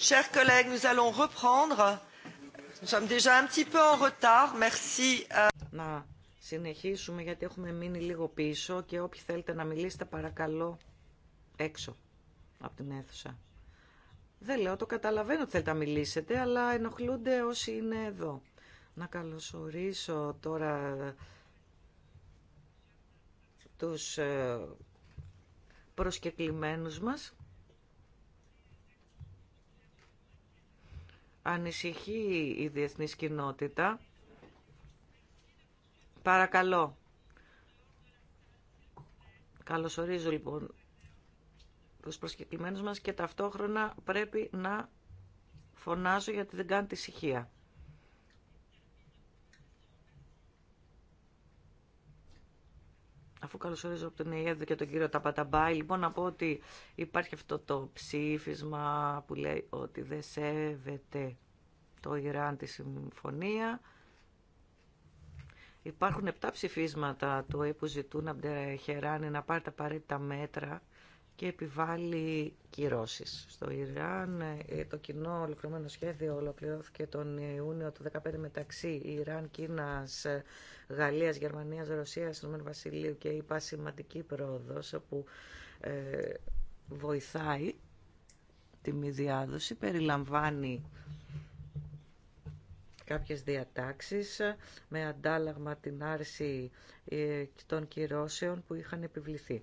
Chers collègues, nous allons reprendre. Nous sommes déjà un petit peu en retard. Merci. Euh. Να συνεχίσουμε γιατί έχουμε μείνει λίγο πίσω και όποιοι θέλετε να μιλήσετε παρακαλώ έξω από την αίθουσα. Δεν λέω, το καταλαβαίνω ότι θέλετε να μιλήσετε, αλλά ενοχλούνται όσοι είναι εδώ. Να καλωσορίσω τώρα τους ε, προσκεκλημένους μας. ανησυχεί η διεθνής κοινότητα. Παρακαλώ. Καλωσορίζω λοιπόν τους προσκεκλημένους μας και ταυτόχρονα πρέπει να φωνάζω γιατί δεν κάνει τη ησυχία. Αφού καλωσορίζω από την ΕΕΔ και τον κύριο Ταπαταμπάη, λοιπόν να πω ότι υπάρχει αυτό το ψήφισμα που λέει ότι δεν σέβεται το Ιράν τη συμφωνία. Υπάρχουν επτά ψηφίσματα του ΕΕ που ζητούν από την Χεράνη να πάρει τα απαραίτητα μέτρα και επιβάλλει κυρώσεις. Στο Ιράν ε, το κοινό ολοκληρωμένο σχέδιο ολοκληρώθηκε τον Ιούνιο του 2015 μεταξύ Ιράν, Κίνας, Γαλλίας, Γερμανίας, Ρωσίας, Ηνωμένου Βασιλείου και είπα σημαντική πρόοδος που ε, βοηθάει τη μη διάδοση, περιλαμβάνει κάποιες διατάξεις με αντάλλαγμα την άρση ε, των κυρώσεων που είχαν επιβληθεί.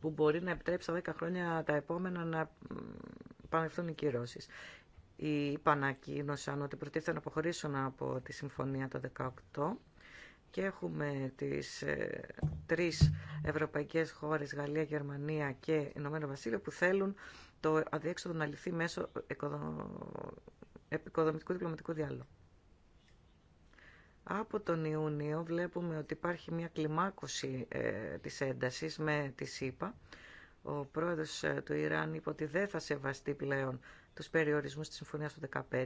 που μπορεί να επιτρέψει στα 10 χρόνια τα επόμενα να πανευθούν οι κυρώσεις. Οι ανακοίνωσαν ότι προτίθεται να αποχωρήσουν από τη συμφωνία το 18 και έχουμε τις ε, τρεις ευρωπαϊκές χώρες, Γαλλία, Γερμανία και Ηνωμένο Βασίλειο, που θέλουν το αδιέξοδο να λυθεί μέσω επικοδομητικού διπλωματικού διάλογου. Από τον Ιούνιο βλέπουμε ότι υπάρχει μια κλιμάκωση ε, της έντασης με τη ΣΥΠΑ. Ο πρόεδρος ε, του Ιράν είπε ότι δεν θα σεβαστεί πλέον τους περιορισμούς της Συμφωνίας του 2015.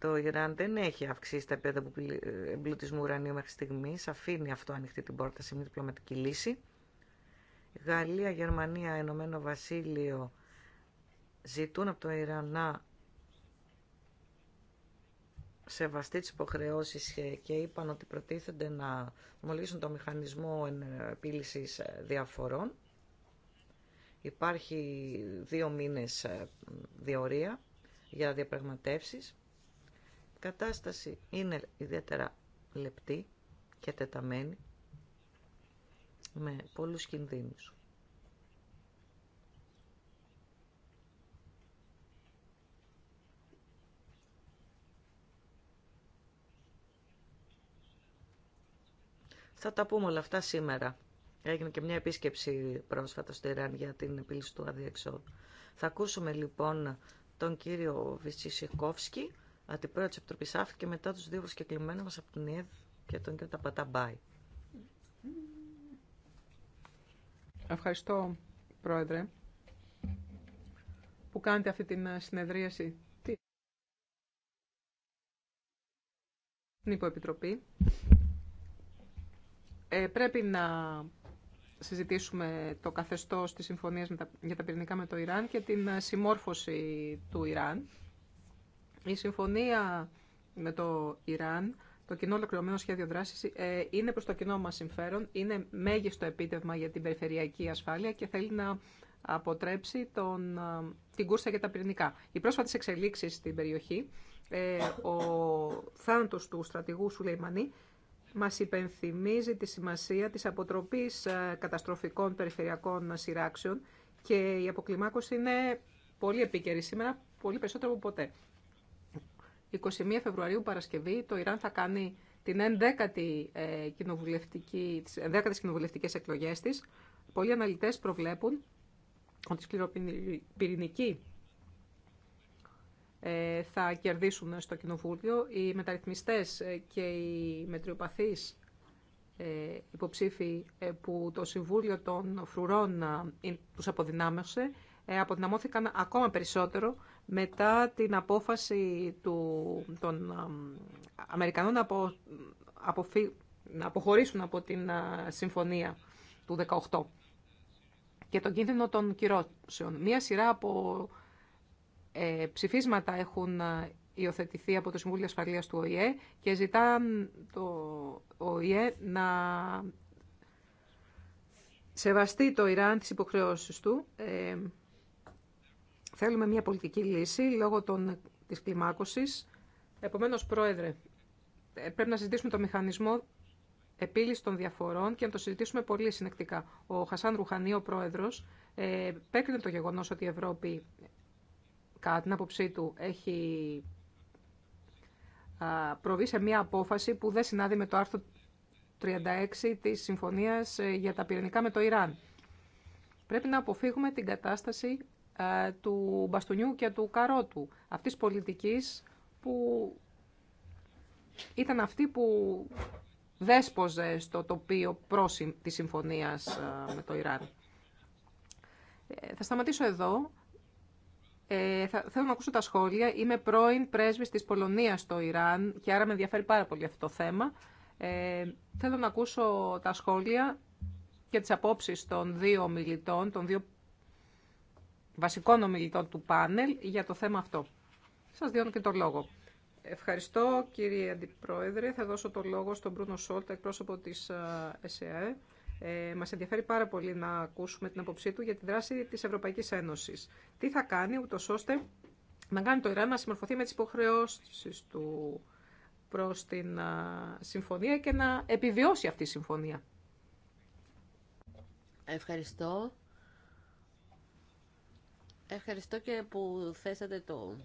Το Ιράν δεν έχει αυξήσει τα επίπεδα ε, εμπλουτισμού ουρανίου μέχρι στιγμή. Αφήνει αυτό ανοιχτή την πόρτα σε μια διπλωματική λύση. Γαλλία, Γερμανία, Ενωμένο Βασίλειο ζητούν από το Ιράν να σεβαστεί τις υποχρεώσεις και είπαν ότι προτίθενται να ομολογήσουν το μηχανισμό επίλυσης ε, διαφορών. Υπάρχει δύο μήνες ε, διορία για διαπραγματεύσεις. Η κατάσταση είναι ιδιαίτερα λεπτή και τεταμένη με πολλούς κινδύνους. Θα τα πούμε όλα αυτά σήμερα. Έγινε και μια επίσκεψη πρόσφατα στο Ιράν για την επίλυση του αδιεξόδου. Θα ακούσουμε λοιπόν τον κύριο Βυσσισικόφσκι, αντιπρόεδρο τη Επιτροπή ΑΦΚ και μετά του δύο προσκεκλημένου μα από την ΕΔ και τον κύριο Ταπαταμπάη. Ευχαριστώ, Πρόεδρε, που κάνετε αυτή την ε, συνεδρίαση. Την Υποεπιτροπή. Ε, πρέπει να συζητήσουμε το καθεστώς της συμφωνίας για τα πυρηνικά με το Ιράν και την ε, συμμόρφωση του Ιράν. Η συμφωνία με το Ιράν, το κοινό ολοκληρωμένο σχέδιο δράση, ε, είναι προς το κοινό μα συμφέρον, είναι μέγιστο επίτευγμα για την περιφερειακή ασφάλεια και θέλει να αποτρέψει τον, την κούρσα για τα πυρηνικά. Οι πρόσφατε εξελίξεις στην περιοχή, ο θάνατος του στρατηγού Σουλεϊμανή, μας υπενθυμίζει τη σημασία της αποτροπής ε, καταστροφικών περιφερειακών σειράξεων και η αποκλιμάκωση είναι πολύ επίκαιρη σήμερα, πολύ περισσότερο από ποτέ. 21 Φεβρουαρίου Παρασκευή το Ιράν θα κάνει την 11η ε, κοινοβουλευτική, τις 11 κοινοβουλευτικές εκλογές της. Πολλοί αναλυτές προβλέπουν ότι η σκληροπυρηνική ε, θα κερδίσουν στο Κοινοβούλιο. Οι μεταρρυθμιστές ε, και οι μετριοπαθείς ε, υποψήφοι που το Συμβούλιο των Φρουρών τους αποδυνάμωσε, αποδυναμώθηκαν ακόμα περισσότερο μετά την απόφαση των Αμερικανών να, να αποχωρήσουν από την συμφωνία του 18 και τον κίνδυνο των κυρώσεων. Μία σειρά από ε, ψηφίσματα έχουν ε, υιοθετηθεί από το Συμβούλιο Ασφαλείας του ΟΗΕ και ζητά το ΟΗΕ να σεβαστεί το Ιράν τις υποχρεώσεις του. Ε, θέλουμε μια πολιτική λύση λόγω των, της κλιμάκωσης. Επομένως, Πρόεδρε, ε, πρέπει να συζητήσουμε το μηχανισμό επίλυση των διαφορών και να το συζητήσουμε πολύ συνεκτικά. Ο Χασάν Ρουχανί, ο Πρόεδρος, ε, το γεγονός ότι η Ευρώπη κατά την άποψή του, έχει προβεί σε μία απόφαση που δεν συνάδει με το άρθρο 36 της Συμφωνίας ε, για τα πυρηνικά με το Ιράν. Πρέπει να αποφύγουμε την κατάσταση του μπαστούνιου και του καρότου, αυτής πολιτικής που ήταν αυτή που δέσποζε στο τοπίο προς της συμφωνίας με το Ιράν. Ε, θα σταματήσω εδώ. Ε, θέλω να ακούσω τα σχόλια. Είμαι πρώην πρέσβης της Πολωνία στο Ιράν και άρα με ενδιαφέρει πάρα πολύ αυτό το θέμα. Ε, θέλω να ακούσω τα σχόλια και τις απόψεις των δύο ομιλητών, των δύο βασικών ομιλητών του πάνελ για το θέμα αυτό. Σας δίνω και τον λόγο. Ευχαριστώ κύριε Αντιπρόεδρε. Θα δώσω το λόγο στον Μπρούνο Σόλτα, εκπρόσωπο της ε, ΕΣΕΑΕ. Ε, μας ενδιαφέρει πάρα πολύ να ακούσουμε την αποψή του για τη δράση της Ευρωπαϊκής Ένωσης. Τι θα κάνει ούτω ώστε να κάνει το Ιράν να συμμορφωθεί με τις υποχρεώσεις του προς την συμφωνία και να επιβιώσει αυτή η συμφωνία. Ευχαριστώ. Ευχαριστώ και που θέσατε το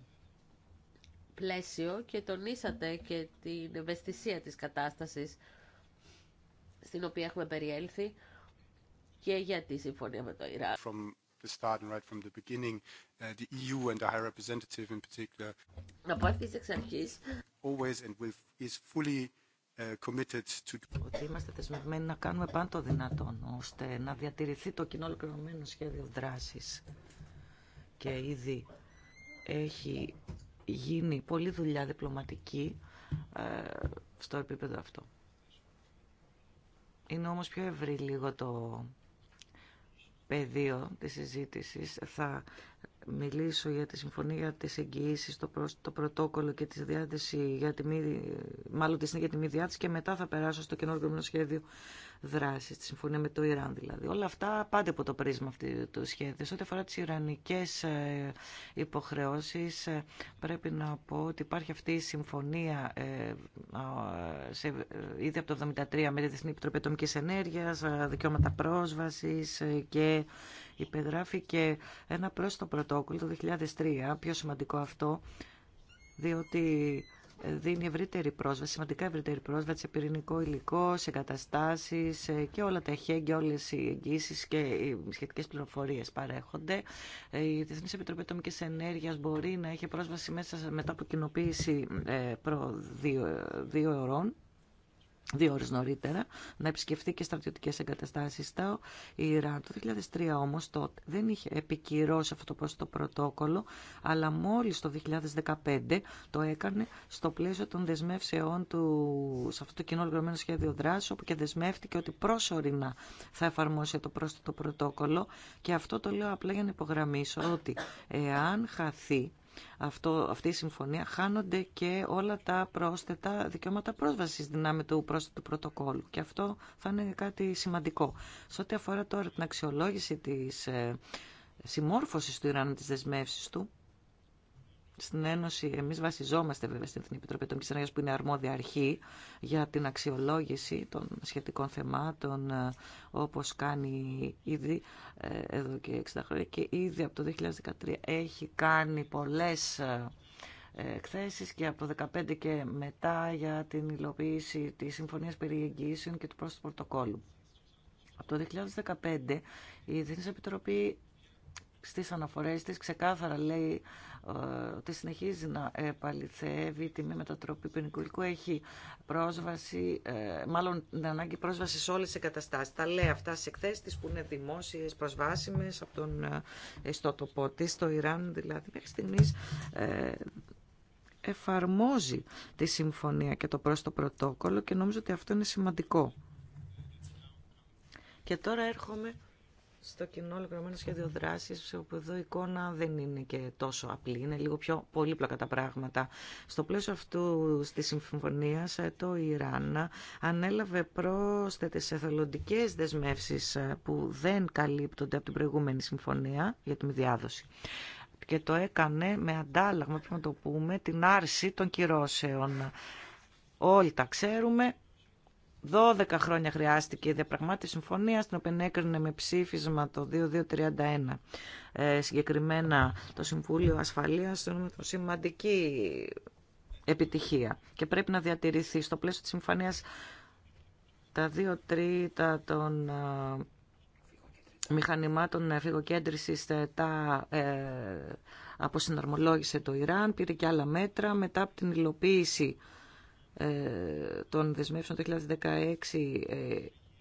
πλαίσιο και τονίσατε και την ευαισθησία της κατάστασης στην οποία έχουμε περιέλθει και για τη συμφωνία με το Ιράκ. Uh, e πω αυτής εξ εξαρχή, uh, ότι είμαστε δεσμευμένοι να κάνουμε πάνω δυνατόν ώστε να διατηρηθεί το κοινό ολοκληρωμένο σχέδιο δράσης και ήδη έχει γίνει πολλή δουλειά διπλωματική ε, στο επίπεδο αυτό. Είναι όμως πιο ευρύ λίγο το πεδίο της συζήτησης. Θα μιλήσω για τη συμφωνία για τις εγγυήσεις, το, προ, το πρωτόκολλο και τη διάθεση για τη μη, μάλλον τη για τη μη διάθεση και μετά θα περάσω στο καινούργιο σχέδιο δράσης, τη συμφωνία με το Ιράν δηλαδή. Όλα αυτά πάντα από το πρίσμα αυτή το σχέδιο. Σε ό,τι αφορά τις ιρανικές ε, υποχρεώσεις ε, πρέπει να πω ότι υπάρχει αυτή η συμφωνία ε, σε, ήδη από το 1973 με τη Διεθνή Επιτροπή Ατομικής Ενέργειας, δικαιώματα πρόσβαση και υπεγράφηκε ένα το πρωτόκολλο το 2003, πιο σημαντικό αυτό, διότι δίνει ευρύτερη πρόσβαση, σημαντικά ευρύτερη πρόσβαση σε πυρηνικό υλικό, σε καταστάσεις ε, και όλα τα εχέγγυα, όλε οι εγγύσεις και οι σχετικέ πληροφορίες παρέχονται. Ε, η Διεθνή Επιτροπή Ατομική Ενέργεια μπορεί να έχει πρόσβαση μέσα μετά από κοινοποίηση ε, προ δύο, δύο ωρών δύο ώρες νωρίτερα, να επισκεφθεί και στρατιωτικές εγκαταστάσεις στα Ιράν. Το 2003 όμως τότε δεν είχε επικυρώσει αυτό το, το πρωτόκολλο, αλλά μόλις το 2015 το έκανε στο πλαίσιο των δεσμεύσεών του σε αυτό το κοινό οργανωμένο σχέδιο δράση, όπου και δεσμεύτηκε ότι προσωρινά θα εφαρμόσει το πρόσθετο πρωτόκολλο. Και αυτό το λέω απλά για να υπογραμμίσω ότι εάν χαθεί αυτό, αυτή η συμφωνία χάνονται και όλα τα πρόσθετα δικαιώματα πρόσβασης δυνάμει του πρόσθετου πρωτοκόλου. Και αυτό θα είναι κάτι σημαντικό. Σε ό,τι αφορά τώρα την αξιολόγηση της ε, συμμόρφωσης του Ιράν της δεσμεύσει του, στην Ένωση εμείς βασιζόμαστε βέβαια στην Εθνική Επιτροπή των Κοινωνίας που είναι αρμόδια αρχή για την αξιολόγηση των σχετικών θεμάτων ε, όπως κάνει ήδη ε, εδώ και 60 χρόνια και ήδη από το 2013 έχει κάνει πολλές ε, εκθέσεις και από το 2015 και μετά για την υλοποίηση της Συμφωνίας περί και του πρόσθετου Πορτοκόλου. Από το 2015 η Διεθνής Επιτροπή στις αναφορές της ξεκάθαρα λέει ε, ότι συνεχίζει να επαληθεύει η τιμή μετατροπή έχει πρόσβαση, ε, μάλλον την ανάγκη πρόσβαση σε όλες τις εγκαταστάσεις. Τα λέει αυτά σε εκθέσεις που είναι δημόσιες, προσβάσιμες από τον ε, ιστότοπο της, στο Ιράν δηλαδή. Μέχρι στιγμής εφαρμόζει τη συμφωνία και το προς το πρωτόκολλο και νομίζω ότι αυτό είναι σημαντικό. Και τώρα έρχομαι στο κοινό ολοκληρωμένο σχέδιο δράση, όπου εδώ η εικόνα δεν είναι και τόσο απλή, είναι λίγο πιο πολύπλοκα τα πράγματα. Στο πλαίσιο αυτού τη συμφωνία, το Ιράν ανέλαβε πρόσθετε εθελοντικέ δεσμεύσει ε, που δεν καλύπτονται από την προηγούμενη συμφωνία για τη διάδοση και το έκανε με αντάλλαγμα, πρέπει να το πούμε, την άρση των κυρώσεων. Όλοι τα ξέρουμε, 12 χρόνια χρειάστηκε η διαπραγμάτευση συμφωνία, την οποία έκρινε με ψήφισμα το 2231. Ε, συγκεκριμένα το Συμβούλιο Ασφαλείας, σημαντική επιτυχία και πρέπει να διατηρηθεί στο πλαίσιο της συμφωνίας τα δύο τρίτα των ε, μηχανημάτων ε, φυγοκέντρησης ε, τα ε, αποσυναρμολόγησε το Ιράν, πήρε και άλλα μέτρα μετά από την υλοποίηση ε, των δεσμεύσεων το 2016 ε,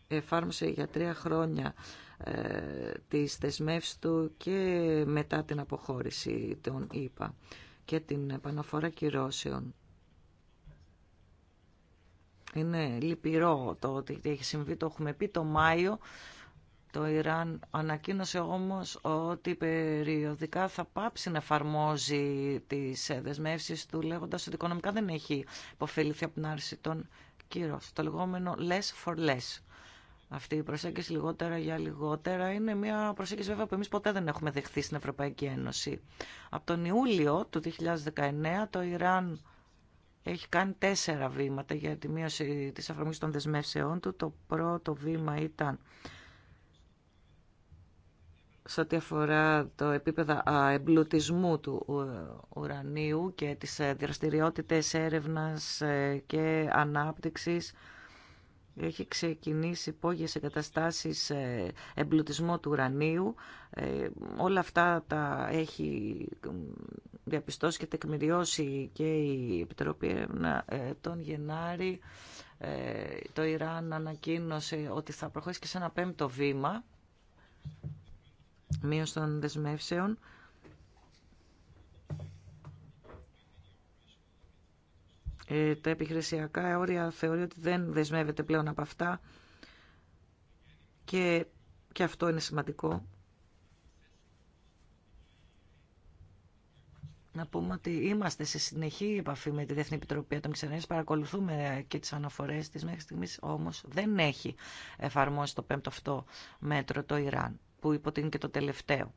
εφάρμοσε για τρία χρόνια ε, τις δεσμεύσεις του και μετά την αποχώρηση των ΗΠΑ και την επαναφορά κυρώσεων. Είναι λυπηρό το ότι έχει συμβεί, το έχουμε πει το Μάιο το Ιράν ανακοίνωσε όμως ότι περιοδικά θα πάψει να εφαρμόζει τις δεσμεύσεις του λέγοντας ότι οικονομικά δεν έχει υποφεληθεί από την άρση των κύρος. Το λεγόμενο less for less. Αυτή η προσέγγιση λιγότερα για λιγότερα είναι μια προσέγγιση βέβαια που εμείς ποτέ δεν έχουμε δεχθεί στην Ευρωπαϊκή Ένωση. Από τον Ιούλιο του 2019 το Ιράν έχει κάνει τέσσερα βήματα για τη μείωση της αφαρμογής των δεσμεύσεών του. Το πρώτο βήμα ήταν σε ό,τι αφορά το επίπεδο εμπλουτισμού του ε, ουρανίου και τις ε, δραστηριότητες έρευνας ε, και ανάπτυξης έχει ξεκινήσει υπόγειες εγκαταστάσεις εμπλουτισμού του ουρανίου. όλα αυτά τα έχει διαπιστώσει και τεκμηριώσει και η Επιτροπή τον Γενάρη. το Ιράν ανακοίνωσε ότι θα προχωρήσει και σε ένα πέμπτο βήμα μείωση των δεσμεύσεων ε, τα επιχρησιακά όρια θεωρεί ότι δεν δεσμεύεται πλέον από αυτά και, και αυτό είναι σημαντικό. Να πούμε ότι είμαστε σε συνεχή επαφή με τη Διεθνή Επιτροπή των ενέργεια. παρακολουθούμε και τις αναφορές της μέχρι στιγμής, όμως δεν έχει εφαρμόσει το πέμπτο αυτό μέτρο το Ιράν που υποτείνει και το τελευταίο.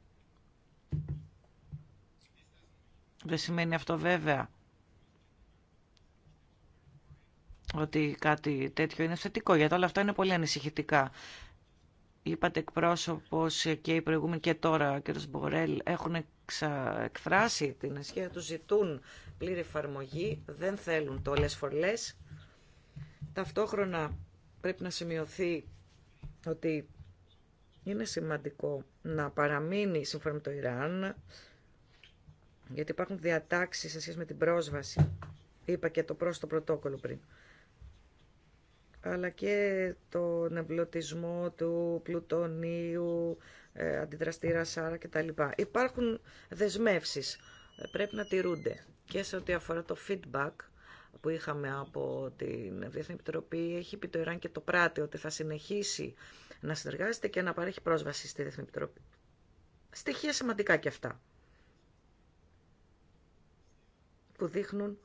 Δεν σημαίνει αυτό βέβαια ότι κάτι τέτοιο είναι θετικό, γιατί όλα αυτά είναι πολύ ανησυχητικά. Είπατε εκπρόσωπος και οι προηγούμενοι και τώρα, κ. Μπορέλ, έχουν εκφράσει την ασχέα. του, ζητούν πλήρη εφαρμογή, δεν θέλουν το less for less. Ταυτόχρονα πρέπει να σημειωθεί ότι είναι σημαντικό να παραμείνει σύμφωνα με το Ιράν, γιατί υπάρχουν διατάξεις σε σχέση με την πρόσβαση. Είπα και το πρόστο πρωτόκολλο πριν. Αλλά και τον εμπλωτισμό του πλουτονίου, ε, αντιδραστήρα Σάρα κτλ. Υπάρχουν δεσμεύσεις, ε, πρέπει να τηρούνται. Και σε ό,τι αφορά το feedback που είχαμε από την Διεθνή Επιτροπή, έχει πει το Ιράν και το πράτη ότι θα συνεχίσει να συνεργάζεται και να παρέχει πρόσβαση στη Διεθνή Επιτροπή. Στοιχεία σημαντικά και αυτά που δείχνουν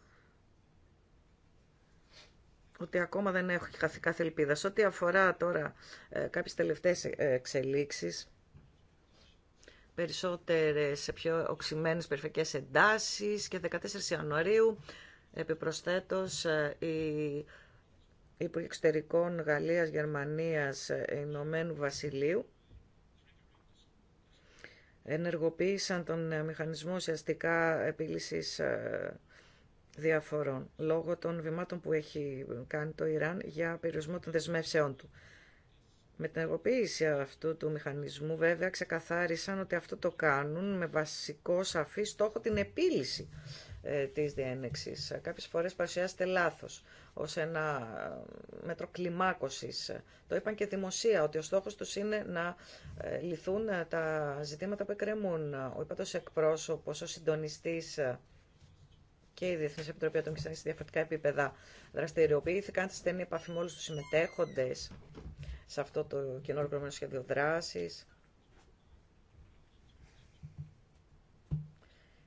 ότι ακόμα δεν έχει χαθεί κάθε ελπίδα. Σε ό,τι αφορά τώρα ε, κάποιες τελευταίες ε, εξελίξεις, περισσότερες, πιο οξυμένες περιφερειακές εντάσεις και 14 Ιανουαρίου, επιπροσθέτως, ε, η Υπουργοί Εξωτερικών Γαλλίας, Γερμανίας, Ηνωμένου Βασιλείου ενεργοποίησαν τον μηχανισμό ουσιαστικά επίλυσης ε, διαφορών λόγω των βημάτων που έχει κάνει το Ιράν για περιορισμό των δεσμεύσεών του. Με την ενεργοποίηση αυτού του μηχανισμού βέβαια ξεκαθάρισαν ότι αυτό το κάνουν με βασικό σαφή στόχο την επίλυση ε, της διένεξης. Κάποιες φορές παρουσιάζεται λάθος ως ένα ε, μέτρο κλιμάκωσης. Το είπαν και δημοσία ότι ο στόχος τους είναι να ε, λυθούν τα ζητήματα που εκκρεμούν. Ο υπάτος εκπρόσωπος, ο συντονιστής και η Διεθνή Επιτροπή των Ανάγκη σε διαφορετικά επίπεδα δραστηριοποιήθηκαν στη στενή επαφή με όλου του συμμετέχοντε σε αυτό το κοινό σχέδιο δράση.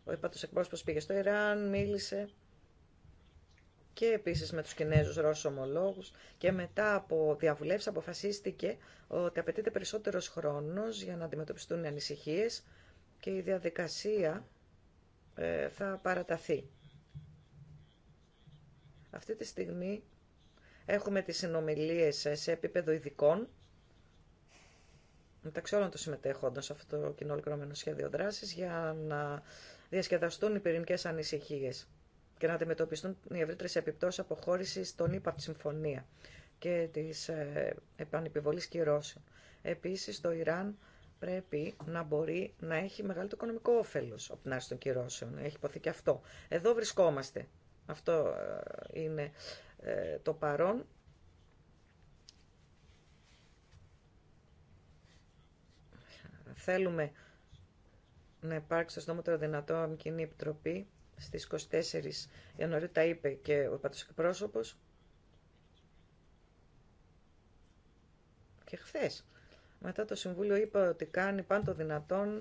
Ο υπάτος εκπρόσωπος πήγε στο Ιράν, μίλησε και επίσης με τους Κινέζους Ρώσους ομολόγους και μετά από διαβουλεύσεις αποφασίστηκε ότι απαιτείται περισσότερος χρόνος για να αντιμετωπιστούν οι ανησυχίες και η διαδικασία ε, θα παραταθεί. Αυτή τη στιγμή έχουμε τις συνομιλίες ε, σε επίπεδο ειδικών μεταξύ όλων των συμμετέχοντων σε αυτό το κοινό σχέδιο δράσης για να διασκεδαστούν οι πυρηνικέ ανησυχίε και να αντιμετωπιστούν οι ευρύτερε επιπτώσει αποχώρηση των ΗΠΑ συμφωνία και τη ε, επανεπιβολή κυρώσεων. Επίση, το Ιράν πρέπει να μπορεί να έχει μεγάλο το οικονομικό όφελο από την άρση των κυρώσεων. Έχει υποθεί και αυτό. Εδώ βρισκόμαστε. Αυτό ε, είναι ε, το παρόν. Θέλουμε να υπάρξει το νόμο δυνατόν κοινή επιτροπή. Στις 24 Ιανουαρίου τα είπε και ο πατός Και χθε. Μετά το Συμβούλιο είπα ότι κάνει πάντο δυνατόν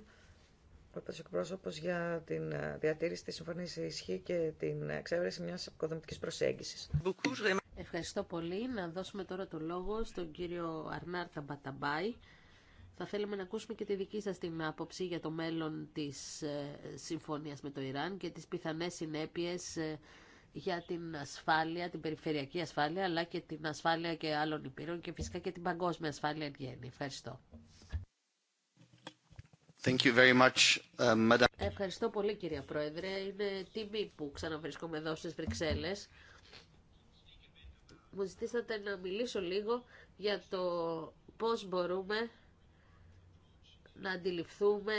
ο πατός για την ε, διατήρηση της συμφωνίας ισχύ και την εξέβρεση μιας οικοδομητικής προσέγγισης. Ευχαριστώ πολύ. Να δώσουμε τώρα το λόγο στον κύριο Αρνάρ Μπαταμπάη, θα θέλαμε να ακούσουμε και τη δική σας την άποψη για το μέλλον της ε, συμφωνίας με το Ιράν και τις πιθανές συνέπειες ε, για την ασφάλεια, την περιφερειακή ασφάλεια, αλλά και την ασφάλεια και άλλων υπήρων και φυσικά και την παγκόσμια ασφάλεια εν γέννη. Ευχαριστώ. Thank you very much, uh, Ευχαριστώ πολύ κυρία Πρόεδρε. Είναι τιμή που ξαναβρισκόμαι εδώ στις Βρυξέλλες. Μου ζητήσατε να μιλήσω λίγο για το πώς μπορούμε να αντιληφθούμε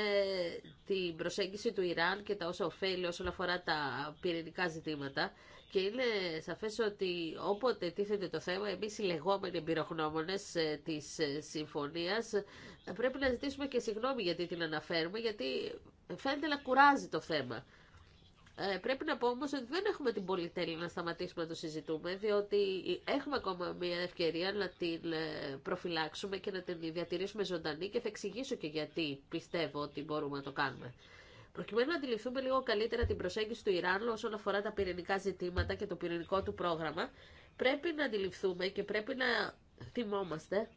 την προσέγγιση του Ιράν και τα όσα ωφέλει όσον αφορά τα πυρηνικά ζητήματα. Και είναι σαφές ότι όποτε τίθεται το θέμα, εμείς οι λεγόμενοι εμπειρογνώμονες ε, της ε, συμφωνίας, ε, πρέπει να ζητήσουμε και συγγνώμη γιατί την αναφέρουμε, γιατί φαίνεται να κουράζει το θέμα. Ε, πρέπει να πω όμως ότι δεν έχουμε την πολυτέλεια να σταματήσουμε να το συζητούμε, διότι έχουμε ακόμα μια ευκαιρία να την ε, προφυλάξουμε και να την διατηρήσουμε ζωντανή και θα εξηγήσω και γιατί πιστεύω ότι μπορούμε να το κάνουμε. Προκειμένου να αντιληφθούμε λίγο καλύτερα την προσέγγιση του Ιράν όσον αφορά τα πυρηνικά ζητήματα και το πυρηνικό του πρόγραμμα, πρέπει να αντιληφθούμε και πρέπει να θυμόμαστε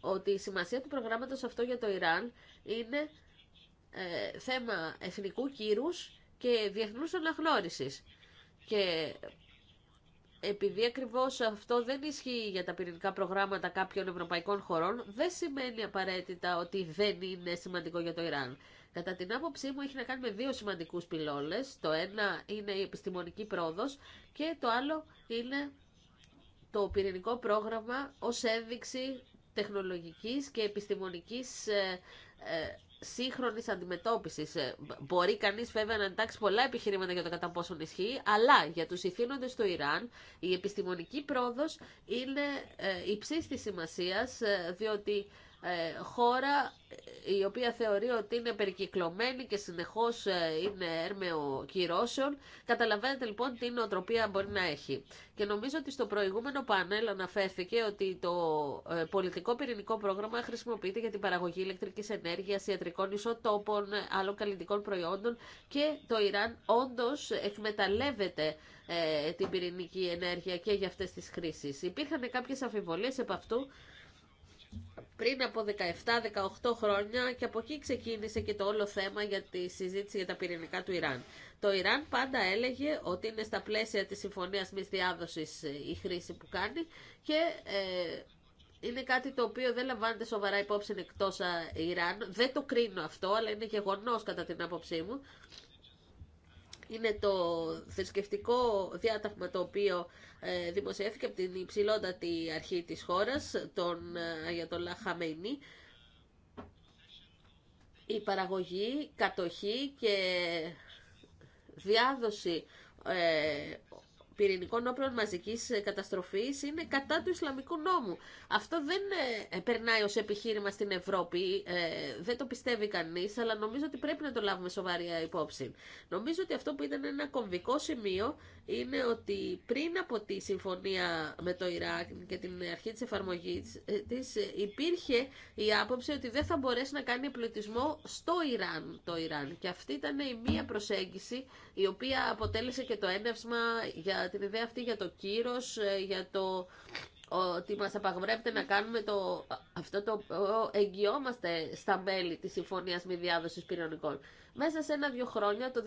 ότι η σημασία του προγράμματος αυτό για το Ιράν είναι ε, θέμα εθνικού κύρους και διεθνούς αναγνώρισης. Και επειδή ακριβώ αυτό δεν ισχύει για τα πυρηνικά προγράμματα κάποιων ευρωπαϊκών χωρών, δεν σημαίνει απαραίτητα ότι δεν είναι σημαντικό για το Ιράν. Κατά την άποψή μου έχει να κάνει με δύο σημαντικούς πυλώνες. Το ένα είναι η επιστημονική πρόοδος και το άλλο είναι το πυρηνικό πρόγραμμα ως ένδειξη τεχνολογικής και επιστημονικής ε, ε, σύγχρονη αντιμετώπιση. Ε, μπορεί κανεί βέβαια να εντάξει πολλά επιχειρήματα για το κατά πόσον ισχύει, αλλά για του ηθήνοντε του Ιράν η επιστημονική πρόοδο είναι ε, υψή τη σημασία, ε, διότι ε, χώρα ε, η οποία θεωρεί ότι είναι περικυκλωμένη και συνεχώς ε, είναι έρμεο κυρώσεων. Καταλαβαίνετε λοιπόν τι νοοτροπία μπορεί να έχει. Και νομίζω ότι στο προηγούμενο πανέλ αναφέρθηκε ότι το πολιτικό πυρηνικό πρόγραμμα χρησιμοποιείται για την παραγωγή ηλεκτρικής ενέργειας, ιατρικών ισοτόπων, άλλων καλλιτικών προϊόντων και το Ιράν όντως εκμεταλλεύεται την πυρηνική ενέργεια και για αυτές τις χρήσεις. Υπήρχαν κάποιες αμφιβολίες επ' αυτού πριν από 17-18 χρόνια και από εκεί ξεκίνησε και το όλο θέμα για τη συζήτηση για τα πυρηνικά του Ιράν. Το Ιράν πάντα έλεγε ότι είναι στα πλαίσια της συμφωνίας μη διάδοσης η χρήση που κάνει και ε, είναι κάτι το οποίο δεν λαμβάνεται σοβαρά υπόψη εκτός Ιράν. Δεν το κρίνω αυτό, αλλά είναι γεγονός κατά την άποψή μου είναι το θρησκευτικό διάταγμα το οποίο ε, δημοσιεύθηκε από την υψηλότατη αρχή της χώρας, τον ε, Αγιατολά Χαμένη. Η παραγωγή, κατοχή και διάδοση ε, πυρηνικών όπλων μαζική ε, καταστροφή είναι κατά του Ισλαμικού νόμου. Αυτό δεν ε, ε, περνάει ω επιχείρημα στην Ευρώπη, δεν το πιστεύει κανεί, αλλά νομίζω ότι πρέπει να το λάβουμε σοβαρή υπόψη. Νομίζω ότι αυτό που ήταν ένα κομβικό σημείο είναι ότι πριν από τη συμφωνία με το Ιράκ και την αρχή τη εφαρμογή τη υπήρχε η άποψη ότι δεν θα μπορέσει να κάνει πλουτισμό στο Ιράν το Ιράν. Και αυτή ήταν η μία προσέγγιση η οποία αποτέλεσε και το ένευσμα για την ιδέα αυτή για το κύρος, ε, για το ότι μας απαγορεύεται να κάνουμε το, αυτό το εγγυόμαστε στα μέλη της Συμφωνίας Μη Διάδοσης πυρονικών. Μέσα σε ένα-δύο χρόνια, το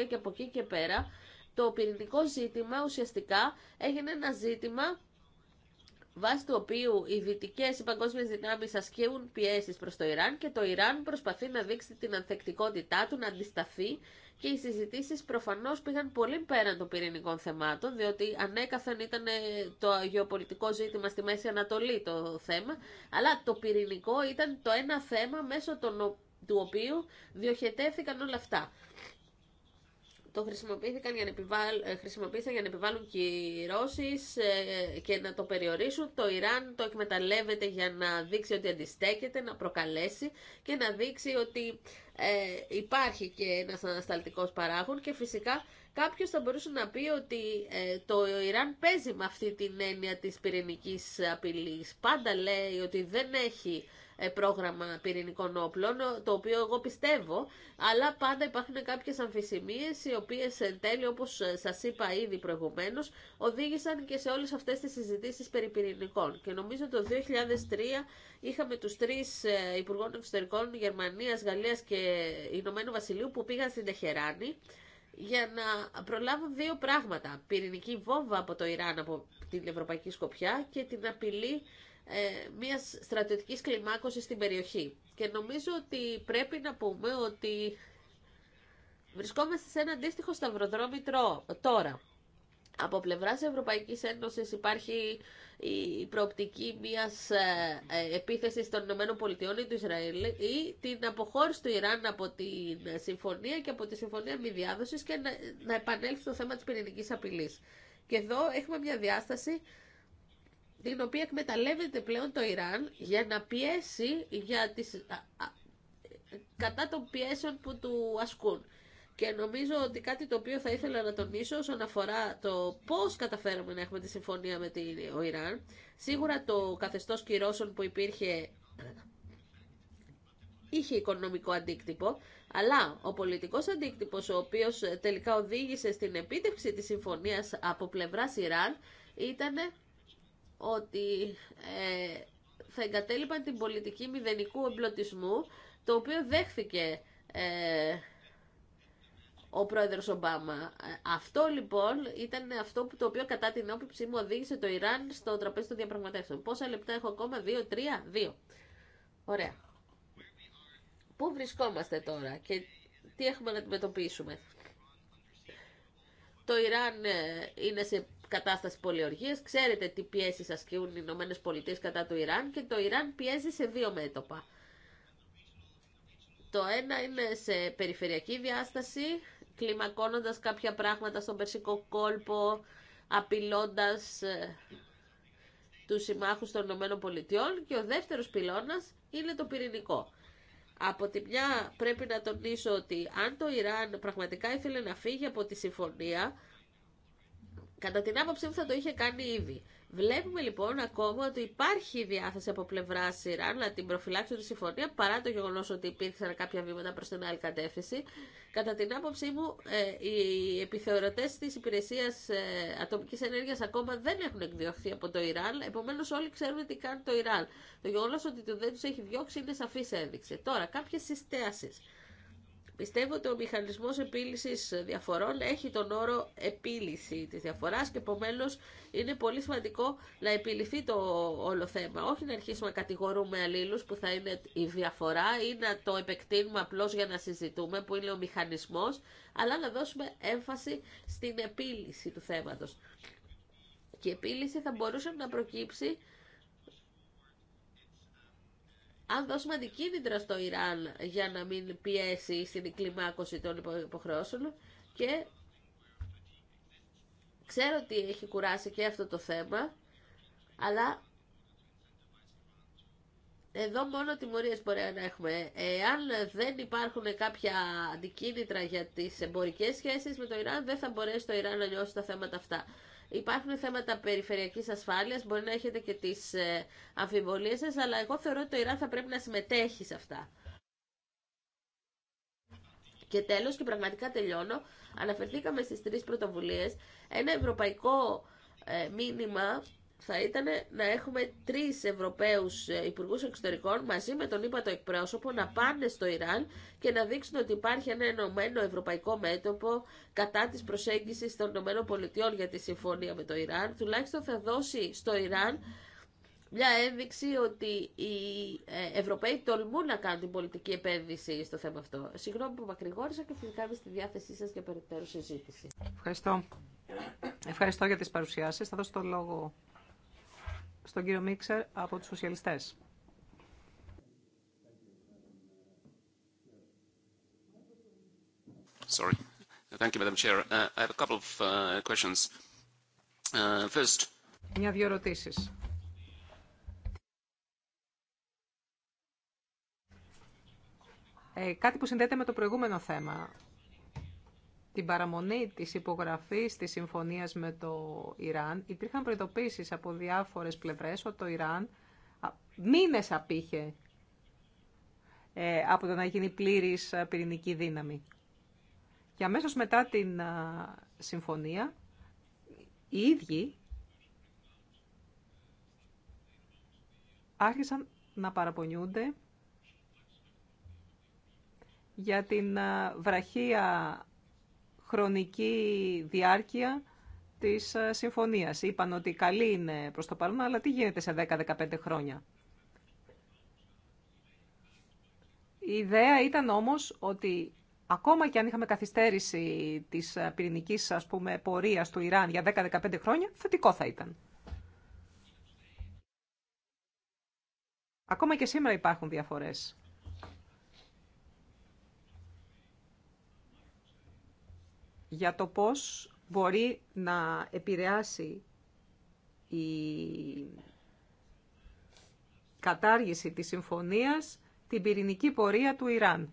2002-2003 και από εκεί και πέρα, το πυρηνικό ζήτημα ουσιαστικά έγινε ένα ζήτημα βάσει του οποίου οι δυτικέ οι παγκόσμιε δυνάμει ασκούν πιέσει προ το Ιράν και το Ιράν προσπαθεί να δείξει την ανθεκτικότητά του, να αντισταθεί και οι συζητήσει προφανώ πήγαν πολύ πέραν των πυρηνικών θεμάτων, διότι ανέκαθεν ήταν ε, το γεωπολιτικό ζήτημα στη Μέση Ανατολή το θέμα, αλλά το πυρηνικό ήταν το ένα θέμα μέσω του οποίου διοχετεύθηκαν όλα αυτά το χρησιμοποιήθηκαν για να επιβάλ, ε, χρησιμοποίησαν για να επιβάλλουν κυρώσεις ε, και να το περιορίσουν. Το Ιράν το εκμεταλλεύεται για να δείξει ότι αντιστέκεται, να προκαλέσει και να δείξει ότι ε, υπάρχει και ένας ανασταλτικός παράγων και φυσικά κάποιος θα μπορούσε να πει ότι το Ιράν παίζει με αυτή την έννοια της πυρηνικής απειλής. Πάντα λέει ότι δεν έχει ε, πρόγραμμα πυρηνικών όπλων, το οποίο εγώ πιστεύω, αλλά πάντα υπάρχουν κάποιες αμφισημίες οι οποίες εν τέλει, όπως ε, σας είπα ήδη προηγουμένως, οδήγησαν και σε όλες αυτές τις συζητήσεις περί πυρηνικών. Και νομίζω το 2003 είχαμε τους τρεις ε, Υπουργών Εξωτερικών Γερμανίας, Γαλλίας και Ηνωμένου Βασιλείου που πήγαν στην Τεχεράνη για να προλάβουν δύο πράγματα. Πυρηνική βόμβα από το Ιράν από την Ευρωπαϊκή Σκοπιά και την απειλή ε, μιας στρατιωτική κλιμάκωσης στην περιοχή. Και νομίζω ότι πρέπει να πούμε ότι βρισκόμαστε σε ένα αντίστοιχο σταυροδρόμι τώρα. Από πλευράς Ευρωπαϊκής Ένωσης υπάρχει η προοπτική μιας ε, ε, επίθεσης των Ηνωμένων Πολιτειών ή του Ισραήλ ή την αποχώρηση του Ιράν από τη συμφωνία και από τη συμφωνία μη διάδοσης και να επανέλθει στο θέμα της πυρηνικής απειλής. Και εδώ έχουμε μια διάσταση την οποία εκμεταλλεύεται πλέον το Ιράν για να πιέσει για τις, κατά των πιέσεων που του ασκούν. Και νομίζω ότι κάτι το οποίο θα ήθελα να τονίσω όσον αφορά το πώς καταφέραμε να έχουμε τη συμφωνία με το Ιράν, σίγουρα το καθεστώς κυρώσεων που υπήρχε είχε οικονομικό αντίκτυπο, αλλά ο πολιτικός αντίκτυπος ο οποίος τελικά οδήγησε στην επίτευξη της συμφωνίας από πλευράς Ιράν ήταν ότι ε, θα εγκατέλειπαν την πολιτική μηδενικού εμπλωτισμού, το οποίο δέχθηκε ε, ο πρόεδρος Ομπάμα. Ε, αυτό λοιπόν ήταν αυτό που, το οποίο κατά την όποψή μου οδήγησε το Ιράν στο τραπέζι των διαπραγματεύσεων. Πόσα λεπτά έχω ακόμα, δύο, τρία, δύο. Ωραία. Πού βρισκόμαστε τώρα και τι έχουμε να αντιμετωπίσουμε. Το Ιράν είναι σε κατάσταση πολιοργίας. Ξέρετε τι πιέσεις ασκούν οι Ηνωμένες Πολιτείες κατά του Ιράν και το Ιράν πιέζει σε δύο μέτωπα. Το ένα είναι σε περιφερειακή διάσταση, κλιμακώνοντας κάποια πράγματα στον Περσικό κόλπο, απειλώντας ε, τους συμμάχους των Ηνωμένων Πολιτειών και ο δεύτερος πυλώνας είναι το πυρηνικό. Από τη μια πρέπει να τονίσω ότι αν το Ιράν πραγματικά ήθελε να φύγει από τη συμφωνία, Κατά την άποψή μου θα το είχε κάνει ήδη. Βλέπουμε λοιπόν ακόμα ότι υπάρχει διάθεση από πλευρά Ιράν να την προφυλάξουν τη συμφωνία παρά το γεγονό ότι υπήρξαν κάποια βήματα προ την άλλη κατεύθυνση. Κατά την άποψή μου, ε, οι επιθεωρητέ τη υπηρεσία ε, ατομική ενέργεια ακόμα δεν έχουν εκδιωχθεί από το Ιράν. Επομένω, όλοι ξέρουν τι κάνει το Ιράν. Το γεγονό ότι δεν του έχει διώξει είναι σαφή ένδειξη. Τώρα, κάποιε συστάσει. Πιστεύω ότι ο μηχανισμό επίλυση διαφορών έχει τον όρο επίλυση τη διαφοράς και επομένω είναι πολύ σημαντικό να επιληθεί το όλο θέμα. Όχι να αρχίσουμε να κατηγορούμε αλλήλου που θα είναι η διαφορά ή να το επεκτείνουμε απλώς για να συζητούμε που είναι ο μηχανισμός, αλλά να δώσουμε έμφαση στην επίλυση του θέματο. Και η επίλυση θα μπορούσε να προκύψει αν δώσουμε αντικίνητρα στο Ιράν για να μην πιέσει στην κλιμάκωση των υποχρεώσεων και ξέρω ότι έχει κουράσει και αυτό το θέμα, αλλά εδώ μόνο τιμωρίες μπορεί να έχουμε. Εάν δεν υπάρχουν κάποια αντικίνητρα για τις εμπορικές σχέσεις με το Ιράν, δεν θα μπορέσει το Ιράν να λιώσει τα θέματα αυτά. Υπάρχουν θέματα περιφερειακής ασφάλειας, μπορεί να έχετε και τις ε, αμφιβολίες σας, αλλά εγώ θεωρώ ότι το Ιράν θα πρέπει να συμμετέχει σε αυτά. Και τέλος, και πραγματικά τελειώνω, αναφερθήκαμε στις τρεις πρωτοβουλίες, ένα ευρωπαϊκό ε, μήνυμα θα ήταν να έχουμε τρει Ευρωπαίου ε, υπουργού Εξωτερικών μαζί με τον ύπατο εκπρόσωπο να πάνε στο Ιράν και να δείξουν ότι υπάρχει ένα ενωμένο ευρωπαϊκό μέτωπο κατά τη προσέγγιση των ΗΠΑ για τη συμφωνία με το Ιράν. Τουλάχιστον θα δώσει στο Ιράν μια ένδειξη ότι οι ε, Ευρωπαίοι τολμούν να κάνουν την πολιτική επένδυση στο θέμα αυτό. Συγγνώμη που μακρηγόρησα και φυσικά είμαι στη διάθεσή σα για περαιτέρω συζήτηση. Ευχαριστώ. Ευχαριστώ για τις παρουσιάσεις. Θα δώσω το λόγο στον κύριο Μίξερ από τους σοσιαλιστές. Sorry. Thank you, Madam Chair. Uh, I have a couple of uh, questions. Uh, first... Μια-δυο ερωτήσεις. Ε, κάτι που συνδέεται με το προηγούμενο θέμα την παραμονή της υπογραφής της συμφωνίας με το Ιράν υπήρχαν προειδοποίησεις από διάφορες πλευρές ότι το Ιράν μήνες απήχε ε, από το να γίνει πλήρης ε, πυρηνική δύναμη. Και αμέσως μετά την συμφωνία, οι ίδιοι άρχισαν να παραπονιούνται για την βραχία χρονική διάρκεια της ε, συμφωνίας. Είπαν ότι καλή είναι προς το παρόν, αλλά τι γίνεται σε 10-15 χρόνια. Η ιδέα ήταν όμως ότι ακόμα και αν είχαμε καθυστέρηση της ε, πυρηνικής ας πούμε, πορείας του Ιράν για 10-15 χρόνια, θετικό θα ήταν. Ακόμα και σήμερα υπάρχουν διαφορές. για το πώς μπορεί να επηρεάσει η κατάργηση της συμφωνίας την πυρηνική πορεία του Ιράν.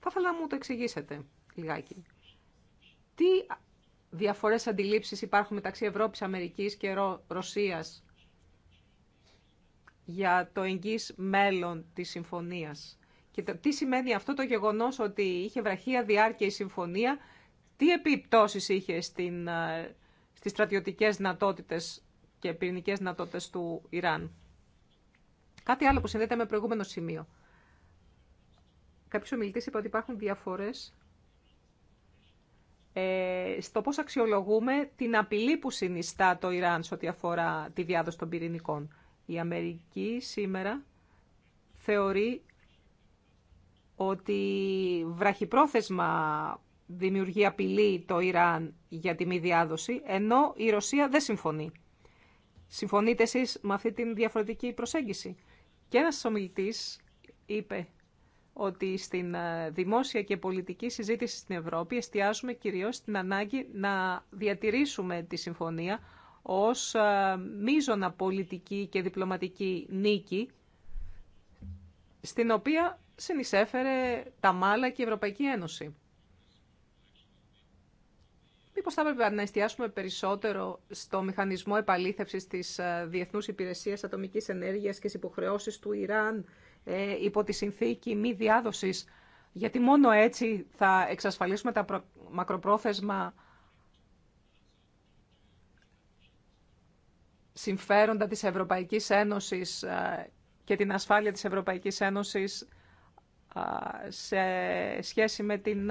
Θα ήθελα να μου το εξηγήσετε λιγάκι. Τι διαφορές αντιλήψεις υπάρχουν μεταξύ Ευρώπης, Αμερικής και Ρωσίας για το εγγύς μέλλον της συμφωνίας. Και τι σημαίνει αυτό το γεγονός ότι είχε βραχία διάρκεια η συμφωνία τι επιπτώσεις είχε στην, ε, στις στρατιωτικές δυνατότητες και πυρηνικές δυνατότητες του Ιράν. Κάτι άλλο που συνδέεται με προηγούμενο σημείο. Κάποιος ομιλητής είπε ότι υπάρχουν διαφορές ε, στο πώς αξιολογούμε την απειλή που συνιστά το Ιράν σε ό,τι αφορά τη διάδοση των πυρηνικών. Η Αμερική σήμερα θεωρεί ότι βραχυπρόθεσμα δημιουργεί απειλή το Ιράν για τη μη διάδοση, ενώ η Ρωσία δεν συμφωνεί. Συμφωνείτε εσείς με αυτή την διαφορετική προσέγγιση. Και ένας ομιλητής είπε ότι στην ε, δημόσια και πολιτική συζήτηση στην Ευρώπη εστιάζουμε κυρίως στην ανάγκη να διατηρήσουμε τη συμφωνία ως ε, μίζωνα πολιτική και διπλωματική νίκη, στην οποία συνεισέφερε τα μάλα και η Ευρωπαϊκή Ένωση πως θα έπρεπε να εστιάσουμε περισσότερο στο μηχανισμό επαλήθευσης της ε, Διεθνούς Υπηρεσίας Ατομικής Ενέργειας και τι υποχρεώσεις του Ιράν ε, υπό τη συνθήκη μη διάδοσης, γιατί μόνο έτσι θα εξασφαλίσουμε τα μακροπρόθεσμα συμφέροντα της Ευρωπαϊκής Ένωσης ε, και την ασφάλεια της Ευρωπαϊκής Ένωσης ε, σε σχέση με, την,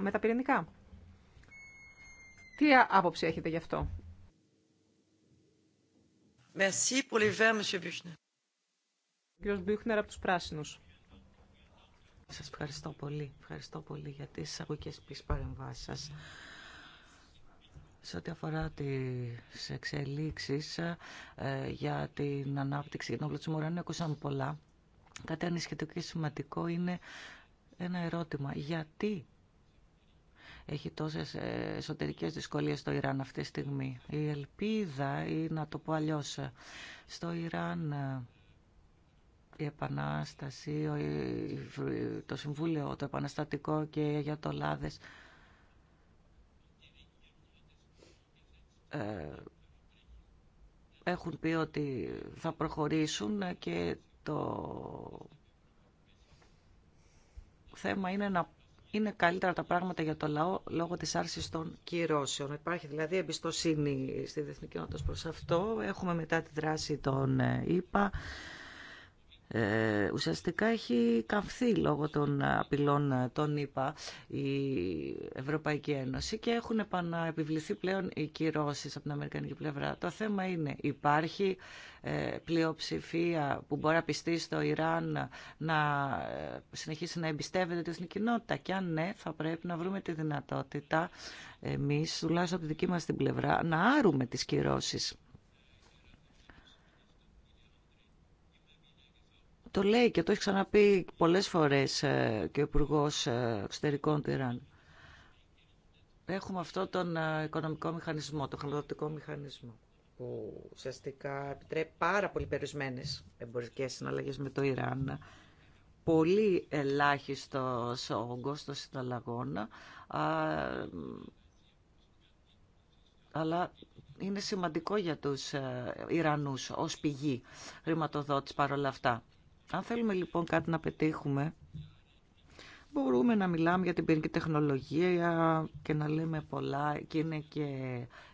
με τα πυρηνικά. Τι άποψη έχετε γι' αυτό. Merci pour les verts, Buchner. Κύριος Μπιούχνερ από τους Πράσινους. Σας ευχαριστώ πολύ. Ευχαριστώ πολύ για τις εισαγωγικές πίσω παρεμβάσεις σας. Σε ό,τι αφορά τις εξελίξεις ε, για την ανάπτυξη για τον πλούτο ακούσαμε πολλά. Κάτι ανησυχητικό και σημαντικό είναι ένα ερώτημα. Γιατί έχει τόσες ε, εσωτερικές δυσκολίες στο Ιράν αυτή τη στιγμή. Η ελπίδα, ή να το πω αλλιώς, στο Ιράν ε, η Επανάσταση, το Συμβούλιο, το Επαναστατικό και για το Λάδες ε, έχουν πει ότι θα προχωρήσουν και το θέμα είναι να είναι καλύτερα τα πράγματα για το λαό λόγω της άρσης των κυρώσεων. Υπάρχει δηλαδή εμπιστοσύνη στη διεθνή κοινότητα προς αυτό. Έχουμε μετά τη δράση των ήπα. Ε, ε, ουσιαστικά έχει καυθεί λόγω των απειλών ε, των ΗΠΑ η Ευρωπαϊκή Ένωση και έχουν επαναεπιβληθεί πλέον οι κυρώσεις από την Αμερικανική πλευρά. Το θέμα είναι υπάρχει ε, πλειοψηφία που μπορεί να πιστεί στο Ιράν να ε, συνεχίσει να εμπιστεύεται την κοινότητα και αν ναι θα πρέπει να βρούμε τη δυνατότητα εμείς τουλάχιστον από τη δική μας την πλευρά να άρουμε τις κυρώσεις Το λέει και το έχει ξαναπεί πολλές φορές ε, και ο υπουργό ε, Εξωτερικών του Ιράν. Έχουμε αυτό τον ε, οικονομικό μηχανισμό, τον χρηματοδοτικό μηχανισμό που ουσιαστικά επιτρέπει πάρα πολύ περισμένες εμπορικές συναλλαγές με το Ιράν πολύ ελάχιστο όγκος των συναλλαγών, αλλά είναι σημαντικό για τους Ιρανούς ως πηγή χρηματοδότης παρόλα αυτά. Αν θέλουμε λοιπόν κάτι να πετύχουμε, μπορούμε να μιλάμε για την πυρηνική τεχνολογία και να λέμε πολλά και είναι και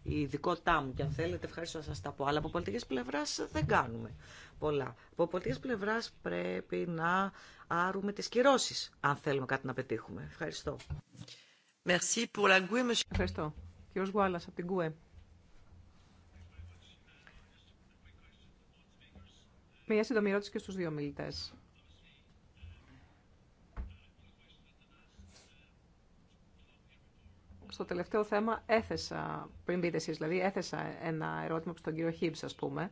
η ειδικότητά μου και αν θέλετε ευχαριστώ να σας τα πω, αλλά από πολιτικές πλευράς δεν κάνουμε πολλά. Από πολιτικές πλευράς πρέπει να άρουμε τις κυρώσεις, αν θέλουμε κάτι να πετύχουμε. Ευχαριστώ. Ευχαριστώ. Κύριος Γουάλλας από την ΚΟΕ. Μία σύντομη ερώτηση και στους δύο μιλητές. Στο τελευταίο θέμα έθεσα, πριν μπείτε εσείς δηλαδή, έθεσα ένα ερώτημα στον κύριο Χίμπς, ας πούμε.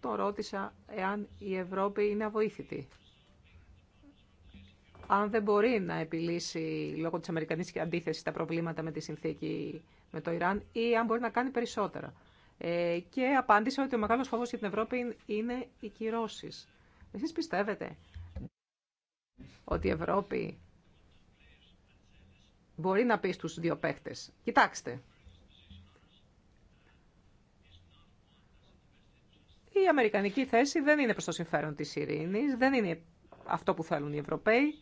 Τον ρώτησα εάν η Ευρώπη είναι αβοήθητη. Αν δεν μπορεί να επιλύσει λόγω της Αμερικανής αντίθεσης τα προβλήματα με τη συνθήκη με το Ιράν ή αν μπορεί να κάνει περισσότερα. Ε, και απάντησε ότι ο μεγάλος φόβος για την Ευρώπη είναι οι κυρώσεις. Εσεί πιστεύετε ότι η Ευρώπη μπορεί να πει στου δύο παίχτε, Κοιτάξτε. Η αμερικανική θέση δεν είναι προς το συμφέρον της ειρήνης, δεν είναι αυτό που θέλουν οι Ευρωπαίοι.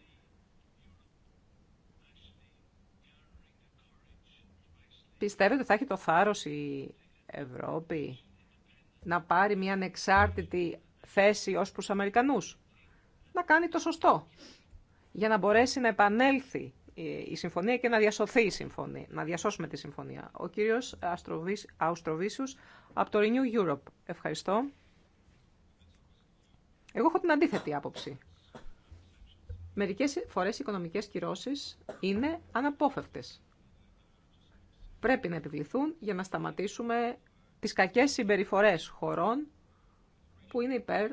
Πιστεύετε ότι θα έχει το θάρρος η Ευρώπη να πάρει μια ανεξάρτητη θέση ως προς Αμερικανούς. Να κάνει το σωστό για να μπορέσει να επανέλθει η συμφωνία και να διασωθεί η συμφωνία, να διασώσουμε τη συμφωνία. Ο κύριος Αουστροβίσιους από το Renew Europe. Ευχαριστώ. Εγώ έχω την αντίθετη άποψη. Μερικές φορές οι οικονομικές κυρώσεις είναι αναπόφευκτες. Πρέπει να επιβληθούν για να σταματήσουμε τις κακές συμπεριφορές χωρών που είναι υπέρ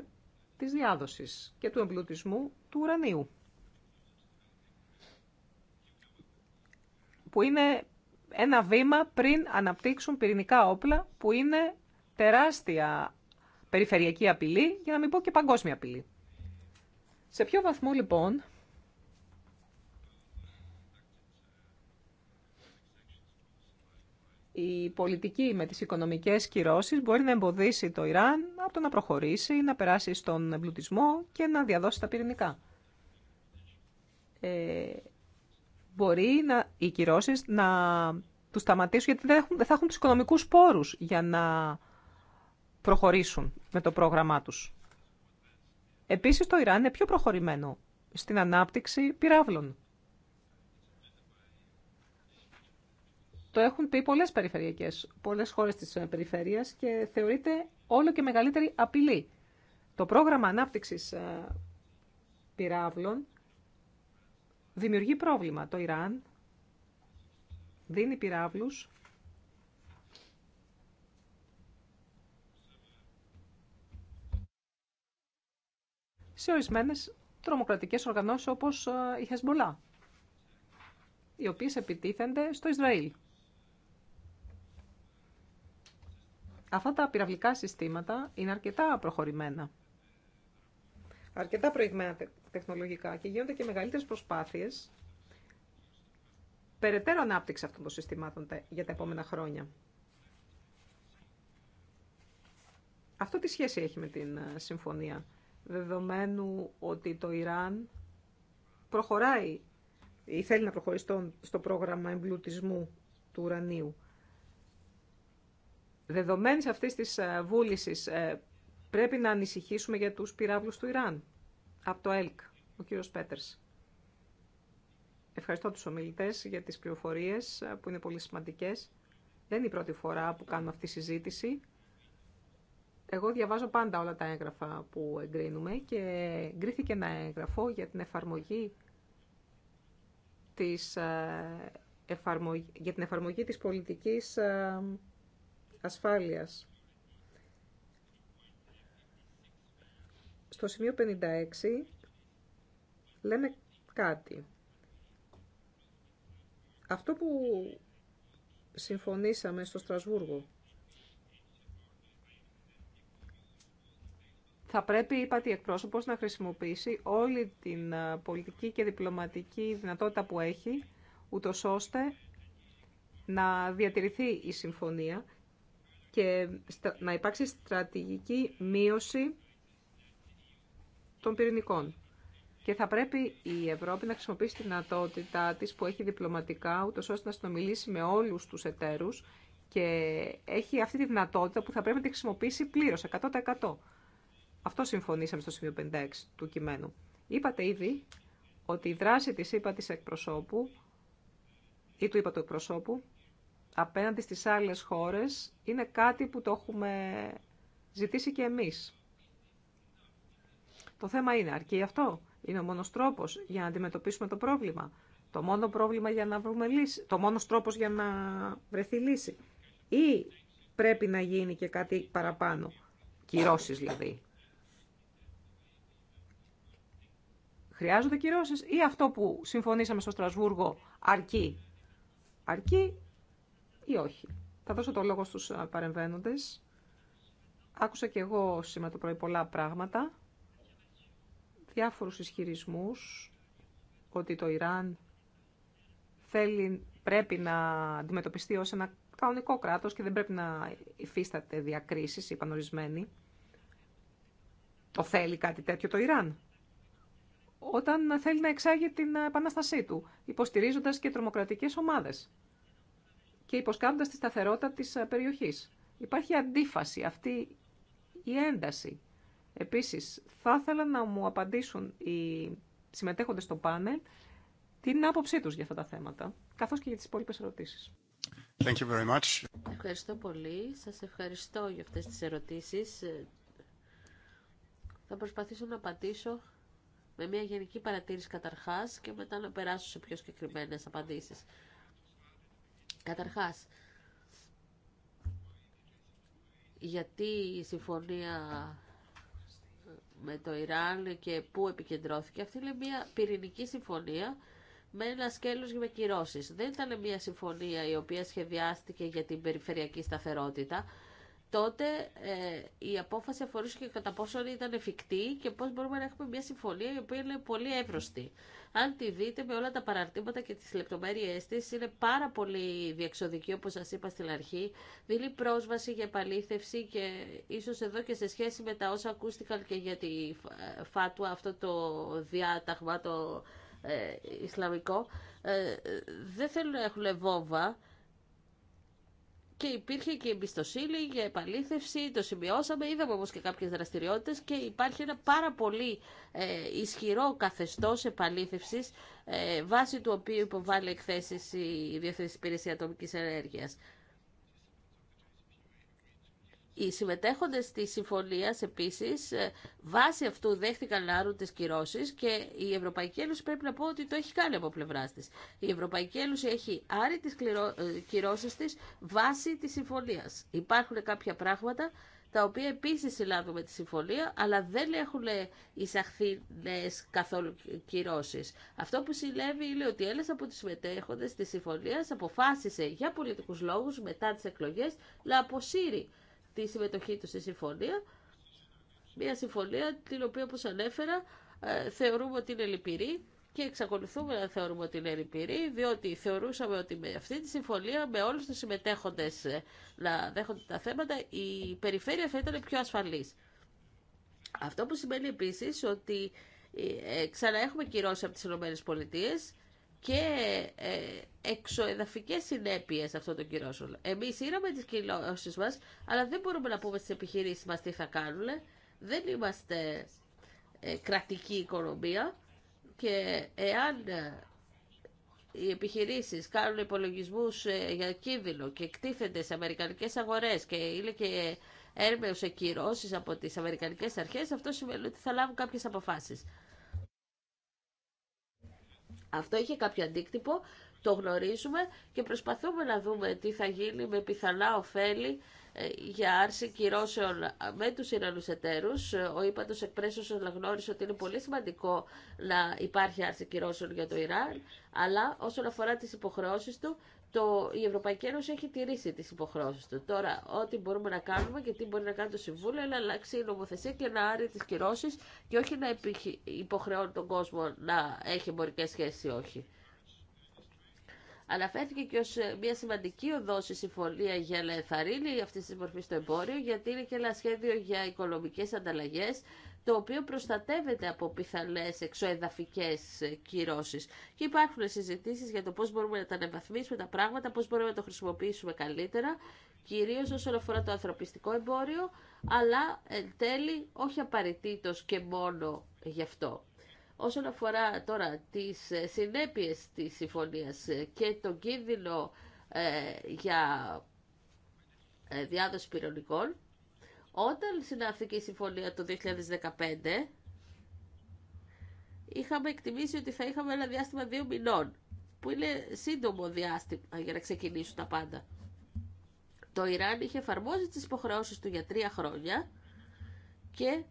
της διάδοσης και του εμπλουτισμού του ουρανίου. Που είναι ένα βήμα πριν αναπτύξουν πυρηνικά όπλα που είναι τεράστια περιφερειακή απειλή, για να μην πω και παγκόσμια απειλή. Σε ποιο βαθμό λοιπόν η πολιτική με τις οικονομικές κυρώσεις μπορεί να εμποδίσει το Ιράν από το να προχωρήσει, να περάσει στον εμπλουτισμό και να διαδώσει τα πυρηνικά. Ε, μπορεί να, οι κυρώσεις να τους σταματήσουν γιατί δεν, δεν θα έχουν τους οικονομικούς πόρους για να προχωρήσουν με το πρόγραμμά τους. Επίσης το Ιράν είναι πιο προχωρημένο στην ανάπτυξη πυράβλων. Το έχουν πει πολλέ περιφερειακές, πολλέ χώρε της ε, περιφέρειας και θεωρείται όλο και μεγαλύτερη απειλή. Το πρόγραμμα ανάπτυξης ε, πυράβλων δημιουργεί πρόβλημα. Το Ιράν δίνει πυράβλους σε ορισμένε τρομοκρατικές οργανώσεις όπως ε, η Χεσμολά, οι οποίες επιτίθενται στο Ισραήλ. Αυτά τα πυραυλικά συστήματα είναι αρκετά προχωρημένα. Αρκετά προηγμένα τεχνολογικά και γίνονται και μεγαλύτερες προσπάθειες περαιτέρω ανάπτυξη αυτών των συστημάτων για τα επόμενα χρόνια. Αυτό τι σχέση έχει με την ε, συμφωνία, δεδομένου ότι το Ιράν προχωράει ή θέλει να προχωρήσει στο πρόγραμμα εμπλουτισμού του ουρανίου. Δεδομένης αυτής της ε, βούλησης ε, πρέπει να ανησυχήσουμε για τους πυράβλους του Ιράν. Από το ΕΛΚ, ο κύριος Πέτερς. Ευχαριστώ τους ομιλητές για τις πληροφορίες ε, που είναι πολύ σημαντικές. Δεν είναι η πρώτη φορά που κάνουμε αυτή τη συζήτηση. Εγώ διαβάζω πάντα όλα τα έγγραφα που εγκρίνουμε και εγκρίθηκε ένα έγγραφο για την εφαρμογή της, για την εφαρμογή της πολιτικής ασφάλειας. Στο σημείο 56 λέμε κάτι. Αυτό που συμφωνήσαμε στο Στρασβούργο. Θα πρέπει, είπα, η εκπρόσωπος να χρησιμοποιήσει όλη την πολιτική και διπλωματική δυνατότητα που έχει, ούτω ώστε να διατηρηθεί η συμφωνία και να υπάρξει στρατηγική μείωση των πυρηνικών. Και θα πρέπει η Ευρώπη να χρησιμοποιήσει τη δυνατότητά τη που έχει διπλωματικά, ούτω ώστε να συνομιλήσει με όλου του εταίρου και έχει αυτή τη δυνατότητα που θα πρέπει να τη χρησιμοποιήσει πλήρω, 100%. Αυτό συμφωνήσαμε στο σημείο 56 του κειμένου. Είπατε ήδη ότι η δράση της είπα της εκπροσώπου ή του είπα του εκπροσώπου απέναντι στις άλλες χώρες είναι κάτι που το έχουμε ζητήσει και εμείς. Το θέμα είναι, αρκεί αυτό. Είναι ο μόνος τρόπος για να αντιμετωπίσουμε το πρόβλημα. Το μόνο πρόβλημα για να βρούμε λύση. Το μόνος τρόπος για να βρεθεί λύση. Ή πρέπει να γίνει και κάτι παραπάνω. Κυρώσεις δηλαδή. Χρειάζονται κυρώσεις ή αυτό που συμφωνήσαμε στο Στρασβούργο αρκεί. Αρκεί ή όχι. Θα δώσω το λόγο στους παρεμβαίνοντες. Άκουσα και εγώ σήμερα το πρωί πολλά πράγματα, διάφορους ισχυρισμούς ότι το Ιράν θέλει, πρέπει να αντιμετωπιστεί ως ένα κανονικό κράτος και δεν πρέπει να υφίσταται διακρίσεις, ή Το θέλει κάτι τέτοιο το Ιράν. Όταν θέλει να εξάγει την ε, επανάστασή του, υποστηρίζοντας και τρομοκρατικές ομάδες και υποσκάβοντας τη σταθερότητα της ε, περιοχής. Υπάρχει αντίφαση, αυτή η ένταση. Επίσης, θα ήθελα να μου απαντήσουν οι συμμετέχοντες στο πάνελ την άποψή τους για αυτά τα θέματα, καθώς και για τις υπόλοιπες ερωτήσεις. Thank you very much. Ευχαριστώ πολύ. Σας ευχαριστώ για αυτές τις ερωτήσεις. Θα προσπαθήσω να απαντήσω με μια γενική παρατήρηση καταρχάς και μετά να περάσω σε πιο συγκεκριμένε απαντήσεις. Καταρχάς, γιατί η συμφωνία με το Ιράν και πού επικεντρώθηκε. Αυτή είναι μια πυρηνική συμφωνία με ένα σκέλος με Δεν ήταν μια συμφωνία η οποία σχεδιάστηκε για την περιφερειακή σταθερότητα τότε ε, η απόφαση αφορούσε και κατά πόσο ήταν εφικτή και πώς μπορούμε να έχουμε μια συμφωνία η οποία είναι πολύ εύρωστη. Αν τη δείτε με όλα τα παραρτήματα και τις λεπτομέρειές της, είναι πάρα πολύ διεξοδική όπως σας είπα στην αρχή, δίνει πρόσβαση για επαλήθευση και ίσως εδώ και σε σχέση με τα όσα ακούστηκαν και για τη φάτουα αυτό το διάταγμα το ε, Ισλαμικό, ε, ε δεν θέλουν να έχουν βόμβα, και υπήρχε και εμπιστοσύνη για επαλήθευση, το σημειώσαμε, είδαμε όμως και κάποιες δραστηριότητες και υπάρχει ένα πάρα πολύ ε, ισχυρό καθεστώς επαλήθευσης ε, βάσει του οποίου υποβάλλει εκθέσεις η Διεθνής Υπηρεσία Ατομικής Ενέργειας. Οι συμμετέχοντες της συμφωνίας επίσης ε, βάσει αυτού δέχτηκαν να άρουν τις κυρώσεις και η Ευρωπαϊκή Ένωση πρέπει να πω ότι το έχει κάνει από πλευρά της. Η Ευρωπαϊκή Ένωση έχει άρει τις ε, κυρώσεις της βάσει της συμφωνίας. Υπάρχουν κάποια πράγματα τα οποία επίσης συλλάβουν με τη συμφωνία, αλλά δεν έχουν εισαχθεί νέες καθόλου κυρώσεις. Αυτό που συλλεύει είναι ότι ένας από τους συμμετέχοντες της συμφωνίας αποφάσισε για πολιτικούς λόγους μετά τις εκλογές να αποσύρει τη συμμετοχή του στη συμφωνία. Μια συμφωνία την οποία, όπως ανέφερα, ε, θεωρούμε ότι είναι λυπηρή και εξακολουθούμε να θεωρούμε ότι είναι λυπηρή, διότι θεωρούσαμε ότι με αυτή τη συμφωνία, με όλους τους συμμετέχοντες ε, να δέχονται τα θέματα, η περιφέρεια θα ήταν πιο ασφαλής. Αυτό που σημαίνει επίσης ότι ε, ξαναέχουμε κυρώσει από τις ΗΠΑ και ε, εξοεδαφικές συνέπειες αυτών των κυρώσεων. Εμείς είραμε τις κυρώσεις μας, αλλά δεν μπορούμε να πούμε στις επιχειρήσεις μας τι θα κάνουν. Δεν είμαστε ε, κρατική οικονομία και εάν ε, οι επιχειρήσεις κάνουν υπολογισμούς για κίνδυνο και εκτίθενται σε αμερικανικές αγορές και είναι και έρμεους εκκυρώσεις από τις αμερικανικές αρχές, αυτό σημαίνει ότι θα λάβουν κάποιες αποφάσεις. Αυτό είχε κάποιο αντίκτυπο, το γνωρίζουμε και προσπαθούμε να δούμε τι θα γίνει με πιθανά ωφέλη ε, για άρση κυρώσεων με τους Ιρανούς εταίρους. Ε, ο ύπατος εκπρέσεως αναγνώρισε ότι είναι πολύ σημαντικό να υπάρχει άρση κυρώσεων για το Ιράν, αλλά όσον αφορά τις υποχρεώσεις του το, η Ευρωπαϊκή Ένωση έχει τηρήσει τις υποχρεώσεις του. Τώρα, ό,τι μπορούμε να κάνουμε και τι μπορεί να κάνει το Συμβούλιο, να αλλάξει η νομοθεσία και να άρει τις κυρώσεις και όχι να υποχρεώνει τον κόσμο να έχει εμπορικές σχέσεις ή όχι. Αναφέρθηκε και ω ε, μια σημαντική οδό η συμφωνία για λαεθαρρύνη αυτή τη μορφή στο εμπόριο, γιατί είναι και ένα σχέδιο για οικονομικέ ανταλλαγές, το οποίο προστατεύεται από πιθανέ εξοεδαφικές κυρώσει. Και υπάρχουν συζητήσει για το πώ μπορούμε να τα αναβαθμίσουμε τα πράγματα, πώ μπορούμε να το χρησιμοποιήσουμε καλύτερα, κυρίως όσον αφορά το ανθρωπιστικό εμπόριο, αλλά εν τέλει όχι απαραίτητο και μόνο γι' αυτό. Όσον αφορά τώρα τις ε, συνέπειες της συμφωνίας ε, και τον κίνδυνο ε, για διάδοση πυρονικών, όταν συνάφθηκε η συμφωνία το 2015, είχαμε εκτιμήσει ότι θα είχαμε ένα διάστημα δύο μηνών, που είναι σύντομο διάστημα για να ξεκινήσουν τα πάντα. Το Ιράν είχε εφαρμόσει τις υποχρεώσεις του για τρία χρόνια και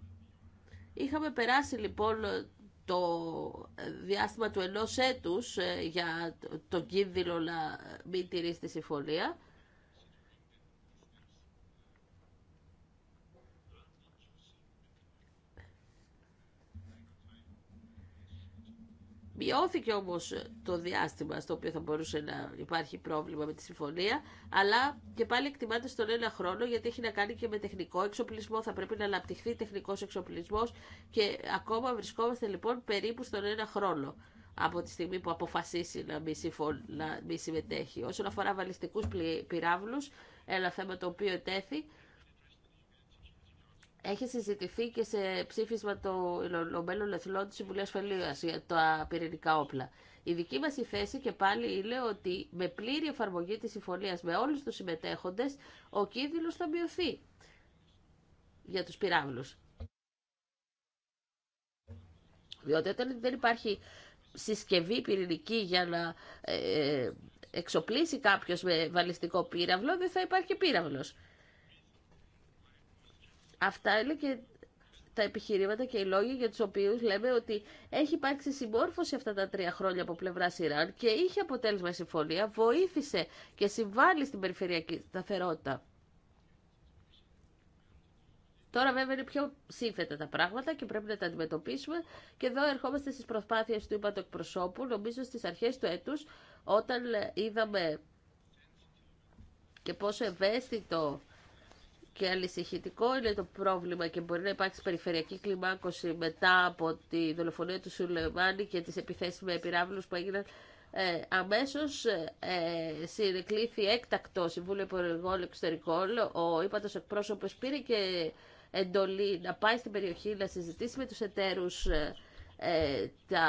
είχαμε περάσει λοιπόν το ε, διάστημα του ενός έτους ε, για τον κίνδυνο να μην τηρήσει τη συμφωνία Μειώθηκε όμως το διάστημα στο οποίο θα μπορούσε να υπάρχει πρόβλημα με τη συμφωνία, αλλά και πάλι εκτιμάται στον ένα χρόνο γιατί έχει να κάνει και με τεχνικό εξοπλισμό, θα πρέπει να αναπτυχθεί τεχνικός εξοπλισμός και ακόμα βρισκόμαστε λοιπόν περίπου στον ένα χρόνο από τη στιγμή που αποφασίσει να μη, να συμμετέχει. Όσον αφορά βαλιστικού πυράβλους, ένα θέμα το οποίο ετέθη, έχει συζητηθεί και σε ψήφισμα το Λομπέλο Λεθλό τη Συμβουλία Ασφαλεία για τα πυρηνικά όπλα. Η δική μας η θέση και πάλι είναι ότι με πλήρη εφαρμογή της συμφωνία με όλου του συμμετέχοντες ο κίνδυνο θα μειωθεί για τους πυράβλου. Διότι όταν δεν υπάρχει συσκευή πυρηνική για να ε, ε, εξοπλίσει κάποιο με βαλιστικό πύραυλο δεν θα υπάρχει πύραυλος. Αυτά είναι και τα επιχειρήματα και οι λόγοι για τους οποίους λέμε ότι έχει υπάρξει συμπόρφωση αυτά τα τρία χρόνια από πλευρά Ιράν και είχε αποτέλεσμα η συμφωνία, βοήθησε και συμβάλλει στην περιφερειακή σταθερότητα. Τώρα βέβαια είναι πιο σύνθετα τα πράγματα και πρέπει να τα αντιμετωπίσουμε και εδώ ερχόμαστε στις προσπάθειες του είπα του εκπροσώπου, νομίζω στις αρχές του έτους όταν ε, είδαμε και πόσο ευαίσθητο και ανησυχητικό είναι το πρόβλημα και μπορεί να υπάρξει περιφερειακή κλιμάκωση μετά από τη δολοφονία του Σουλεμάνη και τις επιθέσεις με επιράβλους που έγιναν ε, αμέσως ε, συνεκλήθη έκτακτο Συμβούλιο Υπουργών Εξωτερικών. Ο ύπατος εκπρόσωπος πήρε και εντολή να πάει στην περιοχή να συζητήσει με τους εταίρους ε, ε, τα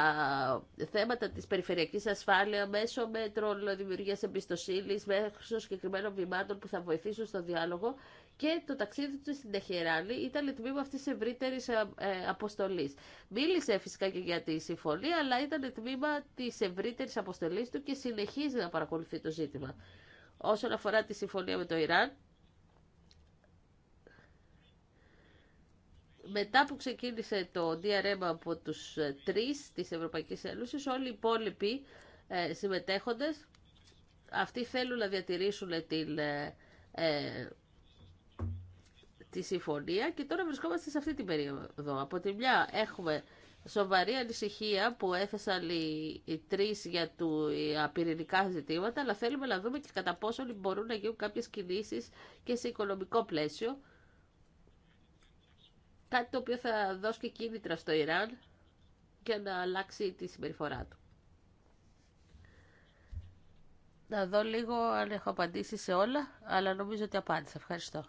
θέματα της περιφερειακής ασφάλειας μέσω μέτρων δημιουργίας εμπιστοσύνης, μέσω συγκεκριμένων βημάτων που θα βοηθήσουν στο διάλογο και το ταξίδι του στην Τεχεράνη ήταν τμήμα αυτή τη ευρύτερη ε, ε, αποστολή. Μίλησε φυσικά και για τη συμφωνία, αλλά ήταν τμήμα τη ευρύτερη αποστολή του και συνεχίζει να παρακολουθεί το ζήτημα. Όσον αφορά τη συμφωνία με το Ιράν, μετά που ξεκίνησε το DRM από τους ε, τρεις της ευρωπαϊκή Ένωσης, όλοι οι υπόλοιποι συμμετέχοντες, αυτοί θέλουν να διατηρήσουν την τη συμφωνία και τώρα βρισκόμαστε σε αυτή την περίοδο. Από τη μια έχουμε σοβαρή ανησυχία που έθεσαν οι, οι τρεις για του πυρηνικά ζητήματα, αλλά θέλουμε να δούμε και κατά πόσο μπορούν να γίνουν κάποιες κινήσεις και σε οικονομικό πλαίσιο. Κάτι το οποίο θα δώσει και κίνητρα στο Ιράν και να αλλάξει τη συμπεριφορά του. Να δω λίγο αν έχω απαντήσει σε όλα, αλλά νομίζω ότι απάντησα. Ευχαριστώ.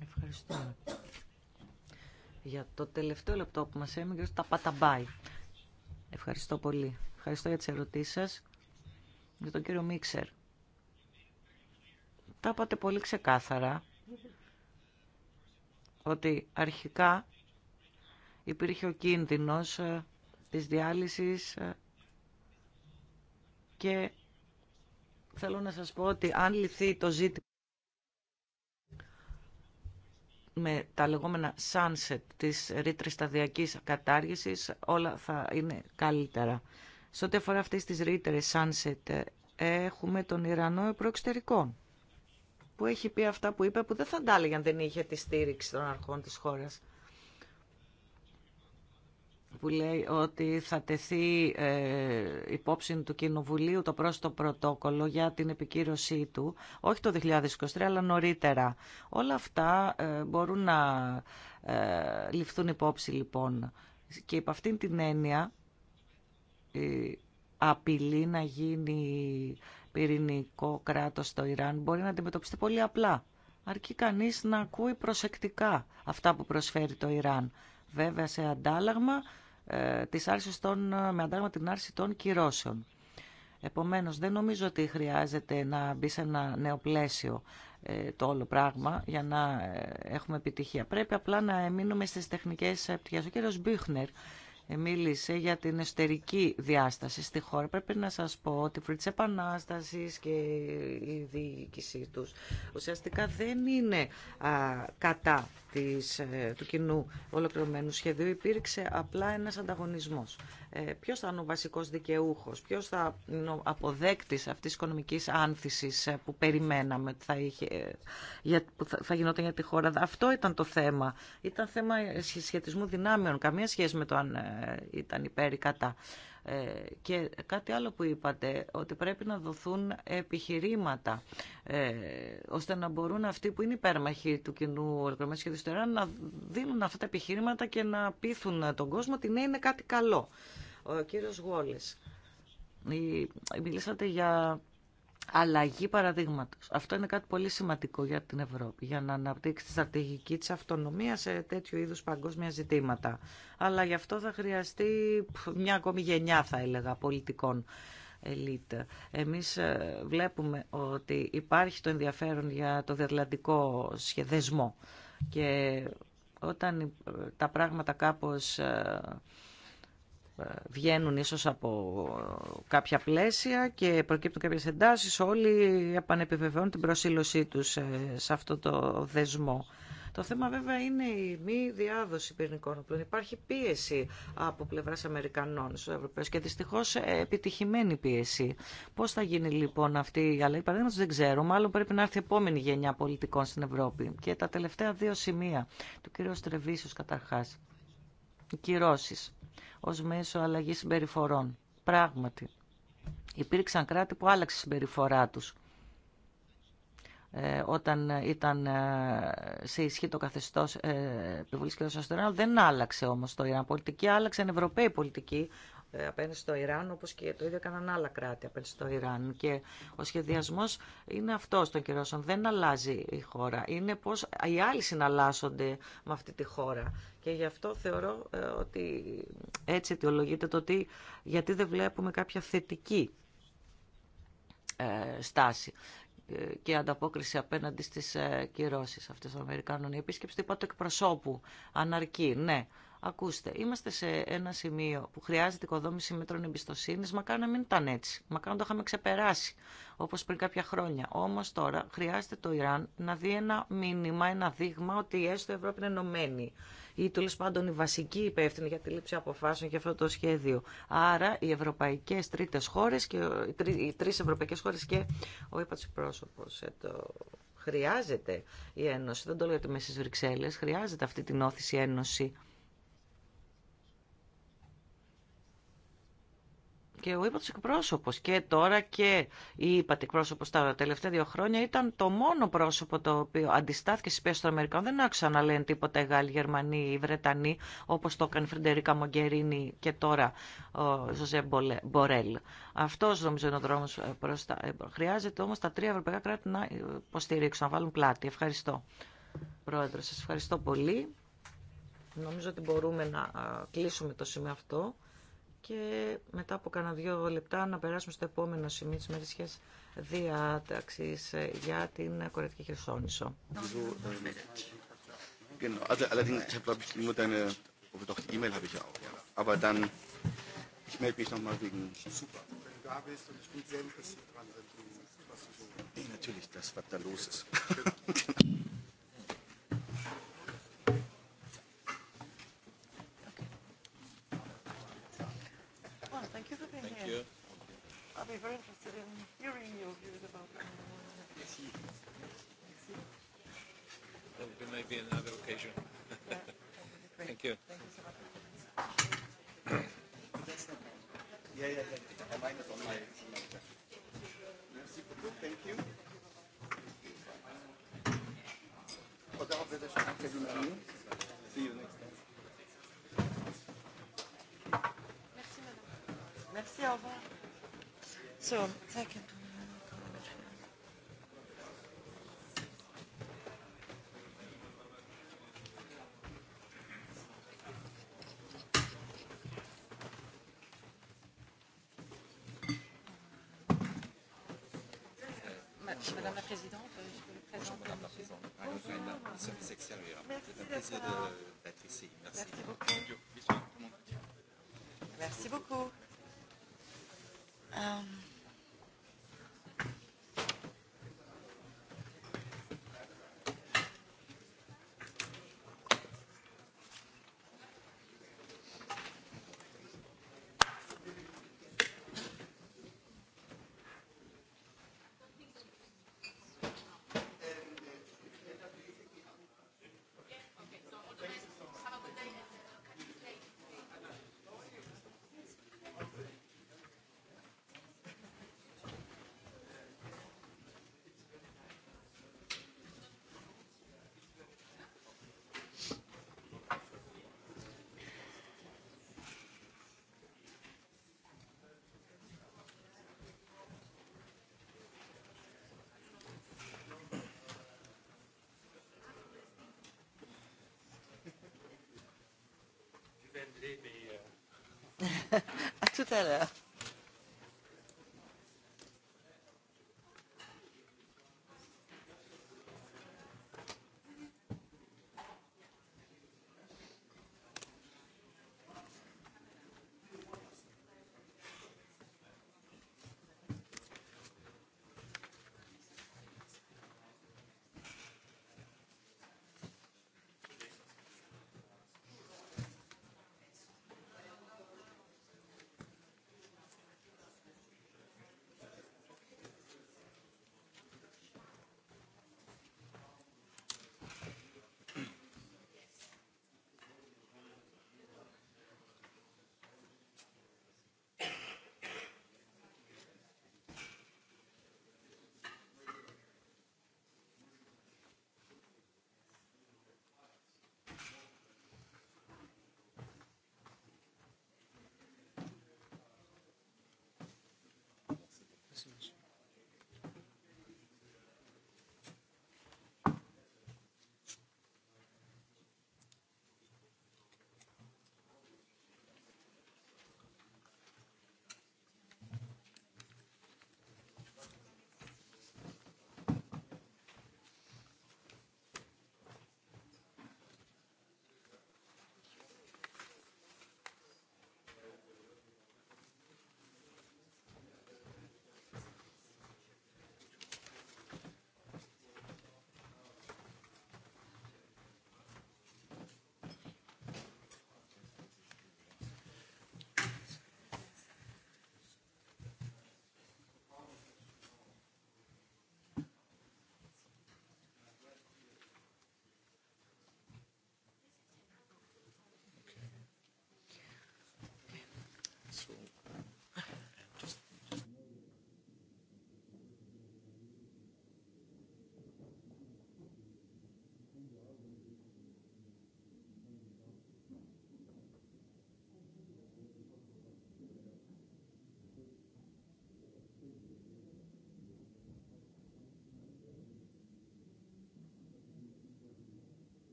Ευχαριστούμε για το τελευταίο λεπτό που μας έμεινε, τα παταμπάει. Ευχαριστώ πολύ. Ευχαριστώ για τις ερωτήσεις σας. Για τον κύριο Μίξερ. Τα είπατε πολύ ξεκάθαρα ότι αρχικά υπήρχε ο κίνδυνος ε, της διάλυσης ε, και θέλω να σας πω ότι αν λυθεί το ζήτημα με τα λεγόμενα sunset της ρήτρη σταδιακής κατάργησης όλα θα είναι καλύτερα. Σε ό,τι αφορά αυτές τις ρήτρε sunset ε, έχουμε τον Ιρανό προεξωτερικό που έχει πει αυτά που είπε που δεν θα τα δεν είχε τη στήριξη των αρχών της χώρας που λέει ότι θα τεθεί ε, υπόψη του Κοινοβουλίου το πρόστο πρωτόκολλο για την επικύρωσή του, όχι το 2023 αλλά νωρίτερα. Όλα αυτά ε, μπορούν να ε, ληφθούν υπόψη λοιπόν. Και υπ' αυτήν την έννοια απειλή να γίνει πυρηνικό κράτος στο Ιράν μπορεί να αντιμετωπιστεί πολύ απλά. Αρκεί κανείς να ακούει προσεκτικά αυτά που προσφέρει το Ιράν. Βέβαια σε αντάλλαγμα ε, της άρσης των, ε, με αντάγμα την άρση των κυρώσεων. Επομένως, δεν νομίζω ότι χρειάζεται να μπει σε ένα νέο πλαίσιο ε, το όλο πράγμα για να έχουμε επιτυχία. Πρέπει απλά να μείνουμε στις τεχνικές πτυχές. Ο κύριος Μπίχνερ μίλησε για την εσωτερική διάσταση στη χώρα. Πρέπει να σας πω ότι η τη επανάσταση και η διοίκησή τους ουσιαστικά δεν είναι κατά της, ε, του κοινού ολοκληρωμένου σχεδίου. Υπήρξε απλά ένας ανταγωνισμός ε, ποιος θα είναι ο βασικός δικαιούχος, ποιος θα είναι ο αποδέκτης αυτής της οικονομικής άνθησης ε, που περιμέναμε θα, είχε, ε, που θα γινόταν για τη χώρα. Αυτό ήταν το θέμα. Ήταν θέμα σχετισμού δυνάμεων, καμία σχέση με το αν ήταν υπέρ ή κατά. Ε, και κάτι άλλο που είπατε, ότι πρέπει να δοθούν επιχειρήματα, ε, ώστε να μπορούν αυτοί που είναι υπέρμαχοι του κοινού οργανωμένου σχεδίου να δίνουν αυτά τα επιχειρήματα και να πείθουν τον κόσμο ότι ναι, είναι κάτι καλό. Ο κύριος Γόλης, μιλήσατε για αλλαγή παραδείγματος. Αυτό είναι κάτι πολύ σημαντικό για την Ευρώπη, για να αναπτύξει τη στρατηγική της αυτονομία σε τέτοιου είδους παγκόσμια ζητήματα. Αλλά γι' αυτό θα χρειαστεί μια ακόμη γενιά, θα έλεγα, πολιτικών ελίτ. Εμείς ε, βλέπουμε ότι υπάρχει το ενδιαφέρον για το διατλαντικό σχεδεσμό και όταν ε, τα πράγματα κάπως ε, βγαίνουν ίσως από κάποια πλαίσια και προκύπτουν κάποιες εντάσεις, όλοι επανεπιβεβαιώνουν την προσήλωσή τους ε, σε αυτό το δεσμό. Το θέμα βέβαια είναι η μη διάδοση πυρηνικών όπλων. Υπάρχει πίεση από πλευρά Αμερικανών στου Ευρωπαίου και δυστυχώ ε, επιτυχημένη πίεση. Πώ θα γίνει λοιπόν αυτή η αλλαγή, παραδείγματο δεν ξέρω. Μάλλον πρέπει να έρθει η επόμενη γενιά πολιτικών στην Ευρώπη. Και τα τελευταία δύο σημεία του κ. Στρεβίσιο καταρχά. Οι κυρώσει ως μέσο αλλαγής συμπεριφορών. Πράγματι, υπήρξαν κράτη που άλλαξε η συμπεριφορά τους ε, όταν ήταν ε, σε ισχύ το καθεστώ ε, επιβολή και δεν άλλαξε όμω το Ιράν πολιτική, άλλαξαν Ευρωπαίοι πολιτικοί ε, απέναντι στο Ιράν, όπως και το ίδιο έκαναν άλλα κράτη απέναντι στο Ιράν. Και ο σχεδιασμός είναι αυτός των κυρώσεων. Δεν αλλάζει η χώρα. Είναι πώς οι άλλοι συναλλάσσονται με αυτή τη χώρα. Και γι' αυτό θεωρώ ε, ότι έτσι αιτιολογείται το ότι γιατί δεν βλέπουμε κάποια θετική ε, στάση και ανταπόκριση απέναντι στις κυρώσεις αυτές των Αμερικάνων. Η επίσκεψη του είπα του εκπροσώπου αναρκεί, ναι. Ακούστε, είμαστε σε ένα σημείο που χρειάζεται οικοδόμηση μέτρων εμπιστοσύνη. Μακάρι να μην ήταν έτσι. Μακάρι να το είχαμε ξεπεράσει, όπω πριν κάποια χρόνια. Όμω τώρα χρειάζεται το Ιράν να δει ένα μήνυμα, ένα δείγμα ότι έστω η Ευρώπη είναι ενωμένη. Ή τέλο πάντων η βασική υπεύθυνη για τη λήψη αποφάσεων για αυτό το σχέδιο. Άρα οι ευρωπαϊκέ τρίτε χώρε, οι τρει ευρωπαϊκέ χώρε και ο του πρόσωπο ε, χρειάζεται η Ένωση. Δεν το λέω ότι είμαι στι Βρυξέλλε. Χρειάζεται αυτή την όθηση Ένωση Και ο ύπατος εκπρόσωπο και τώρα και η ύπατη εκπρόσωπος τα τελευταία δύο χρόνια ήταν το μόνο πρόσωπο το οποίο αντιστάθηκε στις πιέσει των Αμερικών Δεν άκουσα να λένε τίποτα οι Γάλλοι, οι Γερμανοί, οι Βρετανοί, όπως το έκανε η Φρεντερίκα Μογκερίνη και τώρα ο Ζωζέ Μπορέλ. Αυτό νομίζω είναι ο δρόμος ε, προ τα... Ε, χρειάζεται όμω τα τρία ευρωπαϊκά κράτη να υποστηρίξουν, να βάλουν πλάτη. Ευχαριστώ. Πρόεδρε, σα ευχαριστώ πολύ. Νομίζω ότι μπορούμε να κλείσουμε το σημείο αυτό και μετά από κάνα δύο λεπτά να περάσουμε στο επόμενο σημείο της μερισχές διάταξης για την Κορετική Χερσόνησο. Genau, also allerdings, ich habe, glaube ich, nur deine, oh, doch, die E-Mail habe ich ja auch. Aber dann, ich melde mich nochmal wegen... Super, wenn du da bist und ich bin sehr interessiert dran, was du so... Nee, natürlich, das, was da los ist. you. I'll be very interested in hearing your views about There may be another occasion. Yeah, Thank you. Thank you so much. Yeah, yeah, yeah. I mind on my Thank you. See you next Yeah, well. So, tout à l'heure. μας.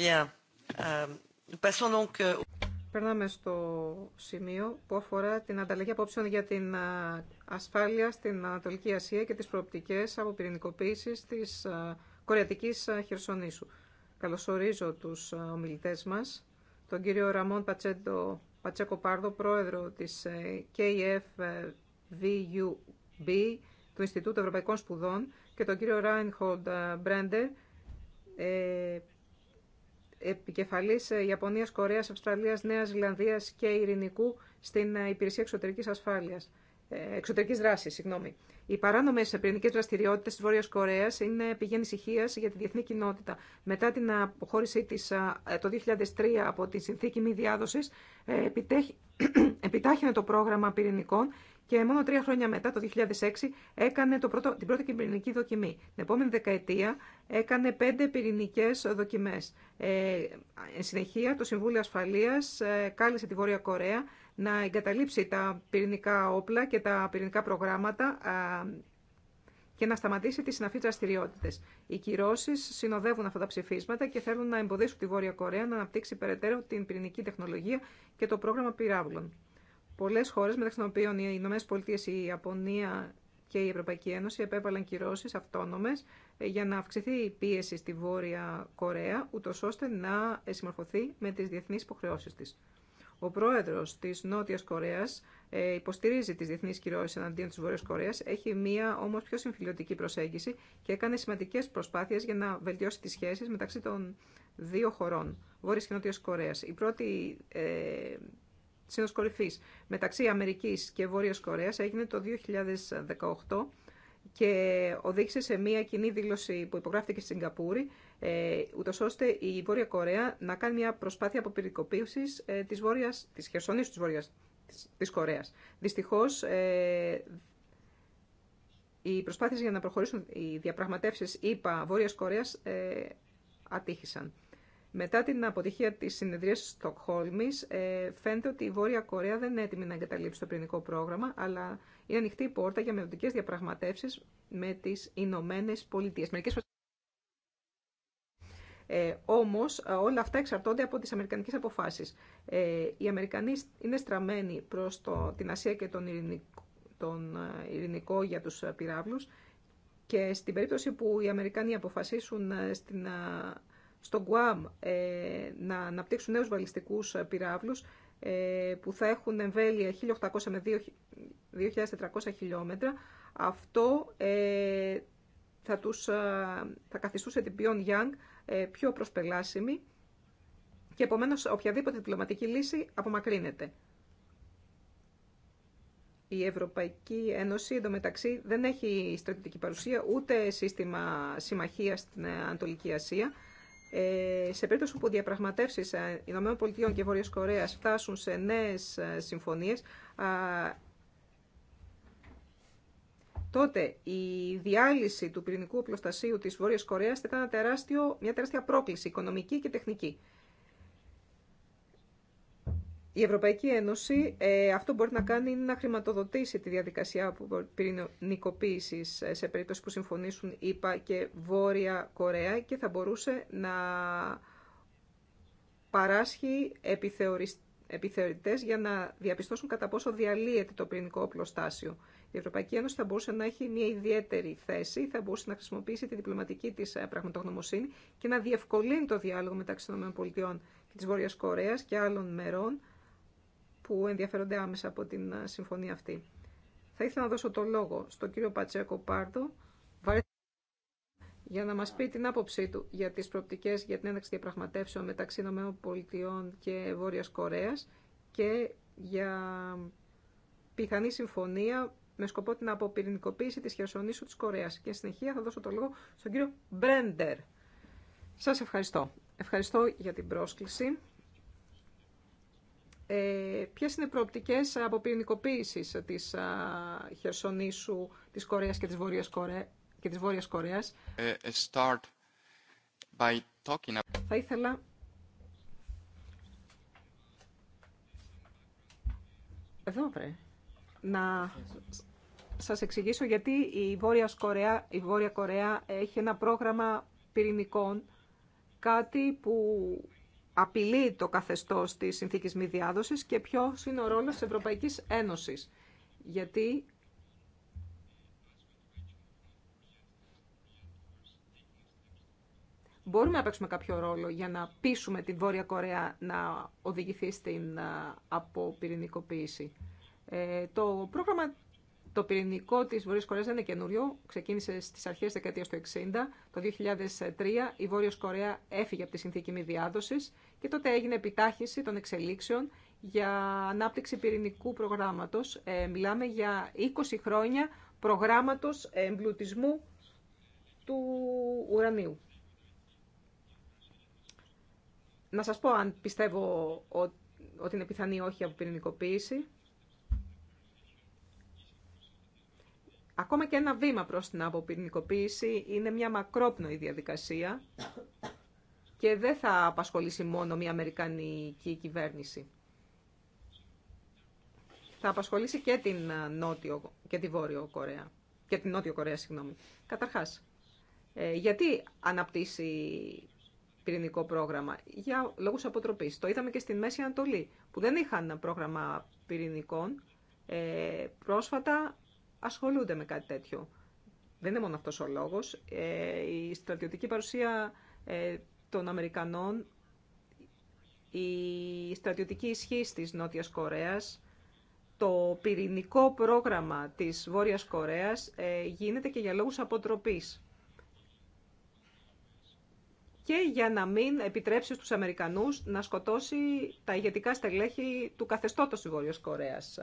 Euh, euh, Περνάμε στο σημείο που αφορά την ανταλλαγή απόψεων για την ασφάλεια στην Ανατολική Ασία και τις προοπτικές αποπυρηνικοποίησης της Κορεατικής Χερσονήσου. Καλωσορίζω τους ομιλητές μας, τον κύριο Ραμόν Πατσέντο, Πατσέκο Πάρδο, πρόεδρο της ε, KFVUB, του Ινστιτούτου Ευρωπαϊκών Σπουδών, και τον κύριο Ράινχολντ ε, Μπρέντερ, ε, επικεφαλής ε, Ιαπωνίας, Κορέας, Αυστραλίας, Νέας Ζηλανδίας και Ειρηνικού στην ε, Υπηρεσία Εξωτερικής Ασφάλειας. Ε, Εξωτερική δράση, συγγνώμη. Οι παράνομε πυρηνικέ δραστηριότητε τη Βόρεια Κορέα είναι πηγή ανησυχία για τη διεθνή κοινότητα. Μετά την αποχώρησή τη το 2003 από τη συνθήκη μη διάδοση, επιτάχυνε το πρόγραμμα πυρηνικών και μόνο τρία χρόνια μετά, το 2006, έκανε το πρώτο, την πρώτη πυρηνική δοκιμή. Την επόμενη δεκαετία έκανε πέντε πυρηνικέ δοκιμέ. Ε, εν συνεχεία, το Συμβούλιο Ασφαλεία ε, κάλεσε τη Βόρεια Κορέα να εγκαταλείψει τα πυρηνικά όπλα και τα πυρηνικά προγράμματα ε, και να σταματήσει τι συναφεί δραστηριότητε. Οι κυρώσει συνοδεύουν αυτά τα ψηφίσματα και θέλουν να εμποδίσουν τη Βόρεια Κορέα να αναπτύξει περαιτέρω την πυρηνική τεχνολογία και το πρόγραμμα πυράβλων. Πολλέ χώρε, μεταξύ των οποίων οι Ηνωμένε Πολιτείε, η Ιαπωνία και η Ευρωπαϊκή Ένωση, επέβαλαν κυρώσει αυτόνομε ε, για να αυξηθεί η πίεση στη Βόρεια Κορέα, ούτω ώστε να συμμορφωθεί με τι διεθνεί υποχρεώσει τη. Ο πρόεδρο τη Νότια Κορέα ε, υποστηρίζει τι διεθνεί κυρώσει εναντίον τη Βόρεια Κορέα, έχει μία όμω πιο συμφιλιωτική προσέγγιση και έκανε σημαντικέ προσπάθειε για να βελτιώσει τι σχέσει μεταξύ των δύο χωρών, Βόρεια και Νότια Κορέα. Η πρώτη ε, Σύνος κορυφής μεταξύ Αμερικής και Βόρειας Κορέας έγινε το 2018 και οδήγησε σε μια κοινή δήλωση που υπογράφηκε στη Σιγκαπούρη, ε, ούτω ώστε η Βόρεια Κορέα να κάνει μια προσπάθεια αποπυρικοποίηση ε, τη Βόρειας, της χερσονήσου της Βόρειας της, Κορέας. Δυστυχώς, ε, οι προσπάθειες για να προχωρήσουν οι διαπραγματεύσεις είπα, Βόρειας Κορέας ε, ατύχησαν. Μετά την αποτυχία της συνεδρίας της Στοκχόλμης, ε, φαίνεται ότι η Βόρεια Κορέα δεν είναι έτοιμη να εγκαταλείψει το πυρηνικό πρόγραμμα, αλλά είναι ανοιχτή η πόρτα για μελλοντικέ διαπραγματεύσεις με τις Ηνωμένε Πολιτείες. Μερικές... Ε, όμως όλα αυτά εξαρτώνται από τις αμερικανικές αποφάσεις. Ε, οι Αμερικανοί είναι στραμμένοι προς την Ασία και τον ειρηνικό, τον ε, ειρηνικό για τους ε, πυράβλους και στην περίπτωση που οι Αμερικανοί αποφασίσουν στην στο ε, να αναπτύξουν νέους βαλιστικούς ε, πυράβλους ε, που θα έχουν εμβέλεια 1.800 με 2.400 χιλιόμετρα. Αυτό ε, θα, τους, θα καθιστούσε την πιόν ε, πιο προσπελάσιμη και επομένως οποιαδήποτε διπλωματική λύση απομακρύνεται. Η Ευρωπαϊκή Ένωση εντωμεταξύ δεν έχει στρατιωτική παρουσία ούτε σύστημα συμμαχίας στην Ανατολική Ασία ε, σε περίπτωση που διαπραγματεύσεις ε, ΗΠΑ και Βόρειας Κορέας φτάσουν σε νέες ε, συμφωνίες, τότε η διάλυση του πυρηνικού οπλοστασίου της Βόρειας Κορέας θα ήταν τεράστιο, μια τεράστια πρόκληση οικονομική και τεχνική. Η Ευρωπαϊκή Ένωση ε, αυτό μπορεί να κάνει είναι να χρηματοδοτήσει τη διαδικασία πυρηνικοποίηση ε, σε περίπτωση που συμφωνήσουν ΗΠΑ και Βόρεια Κορέα και θα μπορούσε να παράσχει επιθεωρητές για να διαπιστώσουν κατά πόσο διαλύεται το πυρηνικό οπλοστάσιο. Η Ευρωπαϊκή Ένωση θα μπορούσε να έχει μια ιδιαίτερη θέση, θα μπορούσε να χρησιμοποιήσει τη διπλωματική της ε, πραγματογνωμοσύνη και να διευκολύνει το διάλογο μεταξύ των ΗΠΑ και της Βόρειας Κορέας και άλλων μερών που ενδιαφέρονται άμεσα από την ε, συμφωνία αυτή. Θα ήθελα να δώσω το λόγο στον κύριο Πατσέκο Πάρτο για να μας πει την άποψή του για τις προοπτικές για την ένταξη διαπραγματεύσεων μεταξύ ΗΠΑ και Βόρειας Κορέας και για πιθανή συμφωνία με σκοπό την αποπυρηνικοποίηση της χερσονήσου της Κορέας. Και συνεχεία θα δώσω το λόγο στον κύριο Μπρέντερ. Σας ευχαριστώ. Ευχαριστώ για την πρόσκληση ε, ποιες είναι οι προοπτικές αποπυρηνικοποίησης της α, Χερσονήσου, της Κορέας και της Βόρειας, και της Βόρειας Κορέας. Ε, ε, start by talking... Θα ήθελα Εδώ Να σας εξηγήσω γιατί η Βόρεια Κορέα, η Βόρεια Κορέα έχει ένα πρόγραμμα πυρηνικών, κάτι που απειλεί το καθεστώς της συνθήκη μη διάδοσης και ποιο είναι ο ρόλος της Ευρωπαϊκής Ένωσης. Γιατί μπορούμε να παίξουμε κάποιο ρόλο για να πείσουμε την Βόρεια Κορέα να οδηγηθεί στην αποπυρηνικοποίηση. Ε, το πρόγραμμα το πυρηνικό τη Βορείας Κορέας δεν είναι καινούριο. Ξεκίνησε στις αρχές δεκαετίας του 60. Το 2003 η Βόρειος Κορέα έφυγε από τη συνθήκη μη διάδοση και τότε έγινε επιτάχυνση των εξελίξεων για ανάπτυξη πυρηνικού προγράμματο. Ε, μιλάμε για 20 χρόνια προγράμματο εμπλουτισμού του ουρανίου. Να σας πω αν πιστεύω ότι είναι πιθανή όχι από πυρηνικοποίηση. Ακόμα και ένα βήμα προς την αποπυρηνικοποίηση είναι μια μακρόπνοη διαδικασία και δεν θα απασχολήσει μόνο μια Αμερικανική κυβέρνηση. Θα απασχολήσει και την ε, Νότιο και τη Βόρειο Κορέα. Και την Νότιο Κορέα, συγγνώμη. Καταρχάς, ε, γιατί αναπτύσσει πυρηνικό πρόγραμμα για λόγους αποτροπής. Το είδαμε και στην Μέση Ανατολή, που δεν είχαν πρόγραμμα πυρηνικών. Ε, πρόσφατα ασχολούνται με κάτι τέτοιο. Δεν είναι μόνο αυτός ο λόγος. Ε, η στρατιωτική παρουσία ε, των Αμερικανών, η στρατιωτική ισχύ τη Νότια Κορέας, το πυρηνικό πρόγραμμα της Βόρειας Κορέας ε, γίνεται και για λόγους αποτροπής. Και για να μην επιτρέψει στους Αμερικανούς να σκοτώσει τα ηγετικά στελέχη του καθεστώτος της Βόρειας Κορέας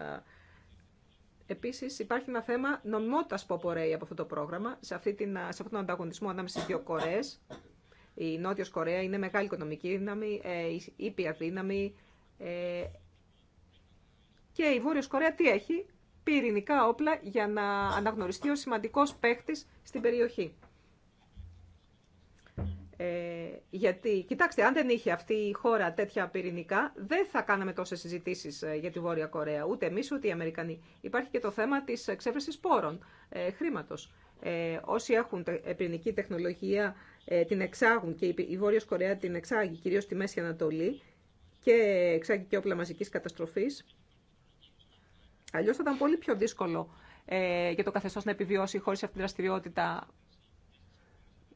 Επίση, υπάρχει ένα θέμα νομιμότητα που απορρέει από αυτό το πρόγραμμα, σε, αυτή την, σε αυτόν τον ανταγωνισμό ανάμεσα στι δύο Κορέε. Η Νότιο Κορέα είναι μεγάλη οικονομική δύναμη, ε, η ήπια δύναμη. Ε, και η Βόρειο Κορέα τι έχει, πυρηνικά όπλα για να αναγνωριστεί ο σημαντικός παίχτη στην περιοχή. Ε, γιατί, κοιτάξτε, αν δεν είχε αυτή η χώρα τέτοια πυρηνικά, δεν θα κάναμε τόσε συζητήσει ε, για τη Βόρεια Κορέα. Ούτε εμεί, ούτε οι Αμερικανοί. Υπάρχει και το θέμα τη εξέβρεση πόρων, ε, χρήματο. Ε, όσοι έχουν ε, πυρηνική τεχνολογία ε, την εξάγουν και η Βόρεια Κορέα την εξάγει κυρίω στη Μέση Ανατολή και εξάγει και όπλα μαζική καταστροφή. Αλλιώ θα ήταν πολύ πιο δύσκολο ε, για το καθεστώ να επιβιώσει χωρί αυτή τη δραστηριότητα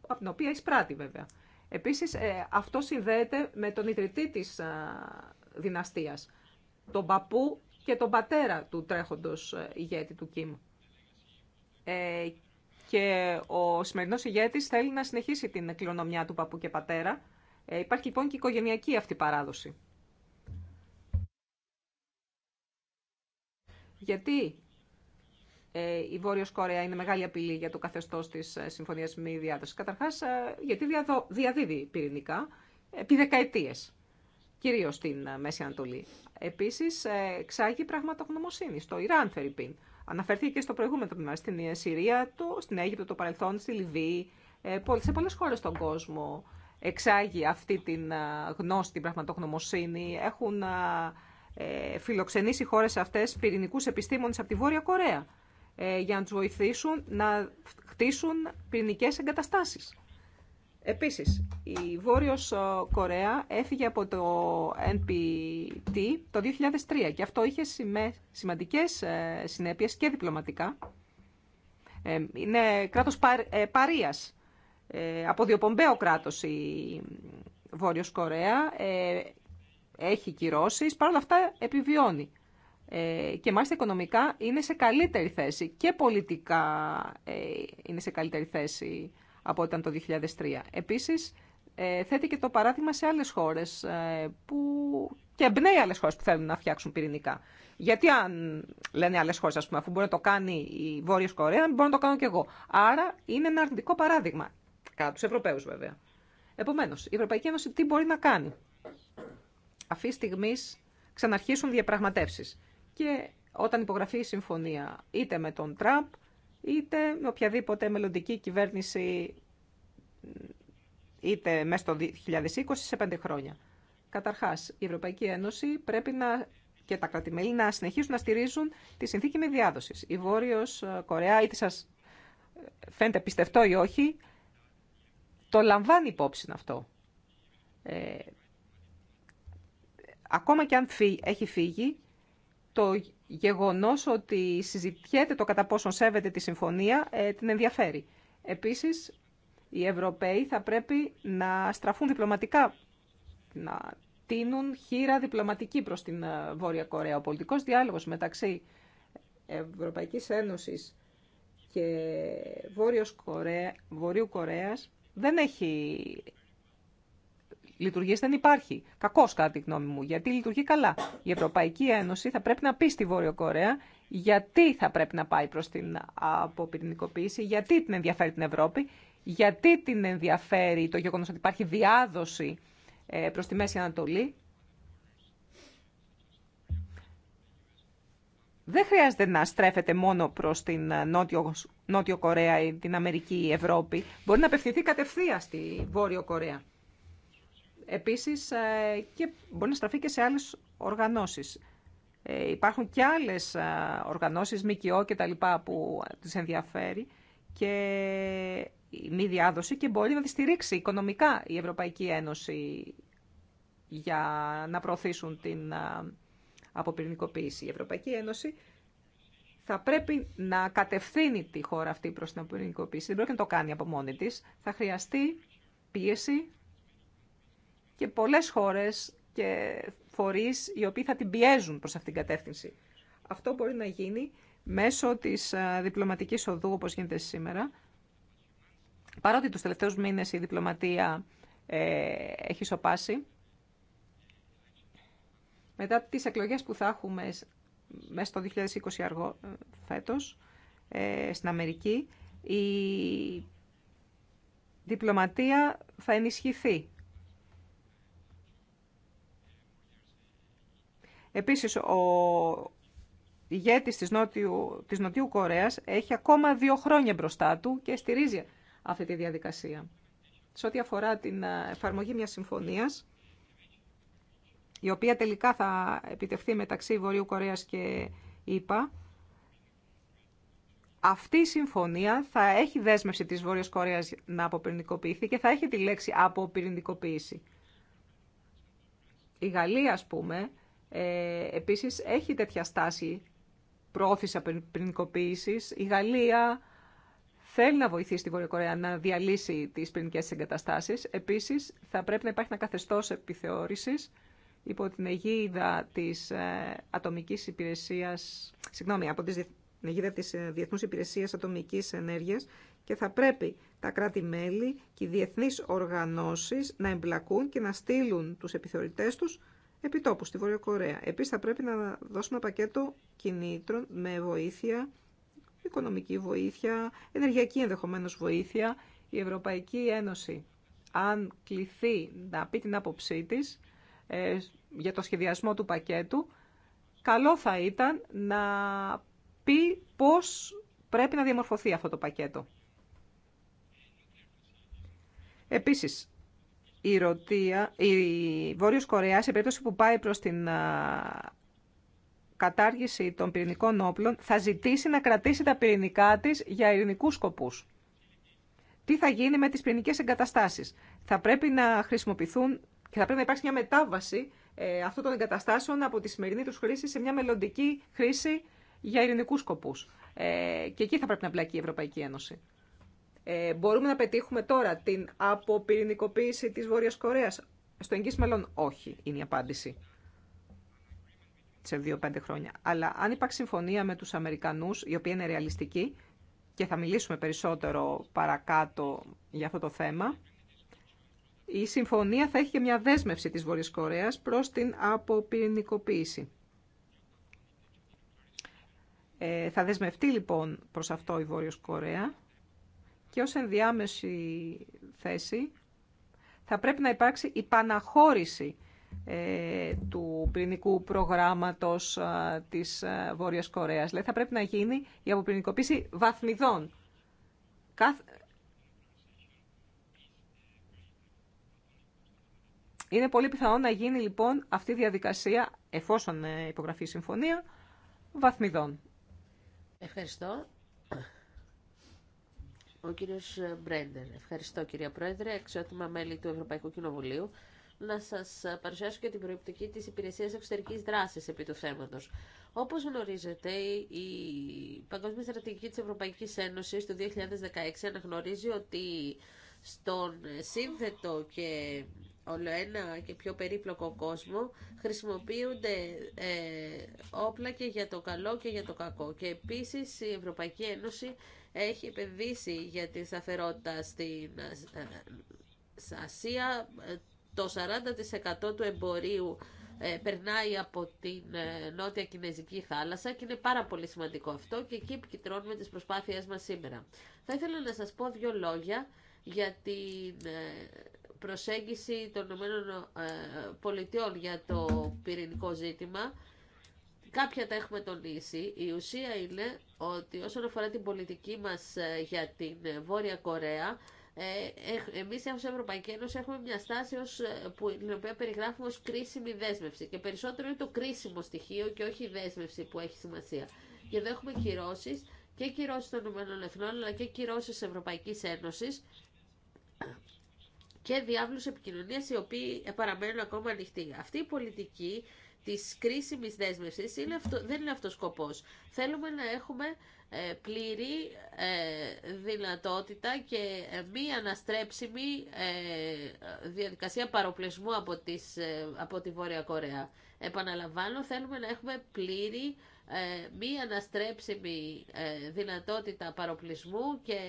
από την οποία εισπράττει βέβαια. Επίσης, ε, αυτό συνδέεται με τον ιδρυτή της ε, δυναστείας, τον παππού και τον πατέρα του τρέχοντος ε, ηγέτη του Κιμ. και ο σημερινός ηγέτης θέλει να συνεχίσει την κληρονομιά του παππού και πατέρα. υπάρχει λοιπόν και οικογενειακή αυτή παράδοση. Γιατί ε, η Βόρειο Κορέα είναι μεγάλη απειλή για το καθεστώς της ε, Συμφωνία Μη Καταρχά, Καταρχάς, ε, γιατί διαδίδει πυρηνικά επί δεκαετίε κυρίω στην Μέση Ανατολή. Επίσης, εξάγει πραγματογνωμοσύνη στο Ιράν, Φερρυπίν. Αναφέρθηκε στο προηγούμενο τμήμα, στην Συρία, το, στην Αίγυπτο, το παρελθόν, στη Λιβύη, σε πολλέ χώρε στον κόσμο εξάγει αυτή την γνώση, την πραγματογνωμοσύνη. Έχουν φιλοξενήσει χώρε αυτέ πυρηνικού επιστήμονε από τη Βόρεια Κορέα. Ε, για να τους βοηθήσουν να χτίσουν πυρηνικές εγκαταστάσεις. Επίσης, η Βόρειος ε, Κορέα έφυγε από το NPT το 2003 και αυτό είχε σημαντικές ε, συνέπειες και διπλωματικά. Είναι κράτος παρείας, αποδιοπομπαίο κράτος η Βόρειος Κορέα, έχει κυρώσεις, παρόλα αυτά επιβιώνει. Ε, και μάλιστα οικονομικά είναι σε καλύτερη θέση και πολιτικά ε, είναι σε καλύτερη θέση από όταν το 2003. Επίσης, ε, θέτει και το παράδειγμα σε άλλες χώρες που... και εμπνέει άλλες χώρες που θέλουν να φτιάξουν πυρηνικά. Γιατί αν λένε άλλες χώρες, ας πούμε, αφού μπορεί να το κάνει η Βόρειος Κορέα, μπορεί να το κάνω κι εγώ. Άρα είναι ένα αρνητικό παράδειγμα, κατά τους Ευρωπαίους βέβαια. Επομένως, η Ευρωπαϊκή Ένωση τι μπορεί να κάνει. Αυτή τη στιγμή ξαναρχίσουν διαπραγματεύσεις και όταν υπογραφεί η συμφωνία είτε με τον Τραμπ είτε με οποιαδήποτε μελλοντική κυβέρνηση είτε μέσα στο 2020 σε πέντε χρόνια. Καταρχάς, η Ευρωπαϊκή Ένωση πρέπει να και τα κρατημέλη να συνεχίσουν να στηρίζουν τη συνθήκη με διάδοση. Η Βόρειο ε, Κορέα, είτε σα φαίνεται πιστευτό ή όχι, το λαμβάνει υπόψη αυτό. Ε, ακόμα και αν έχει φύγει, το γεγονός ότι συζητιέται το κατά πόσον σέβεται τη συμφωνία ε, την ενδιαφέρει. Επίσης, οι Ευρωπαίοι θα πρέπει να στραφούν διπλωματικά, να τίνουν χείρα διπλωματική προς την ε, Βόρεια Κορέα. Ο πολιτικός διάλογος μεταξύ Ευρωπαϊκής Ένωσης και Βόρειος Κορέα, Βορείου Κορέας δεν έχει λειτουργεί, δεν υπάρχει. Κακό κατά τη γνώμη μου, γιατί λειτουργεί καλά. Η Ευρωπαϊκή Ένωση θα πρέπει να πει στη Βόρεια Κορέα γιατί θα πρέπει να πάει προ την αποπυρηνικοποίηση, γιατί την ενδιαφέρει την Ευρώπη, γιατί την ενδιαφέρει το γεγονό ότι υπάρχει διάδοση ε, προ τη Μέση Ανατολή. Δεν χρειάζεται να στρέφεται μόνο προ την Νότιο, Νότιο Κορέα ή την Αμερική ή Ευρώπη. Μπορεί να απευθυνθεί κατευθείαν στη Βόρεια Κορέα. Επίσης, ε, και μπορεί να στραφεί και σε άλλες οργανώσεις. Ε, υπάρχουν και άλλες ε, οργανώσεις, ΜΚΟ και τα λοιπά, που τις ενδιαφέρει και η μη διάδοση και μπορεί να τη στηρίξει οικονομικά η Ευρωπαϊκή Ένωση για να προωθήσουν την αποπυρηνικοποίηση. Η Ευρωπαϊκή Ένωση θα πρέπει να κατευθύνει τη χώρα αυτή προς την αποπυρηνικοποίηση. Δεν πρέπει να το κάνει από μόνη της. Θα χρειαστεί πίεση και πολλές χώρες και φορείς οι οποίοι θα την πιέζουν προς αυτήν την κατεύθυνση. Αυτό μπορεί να γίνει μέσω της ε, διπλωματικής οδού όπως γίνεται σήμερα. Παρότι τους τελευταίους μήνες η διπλωματία ε, έχει σοπάσει, μετά τις εκλογές που θα έχουμε μέσα στο 2020 αργό, ε, φέτος ε, στην Αμερική, η διπλωματία θα ενισχυθεί Επίσης, ο ηγέτης της Νότιου, της Νοτιού Κορέας έχει ακόμα δύο χρόνια μπροστά του και στηρίζει αυτή τη διαδικασία. Σε ό,τι αφορά την ε, εφαρμογή μιας συμφωνίας, η οποία τελικά θα επιτευχθεί μεταξύ Βορείου Κορέας και ΙΠΑ, αυτή η συμφωνία θα έχει δέσμευση της Βόρειας Κορέας να αποπυρηνικοποιηθεί και θα έχει τη λέξη αποπυρηνικοποίηση. Η Γαλλία, ας πούμε, ε, επίσης, έχει τέτοια στάση προώθηση πυρηνικοποίηση. Η Γαλλία θέλει να βοηθήσει τη Βόρεια Κορέα να διαλύσει τις πυρηνικές εγκαταστάσεις. Επίσης, θα πρέπει να υπάρχει ένα καθεστώς επιθεώρησης υπό την αιγίδα της ε, ατομικής υπηρεσίας, συγγνώμη, από τις την της ε, Διεθνούς Υπηρεσίας Ατομικής Ενέργειας και θα πρέπει τα κράτη-μέλη και οι διεθνεί οργανώσει να εμπλακούν και να στείλουν τους επιθεωρητές του επιτόπου στη Βόρεια Κορέα. Επίσης θα πρέπει να δώσουμε πακέτο κινήτρων με βοήθεια, οικονομική βοήθεια, ενεργειακή ενδεχομένω βοήθεια. Η Ευρωπαϊκή Ένωση, αν κληθεί να πει την άποψή τη ε, για το σχεδιασμό του πακέτου, καλό θα ήταν να πει πώς πρέπει να διαμορφωθεί αυτό το πακέτο. Επίσης, η, Ρωτία, η Βόρειος Κορέα σε περίπτωση που πάει προς την κατάργηση των πυρηνικών όπλων θα ζητήσει να κρατήσει τα πυρηνικά της για ειρηνικούς σκοπούς. Τι θα γίνει με τις πυρηνικές εγκαταστάσεις. Θα πρέπει να χρησιμοποιηθούν και θα πρέπει να υπάρξει μια μετάβαση ε, αυτών των εγκαταστάσεων από τη σημερινή τους χρήση σε μια μελλοντική χρήση για ειρηνικούς σκοπούς. Ε, και εκεί θα πρέπει να μπλακεί η Ευρωπαϊκή Ένωση. Ε, μπορούμε να πετύχουμε τώρα την αποπυρηνικοποίηση της Βόρειας Κορέας. Στο εγγύς μέλλον όχι είναι η απάντηση σε δύο-πέντε χρόνια. Αλλά αν υπάρχει συμφωνία με τους Αμερικανούς, η οποία είναι ρεαλιστική, και θα μιλήσουμε περισσότερο παρακάτω για αυτό το θέμα, η συμφωνία θα έχει και μια δέσμευση της Βόρειας Κορέας προς την αποπυρηνικοποίηση. Ε, θα δεσμευτεί λοιπόν προς αυτό η Βόρειος Κορέα και ως ενδιάμεση θέση θα πρέπει να υπάρξει η παναχώρηση ε, του πυρηνικού προγράμματος ε, της ε, Βόρειας Κορέας. Δηλαδή θα πρέπει να γίνει η αποπυρηνικοποίηση βαθμιδών. Καθ... Είναι πολύ πιθανό να γίνει λοιπόν αυτή η διαδικασία, εφόσον υπογραφεί η συμφωνία, βαθμιδών. Ευχαριστώ. Ο κύριος Μπρέντερ. Ευχαριστώ κυρία Πρόεδρε, εξότιμα μέλη του Ευρωπαϊκού Κοινοβουλίου. Να σας παρουσιάσω και την προεπτική τη Υπηρεσία Εξωτερικής Δράσης επί του θέματο. Όπως γνωρίζετε, η Παγκόσμια Στρατηγική της Ευρωπαϊκής Ένωση του 2016 αναγνωρίζει ότι στον σύνθετο και ολοένα και πιο περίπλοκο κόσμο χρησιμοποιούνται ε, όπλα και για το καλό και για το κακό. Και επίσης η Ευρωπαϊκή Ένωση έχει επενδύσει για τη σταθερότητα στην ε, Ασία. Το 40% του εμπορίου ε, περνάει από την ε, νότια Κινέζικη θάλασσα και είναι πάρα πολύ σημαντικό αυτό και εκεί επικεντρώνουμε τις προσπάθειές μας σήμερα. Θα ήθελα να σας πω δύο λόγια για την προσέγγιση των ΗΠΑ για το πυρηνικό ζήτημα Κάποια τα έχουμε τονίσει. Η ουσία είναι ότι όσον αφορά την πολιτική μας ε, για την ε, Βόρεια Κορέα, ε, εμείς ως Ευρωπαϊκή Ένωση έχουμε μια στάση ως, που, την οποία περιγράφουμε ως κρίσιμη δέσμευση και περισσότερο είναι το κρίσιμο στοιχείο και όχι η δέσμευση που έχει σημασία. Και εδώ έχουμε κυρώσει και κυρώσει των ΗΠΑ αλλά και κυρώσεις Ευρωπαϊκής Ένωσης και διάβλους επικοινωνίας οι οποίοι παραμένουν ακόμα ανοιχτοί. Αυτή η πολιτική της κρίσιμης δέσμευσης είναι αυτό, δεν είναι αυτός σκοπός. Θέλουμε να έχουμε ε, πλήρη ε, δυνατότητα και ε, μη αναστρέψιμη ε, διαδικασία παροπλισμού από, τις, από τη Βόρεια Κορέα. Επαναλαμβάνω, θέλουμε να έχουμε πλήρη ε, μη αναστρέψιμη ε, δυνατότητα παροπλισμού και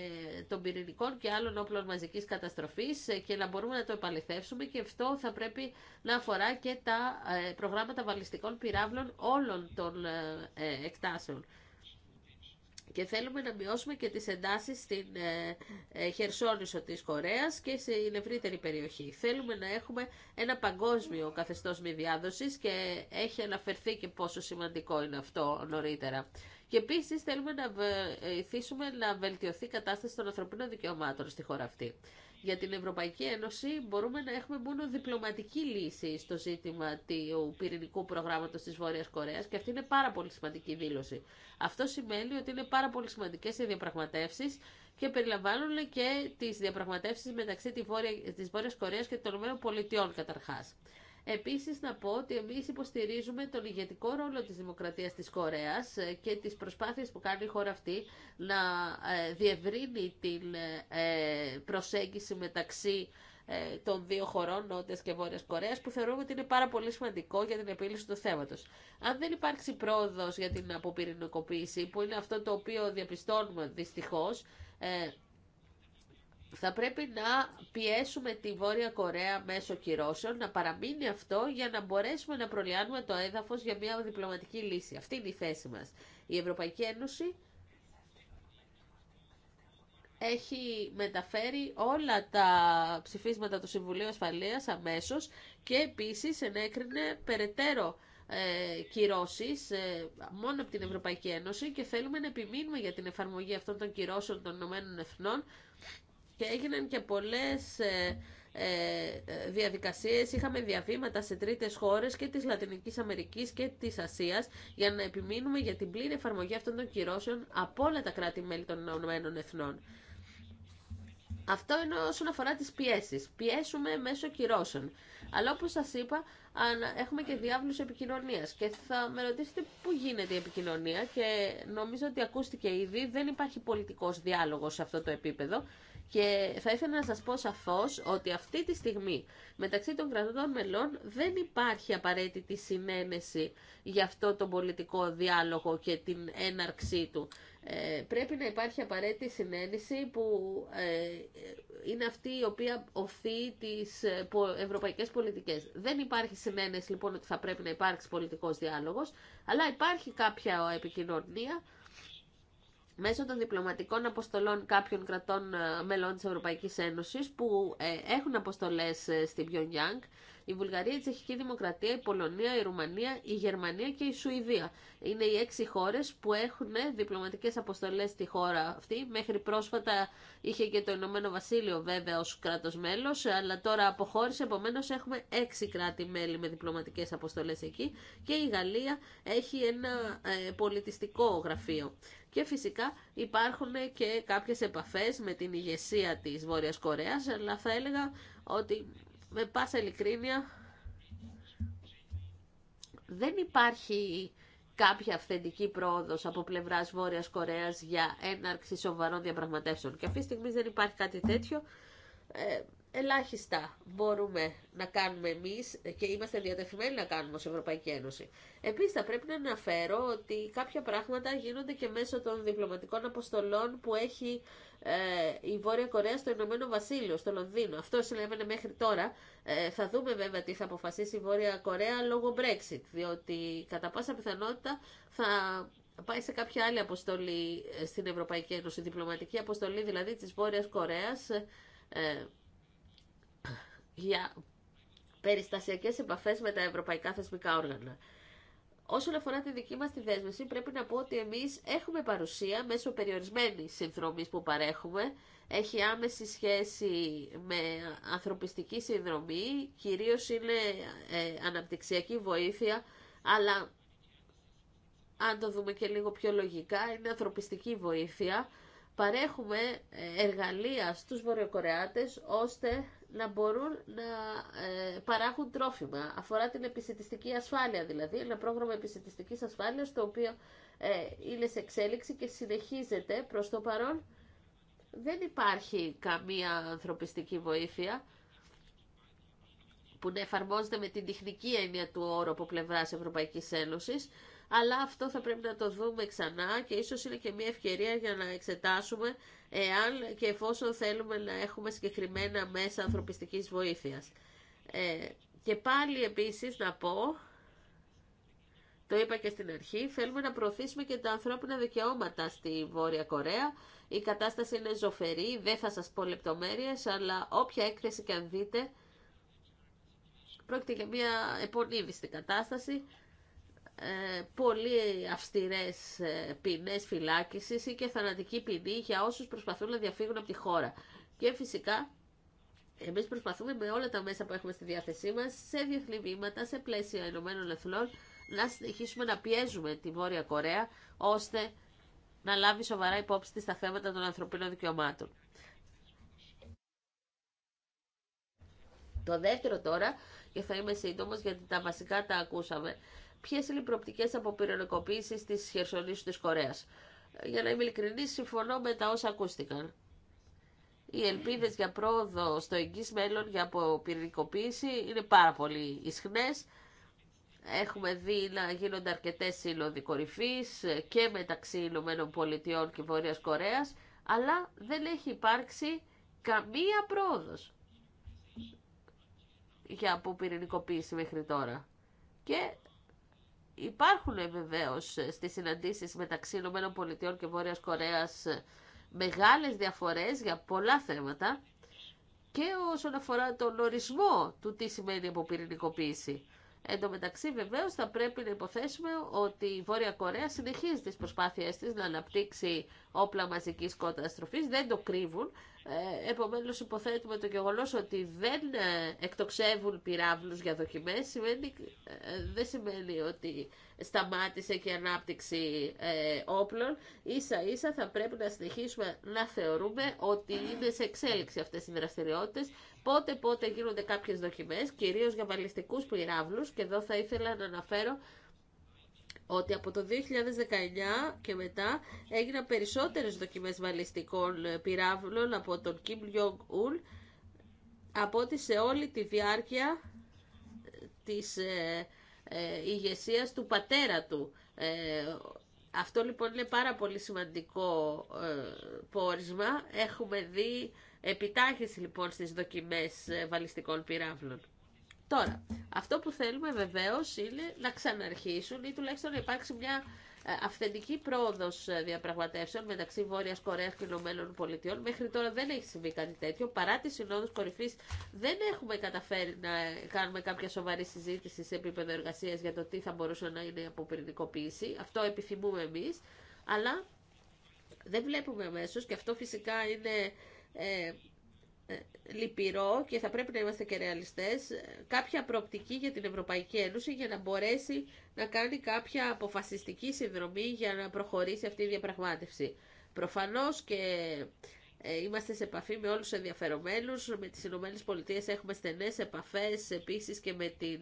των πυρηνικών και άλλων όπλων μαζικής καταστροφής ε, και να μπορούμε να το επαληθεύσουμε και αυτό θα πρέπει να αφορά και τα προγράμματα βαλιστικών πυράβλων όλων των εκτάσεων και θέλουμε να μειώσουμε και τις εντάσεις στην ε, ε, χερσόνησο της Κορέας και στην ευρύτερη περιοχή. Θέλουμε να έχουμε ένα παγκόσμιο καθεστώς μη διάδοσης και έχει αναφερθεί και πόσο σημαντικό είναι αυτό νωρίτερα. Και επίση θέλουμε να βοηθήσουμε ε, να βελτιωθεί η κατάσταση των ανθρωπίνων δικαιωμάτων στη χώρα αυτή για την Ευρωπαϊκή Ένωση μπορούμε να έχουμε μόνο διπλωματική λύση στο ζήτημα του πυρηνικού προγράμματος της Βόρειας Κορέας και αυτή είναι πάρα πολύ σημαντική δήλωση. Αυτό σημαίνει ότι είναι πάρα πολύ σημαντικές οι διαπραγματεύσεις και περιλαμβάνουν και τις διαπραγματεύσεις μεταξύ της Βόρειας Κορέας και των ΗΠΑ καταρχάς. Επίσης να πω ότι εμείς υποστηρίζουμε τον ηγετικό ρόλο της Δημοκρατίας της Κορέας ε, και τις προσπάθειες που κάνει η χώρα αυτή να ε, διευρύνει την ε, προσέγγιση μεταξύ των δύο χωρών, Νότια και Βόρεια Κορέα, που θεωρούμε ότι είναι πάρα πολύ σημαντικό για την επίλυση του θέματο. Αν δεν υπάρξει πρόοδο για την αποπυρηνικοποίηση, που είναι αυτό το οποίο διαπιστώνουμε δυστυχώ, θα πρέπει να πιέσουμε τη Βόρεια Κορέα μέσω κυρώσεων, να παραμείνει αυτό για να μπορέσουμε να προλιάνουμε το έδαφος για μια διπλωματική λύση. Αυτή είναι η θέση μας. Η Ευρωπαϊκή Ένωση έχει μεταφέρει όλα τα ψηφίσματα του Συμβουλίου Ασφαλείας αμέσως και επίσης ενέκρινε περαιτέρω ε, κυρώσεις ε, μόνο από την Ευρωπαϊκή Ένωση και θέλουμε να επιμείνουμε για την εφαρμογή αυτών των κυρώσεων των Ηνωμένων Εθνών και έγιναν και πολλές ε, ε, διαδικασίες, είχαμε διαβήματα σε τρίτες χώρες και της Λατινικής Αμερικής και της Ασίας για να επιμείνουμε για την πλήρη εφαρμογή αυτών των κυρώσεων από όλα τα κράτη-μέλη των Ηνωμένων Εθνών. Αυτό είναι όσον αφορά τις πιέσεις. Πιέσουμε μέσω κυρώσεων. Αλλά όπως σας είπα, έχουμε και διάβλους επικοινωνίας. Και θα με ρωτήσετε πού γίνεται η επικοινωνία και νομίζω ότι ακούστηκε ήδη, δεν υπάρχει πολιτικός διάλογος σε αυτό το επίπεδο. Και θα ήθελα να σας πω σαφώς ότι αυτή τη στιγμή μεταξύ των κρατών μελών δεν υπάρχει απαραίτητη συνένεση για αυτό τον πολιτικό διάλογο και την έναρξή του. Ε, πρέπει να υπάρχει απαραίτητη συνένεση που ε, είναι αυτή η οποία οφθεί τις ε, ευρωπαϊκές πολιτικές. Δεν υπάρχει συνένεση λοιπόν ότι θα πρέπει να υπάρξει πολιτικός διάλογος, αλλά υπάρχει κάποια επικοινωνία μέσω των διπλωματικών αποστολών κάποιων κρατών ε, μελών της Ευρωπαϊκής Ένωσης που ε, έχουν αποστολές ε, στην Pyongyang η Βουλγαρία, η Τσεχική Δημοκρατία, η Πολωνία, η Ρουμανία, η Γερμανία και η Σουηδία. Είναι οι έξι χώρε που έχουν διπλωματικέ αποστολέ στη χώρα αυτή. Μέχρι πρόσφατα είχε και το Ηνωμένο Βασίλειο βέβαια ω κράτο μέλο, αλλά τώρα αποχώρησε. Επομένω έχουμε έξι κράτη-μέλη με διπλωματικέ αποστολέ εκεί και η Γαλλία έχει ένα ε, πολιτιστικό γραφείο. Και φυσικά υπάρχουν και κάποιες επαφές με την ηγεσία της Βόρειας Κορέας, αλλά θα έλεγα ότι με πάσα ειλικρίνεια δεν υπάρχει κάποια αυθεντική πρόοδος από πλευράς Βόρειας Κορέας για έναρξη σοβαρών διαπραγματεύσεων. Και αυτή τη στιγμή δεν υπάρχει κάτι τέτοιο. Ε, ελάχιστα μπορούμε να κάνουμε εμείς και είμαστε διατεθειμένοι να κάνουμε ως Ευρωπαϊκή Ένωση. Επίσης θα πρέπει να αναφέρω ότι κάποια πράγματα γίνονται και μέσω των διπλωματικών αποστολών που έχει ε, η Βόρεια Κορέα στο Ηνωμένο Βασίλειο, στο Λονδίνο. Αυτό συνέβαινε μέχρι τώρα. Ε, θα δούμε βέβαια τι θα αποφασίσει η Βόρεια Κορέα λόγω Brexit, διότι κατά πάσα πιθανότητα θα πάει σε κάποια άλλη αποστολή ε, στην Ευρωπαϊκή Ένωση, διπλωματική αποστολή δηλαδή της Βόρειας Κορέας, για περιστασιακές επαφές με τα ευρωπαϊκά θεσμικά όργανα. Όσον αφορά τη δική μας τη δέσμευση, πρέπει να πω ότι εμείς έχουμε παρουσία μέσω περιορισμένη συνδρομής που παρέχουμε. Έχει άμεση σχέση με ανθρωπιστική συνδρομή, κυρίως είναι ε, αναπτυξιακή βοήθεια, αλλά αν το δούμε και λίγο πιο λογικά, είναι ανθρωπιστική βοήθεια παρέχουμε ε, εργαλεία στους Βορειοκορεάτες ώστε να μπορούν να ε, παράγουν τρόφιμα. Αφορά την επιστημιστική ασφάλεια δηλαδή, ένα πρόγραμμα επιστημιστικής ασφάλειας το οποίο ε, είναι σε εξέλιξη και συνεχίζεται προς το παρόν. Δεν υπάρχει καμία ανθρωπιστική βοήθεια που εφαρμόζεται με την τεχνική έννοια του όρου από πλευράς Ευρωπαϊκής Ένωσης αλλά αυτό θα πρέπει να το δούμε ξανά και ίσως είναι και μια ευκαιρία για να εξετάσουμε εάν και εφόσον θέλουμε να έχουμε συγκεκριμένα μέσα ανθρωπιστικής βοήθειας. Ε, και πάλι επίσης να πω, το είπα και στην αρχή, θέλουμε να προωθήσουμε και τα ανθρώπινα δικαιώματα στη Βόρεια Κορέα. Η κατάσταση είναι ζωφερή, δεν θα σας πω λεπτομέρειες, αλλά όποια έκθεση και αν δείτε, πρόκειται για μια κατάσταση. Ε, πολύ αυστηρές ε, ποινές φυλάκισης ή και θανατική ποινή για όσους προσπαθούν να διαφύγουν από τη χώρα. Και φυσικά εμείς προσπαθούμε με όλα τα μέσα που έχουμε στη διάθεσή μας, σε διεθνή βήματα, σε πλαίσια Ηνωμένων Εθνών, να συνεχίσουμε να πιέζουμε τη Βόρεια Κορέα, ώστε να λάβει σοβαρά υπόψη της τα θέματα των ανθρωπίνων δικαιωμάτων. Το δεύτερο τώρα, και θα είμαι σύντομος γιατί τα βασικά τα ακούσαμε, Ποιε είναι οι προοπτικές αποπυρηνικοποίησης τη χερσονήσου τη κορέα. Για να είμαι ειλικρινή, συμφωνώ με τα όσα ακούστηκαν. Οι ελπίδε για πρόοδο στο εγγύ μέλλον για αποπυρηνικοποίηση είναι πάρα πολύ ισχνέ. Έχουμε δει να γίνονται αρκετέ σύλλογοι κορυφή και μεταξύ Ηνωμένων Πολιτειών και Βόρεια Κορέα, αλλά δεν έχει υπάρξει καμία πρόοδο για αποπυρηνικοποίηση μέχρι τώρα. Και Υπάρχουν ε, βεβαίω ε, στι συναντήσει μεταξύ ΗΠΑ και Βόρειας Κορέας ε, μεγάλες διαφορές για πολλά θέματα και όσον αφορά τον ορισμό του τι σημαίνει αποπυρηνικοποίηση. Εν τω μεταξύ, βεβαίως, θα πρέπει να υποθέσουμε ότι η Βόρεια Κορέα συνεχίζει τις προσπάθειές της να αναπτύξει όπλα μαζικής καταστροφής, δεν το κρύβουν. Ε, επομένως, υποθέτουμε το γεγονό ότι δεν ε, εκτοξεύουν πυράβλους για δοκιμές, ε, δεν σημαίνει ότι σταμάτησε και η ανάπτυξη όπλων. Ίσα ίσα θα πρέπει να συνεχίσουμε να θεωρούμε ότι είναι σε εξέλιξη αυτές οι δραστηριότητε. Πότε πότε γίνονται κάποιες δοκιμές, κυρίως για βαλιστικούς πυράβλους και εδώ θα ήθελα να αναφέρω ότι από το 2019 και μετά έγιναν περισσότερες δοκιμές βαλιστικών πυράβλων από τον Kim jong Ουλ από ότι σε όλη τη διάρκεια της ε, ε ηγεσία του πατέρα του. Ε, αυτό λοιπόν είναι πάρα πολύ σημαντικό ε, πόρισμα. Έχουμε δει Επιτάχυση λοιπόν στις δοκιμές ε, βαλιστικών πυράβλων. Τώρα, αυτό που θέλουμε βεβαίως είναι να ξαναρχίσουν ή τουλάχιστον να υπάρξει μια ε, αυθεντική πρόοδος ε, διαπραγματεύσεων μεταξύ Βόρεια Κορέας και Ηνωμένων Πολιτειών. Μέχρι τώρα δεν έχει συμβεί κάτι τέτοιο. Παρά τι συνόδους κορυφή, δεν έχουμε καταφέρει να κάνουμε κάποια σοβαρή συζήτηση σε επίπεδο εργασία για το τι θα μπορούσε να είναι από πυρηνικοποίηση. Αυτό επιθυμούμε εμεί. Αλλά δεν βλέπουμε αμέσω και αυτό φυσικά είναι ε, ε, λυπηρό και θα πρέπει να είμαστε και ρεαλιστές, κάποια προοπτική για την Ευρωπαϊκή Ένωση για να μπορέσει να κάνει κάποια αποφασιστική συνδρομή για να προχωρήσει αυτή η διαπραγμάτευση. Προφανώς και ε, είμαστε σε επαφή με όλους τους ενδιαφερομένους, με τις Ηνωμένες Πολιτείες έχουμε στενές επαφές επίσης και με την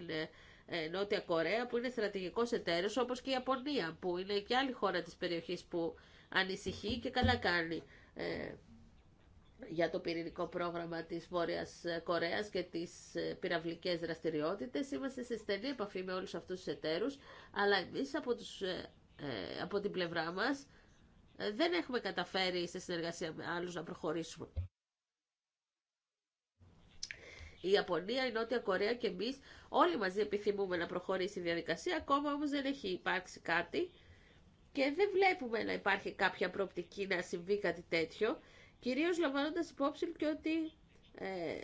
ε, Νότια Κορέα που είναι στρατηγικός εταίρος όπως και η Ιαπωνία που είναι και άλλη χώρα της περιοχής που ανησυχεί και καλά κάνει για το πυρηνικό πρόγραμμα της Βόρειας Κορέας και τις ε, πυραυλικές δραστηριότητες. Είμαστε σε στενή επαφή με όλους αυτούς τους εταίρους, αλλά εμείς από, τους, ε, ε, από την πλευρά μας δεν έχουμε καταφέρει σε συνεργασία με άλλους να προχωρήσουμε. Η Ιαπωνία, η Νότια Κορέα και εμείς όλοι μαζί επιθυμούμε να προχωρήσει η διαδικασία, ακόμα όμως δεν έχει υπάρξει κάτι και δεν βλέπουμε να υπάρχει κάποια προοπτική να συμβεί κάτι τέτοιο Κυρίως λαμβάνοντας υπόψη και ότι ε,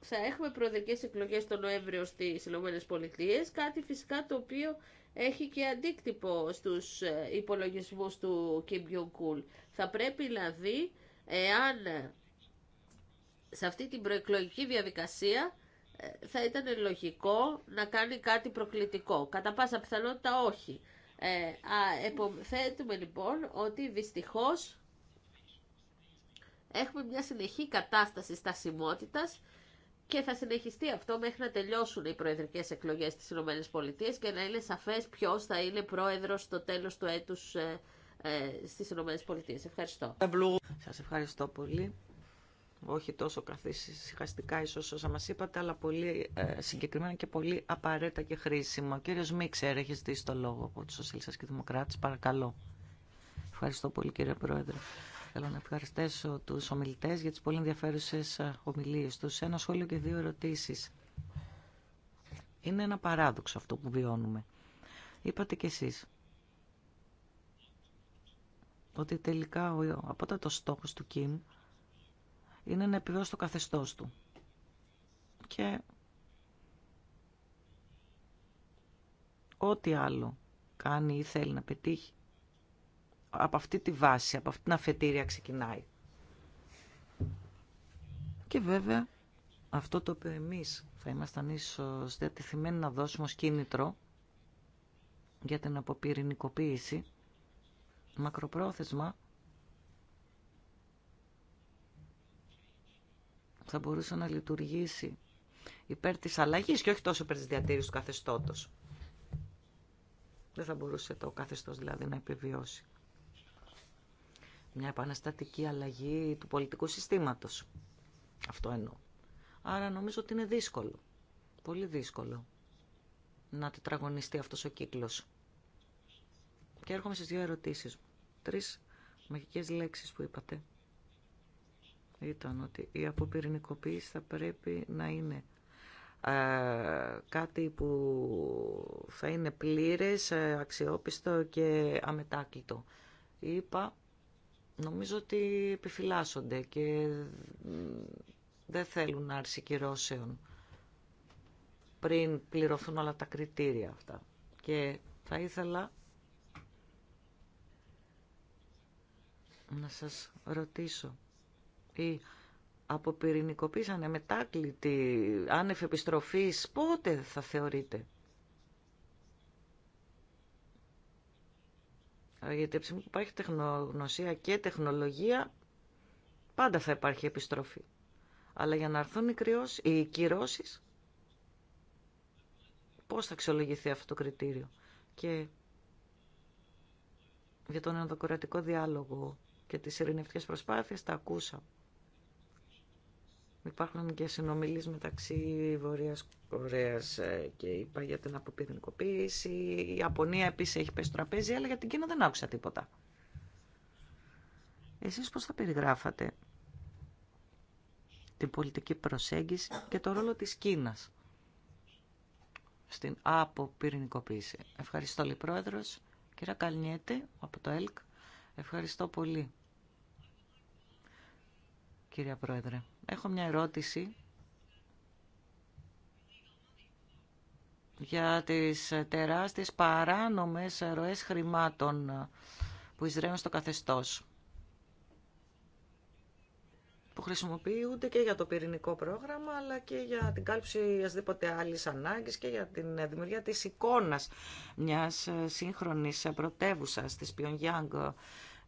θα έχουμε προεδρικές εκλογές τον Νοέμβριο στις ΗΠΑ. κάτι φυσικά το οποίο έχει και αντίκτυπο στους ε, υπολογισμούς του Kim Κουλ. Θα πρέπει δηλαδή, εάν ε, σε αυτή την προεκλογική διαδικασία ε, θα ήταν λογικό να κάνει κάτι προκλητικό. Κατά πάσα πιθανότητα όχι. Ε, α, λοιπόν ότι δυστυχώς Έχουμε μια συνεχή κατάσταση στασιμότητας και θα συνεχιστεί αυτό μέχρι να τελειώσουν οι προεδρικές εκλογές στις ΗΠΑ και να είναι σαφές ποιος θα είναι πρόεδρος στο τέλος του έτους ε, ε, στις ΗΠΑ. Ευχαριστώ. Σας ευχαριστώ πολύ. Όχι τόσο συχαστικά ίσως όσα μας είπατε, αλλά πολύ ε, συγκεκριμένα και πολύ απαραίτητα και χρήσιμα. Ο κύριος Μίξερ έχει ζητήσει το λόγο από τους Σοσιαλιστές και Δημοκράτες. Παρακαλώ. Ευχαριστώ πολύ κύριε Πρόεδρε. Θέλω να ευχαριστήσω τους ομιλητές για τις πολύ ενδιαφέρουσες ε, ομιλίες τους. Ένα σχόλιο και δύο ερωτήσεις. Είναι ένα παράδοξο αυτό που βιώνουμε. Είπατε κι εσείς ότι τελικά ο απότατος στόχος του Κιμ είναι να επιβιώσει το καθεστώς του. Και ό,τι άλλο κάνει ή θέλει να πετύχει από αυτή τη βάση, από αυτή την αφετήρια ξεκινάει. Και βέβαια, αυτό το οποίο εμείς θα ήμασταν ίσως διατεθειμένοι να δώσουμε ως κίνητρο για την αποπυρηνικοποίηση, μακροπρόθεσμα, θα μπορούσε να λειτουργήσει υπέρ της αλλαγής και όχι τόσο υπέρ της διατήρησης του καθεστώτος. Δεν θα μπορούσε το καθεστώς δηλαδή να επιβιώσει μια επαναστατική αλλαγή του πολιτικού συστήματος. Αυτό εννοώ. Άρα νομίζω ότι είναι δύσκολο, πολύ δύσκολο να τετραγωνιστεί αυτός ο κύκλος. Και έρχομαι στις δύο ερωτήσεις μου. Τρεις μαγικές λέξεις που είπατε ήταν ότι η αποπυρηνικοποίηση θα πρέπει να είναι ε, κάτι που θα είναι πλήρες, ε, αξιόπιστο και αμετάκλητο. Είπα Νομίζω ότι επιφυλάσσονται και δεν θέλουν άρση κυρώσεων πριν πληρωθούν όλα τα κριτήρια αυτά. Και θα ήθελα να σας ρωτήσω ή αποπυρηνικοποίησανε μετάκλητη άνευ επιστροφής πότε θα θεωρείτε Γιατί από που υπάρχει τεχνογνωσία και τεχνολογία, πάντα θα υπάρχει επιστροφή. Αλλά για να έρθουν οι, η οι κυρώσεις, πώς θα αξιολογηθεί αυτό το κριτήριο. Και για τον ενδοκορατικό διάλογο και τις ειρηνευτικές προσπάθειες τα ακούσαμε. Υπάρχουν και συνομιλίες μεταξύ Βορείας Κορέας ε, και είπα για την αποπυρηνικοποίηση. Η Ιαπωνία επίσης έχει πέσει στο τραπέζι, αλλά για την Κίνα δεν άκουσα τίποτα. Εσείς πώς θα περιγράφατε την πολιτική προσέγγιση και το ρόλο της Κίνας στην αποπυρηνικοποίηση. Ευχαριστώ, πρόεδρος Κύριε Καλνιέτη, από το ΕΛΚ, ευχαριστώ πολύ. Κύριε Πρόεδρε. Έχω μια ερώτηση για τις τεράστιες παράνομες ροές χρημάτων που εισραίουν στο καθεστώς που χρησιμοποιούνται και για το πυρηνικό πρόγραμμα αλλά και για την κάλυψη ασδήποτε άλλης ανάγκης και για την δημιουργία της εικόνας μιας σύγχρονης πρωτεύουσα της Pyongyang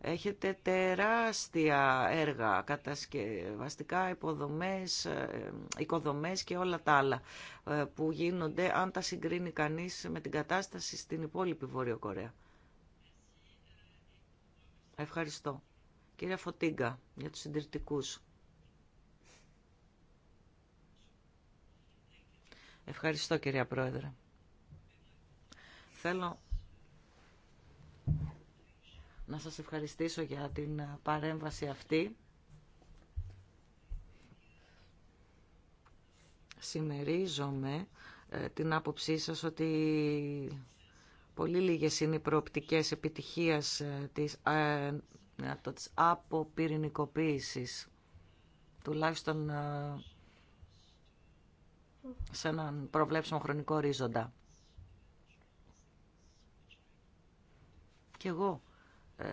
Έχετε τεράστια έργα, κατασκευαστικά υποδομές, ε, οικοδομές και όλα τα άλλα ε, που γίνονται αν τα συγκρίνει κανείς με την κατάσταση στην υπόλοιπη Βόρειο Κορέα. Ευχαριστώ. Κύριε Φωτίγκα, για τους συντηρητικούς. Ευχαριστώ κυρία Πρόεδρε. Θέλω να σας ευχαριστήσω για την ε, παρέμβαση αυτή. Σημερίζομαι ε, την άποψή σας ότι πολύ λίγες είναι οι προοπτικές επιτυχίας ε, της, ε, της αποπυρηνικοποίησης τουλάχιστον σε έναν προβλέψιμο χρονικό ορίζοντα. Και εγώ ε,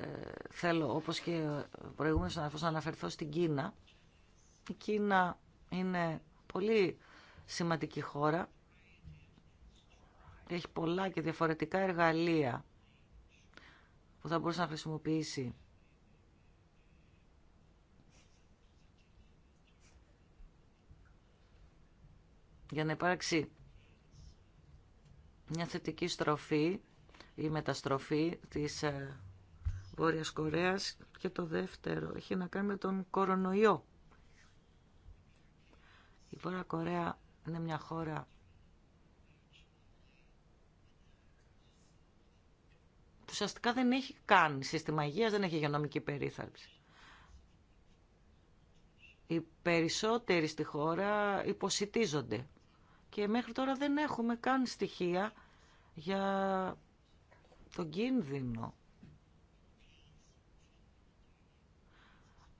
θέλω, όπως και προηγούμενος να αναφερθώ στην Κίνα. Η Κίνα είναι πολύ σημαντική χώρα. Έχει πολλά και διαφορετικά εργαλεία που θα μπορούσε να χρησιμοποιήσει για να υπάρξει μια θετική στροφή ή μεταστροφή της ε, Βόρειας Κορέας και το δεύτερο έχει να κάνει με τον κορονοϊό. Η Βόρεια Κορέα είναι μια χώρα που ουσιαστικά δεν έχει καν σύστημα υγείας, δεν έχει υγειονομική περίθαλψη. Οι περισσότεροι στη χώρα υποσυτίζονται και μέχρι τώρα δεν έχουμε καν στοιχεία για τον κίνδυνο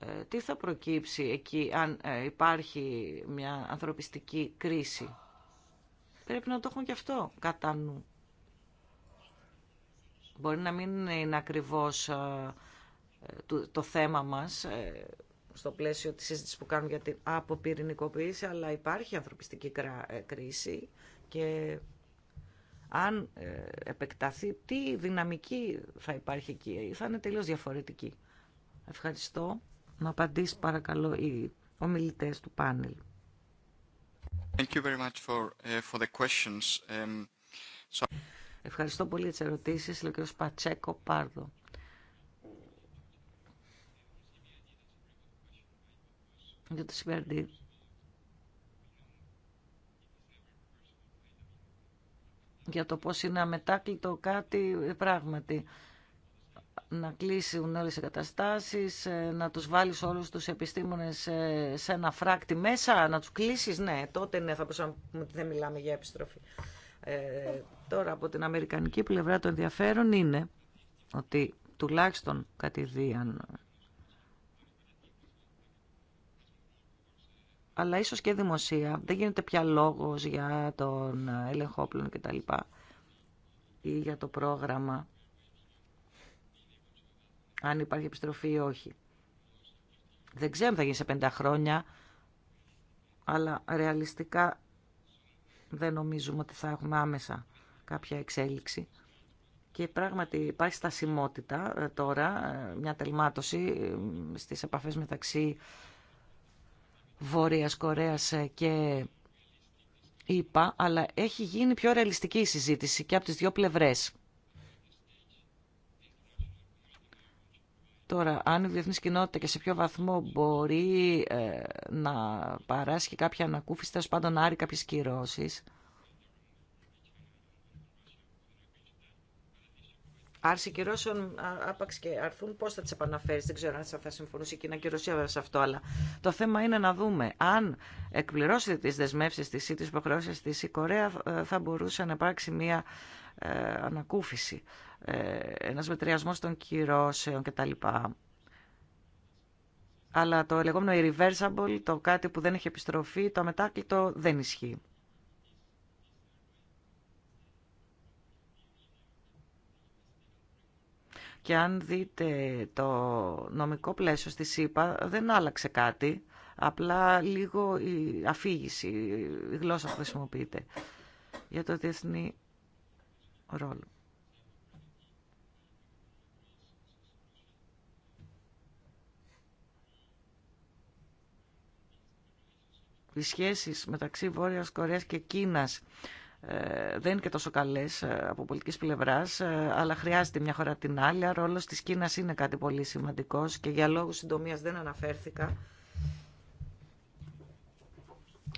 Ε, τι θα προκύψει εκεί αν ε, υπάρχει μια ανθρωπιστική κρίση. Πρέπει να το έχουμε και αυτό κατά νου. Μπορεί να μην είναι ακριβώς ε, το θέμα μας στο πλαίσιο της συζήτηση που κάνουμε για την αποπυρηνικοποίηση, αλλά υπάρχει ανθρωπιστική κρίση και αν επεκταθεί, τι δυναμική θα υπάρχει εκεί. Θα είναι τελείως διαφορετική. Ευχαριστώ να απαντήσει παρακαλώ οι ομιλητές του πάνελ. Thank you very much uh, um, Ευχαριστώ πολύ για τις ερωτήσεις, Λέω ο Πατσέκο Πάρδο. Για το Για το πώς είναι αμετάκλητο κάτι πράγματι να κλείσουν όλες οι καταστάσεις, ε, να τους βάλεις όλους τους επιστήμονες ε, σε ένα φράκτη μέσα, να τους κλείσεις, ναι, τότε ναι, θα μπορούσαμε ότι δεν μιλάμε για επιστροφή. Ε, τώρα από την αμερικανική πλευρά το ενδιαφέρον είναι ότι τουλάχιστον κατηδίαν αλλά ίσως και δημοσία δεν γίνεται πια λόγος για τον έλεγχο όπλων κτλ ή για το πρόγραμμα αν υπάρχει επιστροφή ή όχι. Δεν ξέρω αν θα γίνει σε πέντε χρόνια, αλλά ρεαλιστικά δεν νομίζουμε ότι θα έχουμε άμεσα κάποια εξέλιξη. Και πράγματι υπάρχει στασιμότητα ε, τώρα, ε, μια τελμάτωση ε, στις επαφές μεταξύ Βόρειας Κορέας και ΗΠΑ, αλλά έχει γίνει πιο ρεαλιστική η συζήτηση και από τις δύο πλευρές. Τώρα, αν η διεθνή κοινότητα και σε ποιο βαθμό μπορεί ε, να παράσχει κάποια ανακούφιση, τέλο πάντων να άρει κάποιε κυρώσει. Άρση κυρώσεων, άπαξ και αρθούν, πώ θα τι επαναφέρει. Δεν ξέρω αν θα συμφωνούσε η Κίνα και η Ρωσία σε αυτό, αλλά το θέμα είναι να δούμε αν εκπληρώσετε τι δεσμεύσει τη ή τι υποχρεώσει τη η Κορέα, ε, θα μπορούσε να υπάρξει μια ε, ανακούφιση, ε, ένας μετριασμός των κυρώσεων κτλ. Αλλά το λεγόμενο irreversible, το κάτι που δεν έχει επιστροφή, το αμετάκλητο δεν ισχύει. Και αν δείτε το νομικό πλαίσιο στη ΣΥΠΑ δεν άλλαξε κάτι, απλά λίγο η αφήγηση, η γλώσσα που χρησιμοποιείται για το διεθνή ρόλο. Οι σχέσεις μεταξύ Βόρειας Κορέας και Κίνας ε, δεν είναι και τόσο καλές ε, από πολιτικής πλευράς, ε, αλλά χρειάζεται μια χώρα την άλλη. Ο ρόλος της Κίνας είναι κάτι πολύ σημαντικός και για λόγους συντομίας δεν αναφέρθηκα.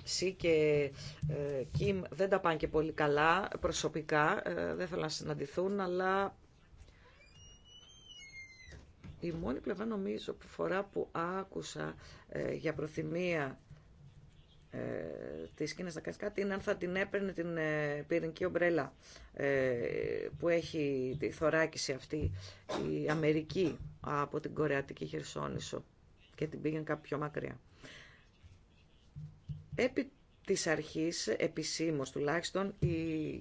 Σι και ε, Κιμ δεν τα πάνε και πολύ καλά προσωπικά, ε, δεν θέλουν να συναντηθούν, αλλά η μόνη πλευρά νομίζω που φορά που άκουσα ε, για προθυμία της Κίνας να κάνει κάτι είναι αν θα την έπαιρνε την πυρηνική ομπρέλα που έχει τη θωράκιση αυτή η Αμερική από την Κορεατική Χερσόνησο και την πήγαινε κάποιο μακριά. Επί της αρχής, επισήμως τουλάχιστον, η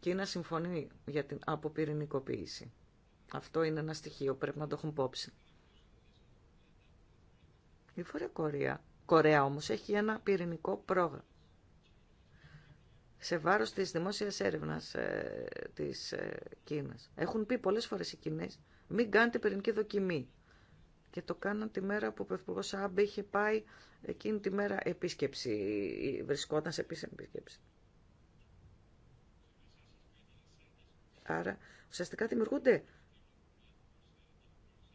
Κίνα συμφωνεί για την αποπυρηνικοποίηση. Αυτό είναι ένα στοιχείο, πρέπει να το έχουν ποψή. Η Βόρεια Κορέα, Κορέα όμως έχει ένα πυρηνικό πρόγραμμα. Σε βάρος της δημόσιας έρευνας ε, της ε, Κίνας. Έχουν πει πολλές φορές οι Κινές, μην κάνετε πυρηνική δοκιμή και το κάναν τη μέρα που ο Πρωθυπουργό Σάμπ είχε πάει εκείνη τη μέρα επίσκεψη, βρισκόταν σε επίσημη επίσκεψη. Άρα ουσιαστικά δημιουργούνται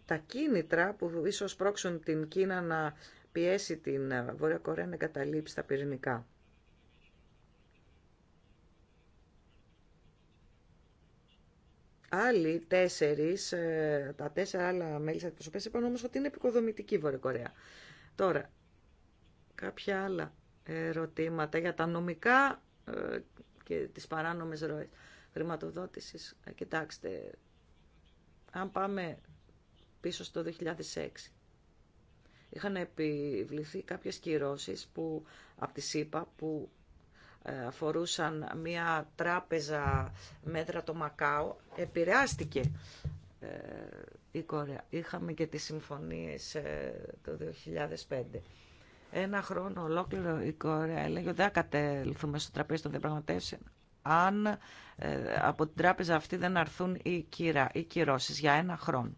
τα κίνητρα που ίσως πρόξουν την Κίνα να πιέσει την ε, Βόρεια Κορέα να εγκαταλείψει τα πυρηνικά. Άλλοι τέσσερι, ε, τα τέσσερα άλλα μέλη τη αντιπροσωπεία είπαν όμω ότι είναι επικοδομητική η Βόρεια Κορέα. Τώρα, κάποια άλλα ερωτήματα για τα νομικά ε, και τις παράνομες ροές χρηματοδότησης. Ε, κοιτάξτε, αν πάμε πίσω στο 2006, είχαν επιβληθεί κάποιες κυρώσεις που, από τη ΣΥΠΑ που ε, αφορούσαν μια τράπεζα μέτρα το Μακάο, επηρεάστηκε ε, η Κορέα. Είχαμε και τις συμφωνίες ε, το 2005. Ένα χρόνο ολόκληρο η Κορέα έλεγε ότι δεν κατέλθουμε στο τραπέζι των διαπραγματεύσεων αν από την τράπεζα αυτή δεν αρθούν οι, κυρά, οι κυρώσεις για ένα χρόνο.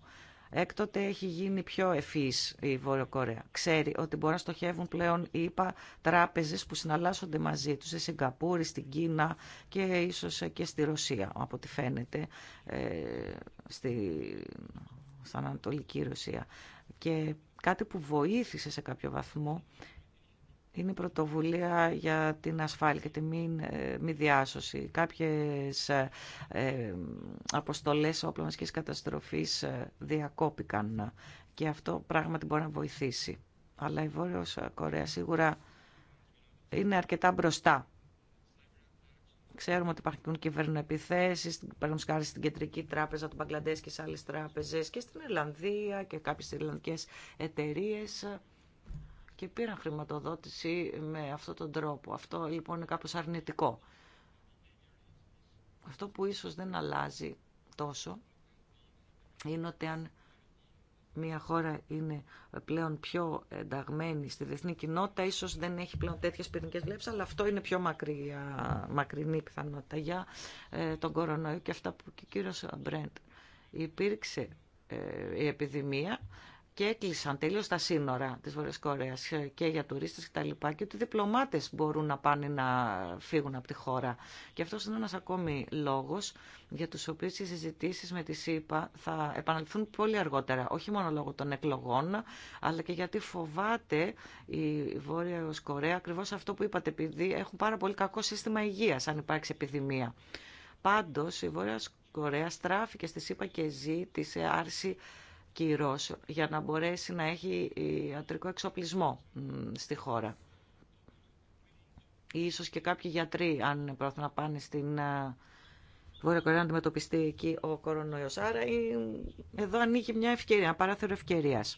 Έκτοτε έχει γίνει πιο ευφύ η Βόρεια Κορέα. Ξέρει ότι μπορεί να στοχεύουν πλέον, είπα, τράπεζες που συναλλάσσονται μαζί τους σε Σιγκαπούρη, στην Κίνα και ίσως και στη Ρωσία, από ό,τι φαίνεται, ε, στη, στην Ανατολική Ρωσία. Και κάτι που βοήθησε σε κάποιο βαθμό είναι η πρωτοβουλία για την ασφάλεια και τη ε, μη, διάσωση. Κάποιες ε, ε αποστολές και καταστροφής ε, διακόπηκαν και αυτό πράγματι μπορεί να βοηθήσει. Αλλά η Βόρειος Κορέα σίγουρα είναι αρκετά μπροστά. Ξέρουμε ότι υπάρχουν κυβερνοεπιθέσεις, υπάρχουν σκάρι στην Κεντρική Τράπεζα του Μπαγκλαντές και σε άλλες τράπεζες και στην Ιρλανδία και κάποιες Ιρλανδικές εταιρείες και πήραν χρηματοδότηση με αυτόν τον τρόπο. Αυτό λοιπόν είναι κάπως αρνητικό. Αυτό που ίσως δεν αλλάζει τόσο είναι ότι αν μια χώρα είναι πλέον πιο ενταγμένη στη διεθνή κοινότητα, ίσως δεν έχει πλέον τέτοιες πυρηνικές βλέψεις, αλλά αυτό είναι πιο μακριά, μακρινή πιθανότητα για ε, τον κορονοϊό και αυτά που και ο κύριος Μπρέντ υπήρξε ε, η επιδημία και έκλεισαν τελείω τα σύνορα τη Βόρεια Κορέα και για τουρίστε κτλ. Και, και ότι οι διπλωμάτε μπορούν να πάνε να φύγουν από τη χώρα. Και αυτό είναι ένα ακόμη λόγο για του οποίου οι συζητήσει με τη ΣΥΠΑ θα επαναληφθούν πολύ αργότερα. Όχι μόνο λόγω των εκλογών, αλλά και γιατί φοβάται η Βόρεια Κορέα ακριβώ αυτό που είπατε, επειδή έχουν πάρα πολύ κακό σύστημα υγεία αν υπάρξει επιδημία. Πάντω, η Βόρεια Κορέα στράφηκε στη ΣΥΠΑ και ζήτησε άρση για να μπορέσει να έχει ιατρικό εξοπλισμό στη χώρα. Ίσως και κάποιοι γιατροί, αν πρόθουν να πάνε στην Βόρεια Κορέα να αντιμετωπιστεί εκεί ο κορονοϊός. Άρα εδώ ανοίγει μια ευκαιρία, ένα παράθυρο ευκαιρίας.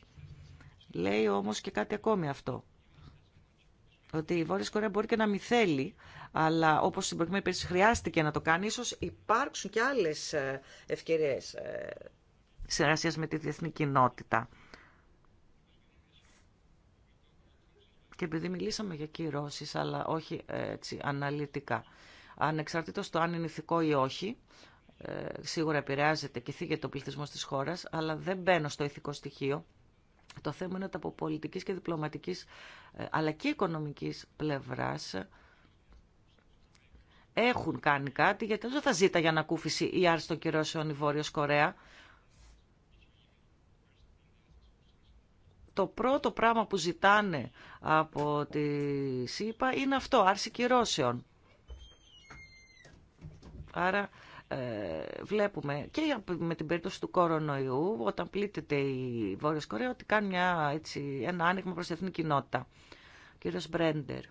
Λέει όμως και κάτι ακόμη αυτό. Ότι η Βόρεια Κορέα μπορεί και να μην θέλει, αλλά όπως στην προηγούμενη περίπτωση χρειάστηκε να το κάνει, ίσως υπάρξουν και άλλες ε, ευκαιρίες ε, συνεργασίας με τη διεθνή κοινότητα. Και επειδή μιλήσαμε για κυρώσεις, αλλά όχι ε, έτσι, αναλυτικά, ανεξαρτήτως το αν είναι ηθικό ή όχι, ε, σίγουρα επηρεάζεται και θίγεται ο πληθυσμό της χώρας, αλλά δεν μπαίνω στο ηθικό στοιχείο. Το θέμα είναι ότι από πολιτικής και διπλωματικής, ε, αλλά και οικονομικής πλευράς, έχουν κάνει κάτι, γιατί δεν θα ζήτα για ανακούφιση ή άρση των κυρώσεων η Βόρειος Κορέα. το πρώτο πράγμα που ζητάνε από τη ΣΥΠΑ είναι αυτό, άρση κυρώσεων. Άρα ε, βλέπουμε και με την περίπτωση του κορονοϊού, όταν πλήττεται η Βόρεια Κορέα, ότι κάνει μια, έτσι, ένα άνοιγμα προς την εθνική κοινότητα. Κύριος Μπρέντερ.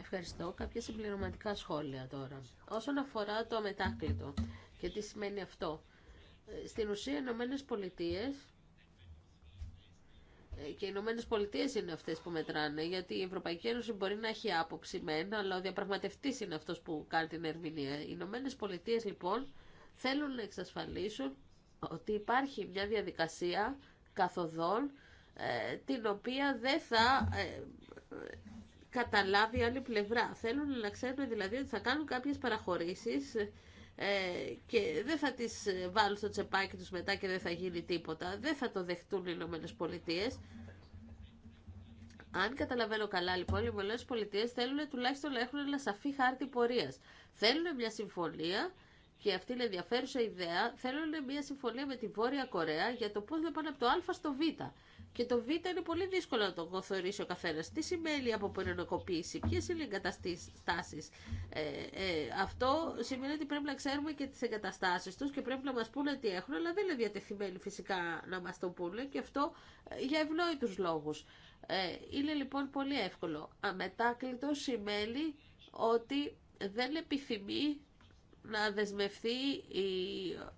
Ευχαριστώ. Κάποια συμπληρωματικά σχόλια τώρα. Όσον αφορά το αμετάκλητο και τι σημαίνει αυτό. Ε, στην ουσία, οι Ηνωμένε ε, και οι Ηνωμένε Πολιτείε είναι αυτέ που μετράνε, γιατί η Ευρωπαϊκή Ένωση μπορεί να έχει άποψη ένα, αλλά ο διαπραγματευτή είναι αυτό που κάνει την ερμηνεία. Οι Ηνωμένε Πολιτείε λοιπόν θέλουν να εξασφαλίσουν ότι υπάρχει μια διαδικασία καθοδόν ε, την οποία δεν θα ε, καταλάβει άλλη πλευρά. Θέλουν να ξέρουν δηλαδή ότι θα κάνουν κάποιες παραχωρήσεις ε, και δεν θα τις ε, βάλουν στο τσεπάκι τους μετά και δεν θα γίνει τίποτα. Δεν θα το δεχτούν οι Ηνωμένε Πολιτείε. Αν καταλαβαίνω καλά, λοιπόν, οι Ηνωμένε Πολιτείε θέλουν τουλάχιστον να έχουν ένα σαφή χάρτη πορεία. Θέλουν μια συμφωνία και αυτή είναι ενδιαφέρουσα ιδέα. Θέλουν μια συμφωνία με τη Βόρεια Κορέα για το πώ θα πάνε από το Α στο Β. Και το Β είναι πολύ δύσκολο να το καθορίσει ο καθένα. Τι σημαίνει από πυρηνοκοποίηση, ποιε είναι οι εγκαταστάσει. Ε, ε, αυτό σημαίνει ότι πρέπει να ξέρουμε και τι εγκαταστάσει του και πρέπει να μα πούνε τι έχουν, αλλά δεν είναι διατεθειμένοι φυσικά να μα το πούνε και αυτό ε, για ευνόητου λόγου. Ε, είναι λοιπόν πολύ εύκολο. Αμετάκλητο σημαίνει ότι δεν επιθυμεί να δεσμευτεί η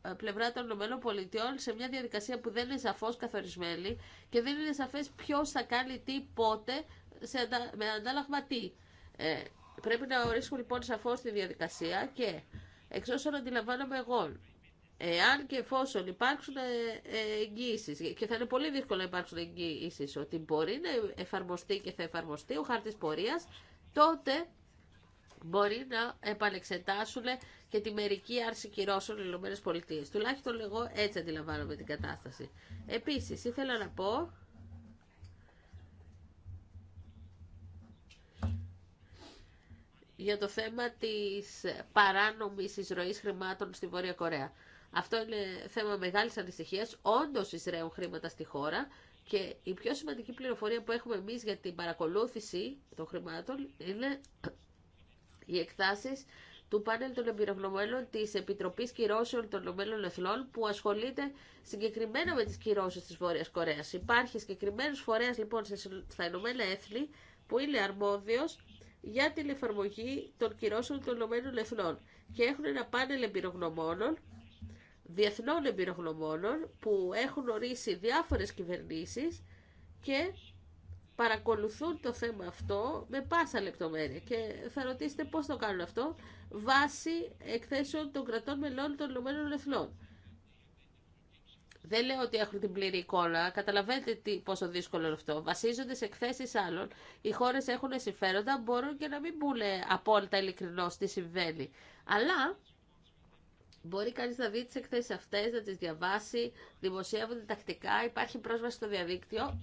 ε, πλευρά των ΗΠΑ σε μια διαδικασία που δεν είναι σαφώς καθορισμένη και δεν είναι σαφές ποιο θα κάνει τι, πότε, σε με αντάλλαγμα τι. Ε, πρέπει να ορίσουμε λοιπόν σαφώς τη διαδικασία και εξ όσων αντιλαμβάνομαι εγώ, εάν και εφόσον υπάρξουν ε, ε, εγγύησει, και θα είναι πολύ δύσκολο να υπάρξουν εγγύησει ότι μπορεί να εφαρμοστεί και θα εφαρμοστεί ο χάρτη πορεία, τότε μπορεί να επανεξετάσουν και τη μερική άρση κυρώσεων οι ΗΠΑ. Τουλάχιστον εγώ έτσι αντιλαμβάνομαι την κατάσταση. Επίσης, ήθελα να πω για το θέμα της παράνομης εισρωής χρημάτων στη Βόρεια Κορέα. Αυτό είναι θέμα μεγάλης ανησυχίας. Όντως εισραίουν χρήματα στη χώρα και η πιο σημαντική πληροφορία που έχουμε εμείς για την παρακολούθηση των χρημάτων είναι οι εκτάσει του πάνελ των εμπειρογνωμένων τη Επιτροπή Κυρώσεων των Ηνωμένων Εθνών που ασχολείται συγκεκριμένα με τι κυρώσει τη Βόρεια Κορέα. Υπάρχει συγκεκριμένο φορέα λοιπόν στα Ηνωμένα Έθνη που είναι αρμόδιο για την εφαρμογή των κυρώσεων των Ηνωμένων Εθνών και έχουν ένα πάνελ εμπειρογνωμόνων, διεθνών εμπειρογνωμόνων που έχουν ορίσει διάφορε κυβερνήσει και παρακολουθούν το θέμα αυτό με πάσα λεπτομέρεια και θα ρωτήσετε πώς το κάνουν αυτό βάσει εκθέσεων των κρατών μελών των Ηνωμένων Εθνών. Δεν λέω ότι έχουν την πλήρη εικόνα. Καταλαβαίνετε τι, πόσο δύσκολο είναι αυτό. Βασίζονται σε εκθέσει άλλων. Οι χώρε έχουν συμφέροντα, μπορούν και να μην μπουν απόλυτα ειλικρινώ τι συμβαίνει. Αλλά μπορεί κανεί να δει τι εκθέσει αυτέ, να τι διαβάσει. Δημοσιεύονται τακτικά, υπάρχει πρόσβαση στο διαδίκτυο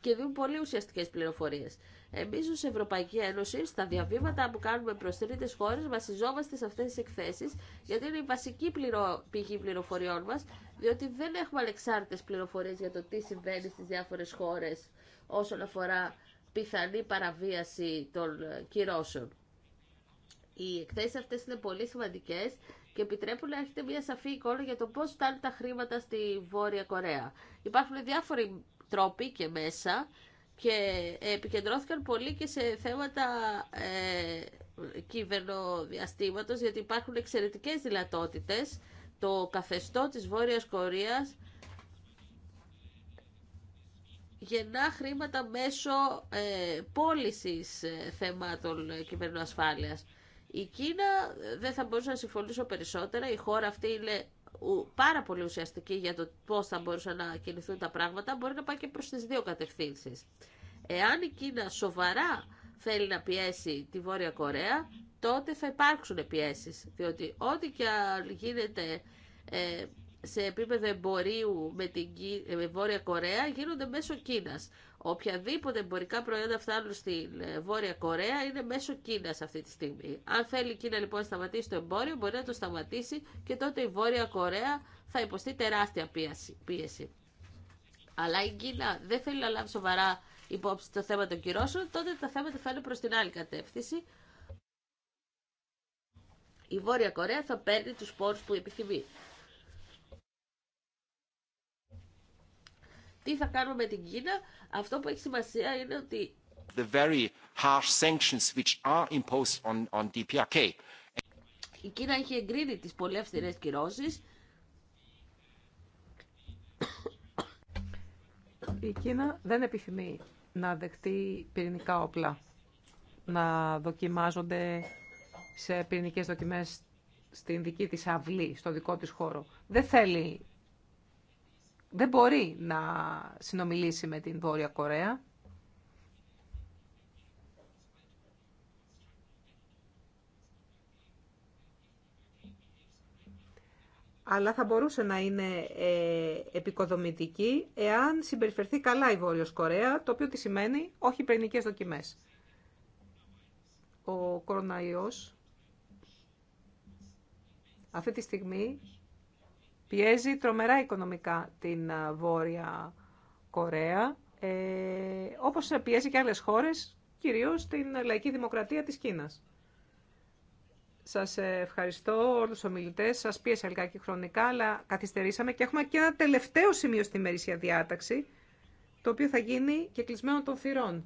και δίνουν πολύ ουσιαστικέ πληροφορίες. Εμεί ω Ευρωπαϊκή Ένωση, στα διαβήματα που κάνουμε προ τρίτε χώρε, βασιζόμαστε σε αυτές τις εκθέσεις, γιατί είναι η βασική πληρο... πηγή πληροφοριών μα, διότι δεν έχουμε ανεξάρτητε πληροφορίε για το τι συμβαίνει στι διάφορε χώρε όσον αφορά πιθανή παραβίαση των κυρώσεων. Οι εκθέσει αυτέ είναι πολύ σημαντικέ και επιτρέπουν να έχετε μια σαφή εικόνα για το πώ φτάνουν τα χρήματα στη Βόρεια Κορέα. Υπάρχουν διάφοροι τρόποι και μέσα και επικεντρώθηκαν πολύ και σε θέματα ε, κυβερνοδιαστήματος γιατί υπάρχουν εξαιρετικές δυνατότητες. Το καθεστώ της Βόρειας Κορίας γεννά χρήματα μέσω ε, πώλησης ε, θεμάτων ε, κυβερνοασφάλειας. Η Κίνα ε, δεν θα μπορούσα να συμφωνήσω περισσότερα. Η χώρα αυτή είναι πάρα πολύ ουσιαστική για το πώς θα μπορούσαν να κινηθούν τα πράγματα, μπορεί να πάει και προς τις δύο κατευθύνσεις. Εάν η Κίνα σοβαρά θέλει να πιέσει τη Βόρεια Κορέα, τότε θα υπάρξουν πιέσει. διότι ό,τι και γίνεται ε, σε επίπεδο εμπορίου με την ε, Βόρεια Κορέα γίνονται μέσω Κίνας. Οποιαδήποτε εμπορικά προϊόντα φτάνουν στη ε, Βόρεια Κορέα είναι μέσω Κίνα αυτή τη στιγμή. Αν θέλει η Κίνα λοιπόν να σταματήσει το εμπόριο, μπορεί να το σταματήσει και τότε η Βόρεια Κορέα θα υποστεί τεράστια πίεση. Αλλά η Κίνα δεν θέλει να λάβει σοβαρά υπόψη το θέμα των κυρώσεων, τότε τα θέματα θα είναι προ την άλλη κατεύθυνση. Η Βόρεια Κορέα θα παίρνει του πόρου που επιθυμεί. τι θα κάνουμε με την Κίνα, αυτό που έχει σημασία είναι ότι the very harsh sanctions which are imposed on, on DPRK. Η Κίνα έχει εγκρίνει τις πολύ αυστηρές κυρώσεις. Η Κίνα δεν επιθυμεί να δεχτεί πυρηνικά όπλα, να δοκιμάζονται σε πυρηνικές δοκιμές στην δική της αυλή, στο δικό της χώρο. Δεν θέλει δεν μπορεί να συνομιλήσει με την Βόρεια Κορέα. αλλά θα μπορούσε να είναι ε, επικοδομητική εάν συμπεριφερθεί καλά η Βόρειο Κορέα, το οποίο τι σημαίνει όχι πυρηνικέ δοκιμέ. Ο κοροναϊός αυτή τη στιγμή πιέζει τρομερά οικονομικά την ε, Βόρεια Κορέα, ε, όπως πιέζει και άλλες χώρες, κυρίως την λαϊκή δημοκρατία της Κίνας. Σας ε, ευχαριστώ όλους τους ομιλητές, σας πίεσα λιγάκι χρονικά, αλλά καθυστερήσαμε και έχουμε και ένα τελευταίο σημείο στη μερίσια διάταξη, το οποίο θα γίνει και κλεισμένο των θυρών.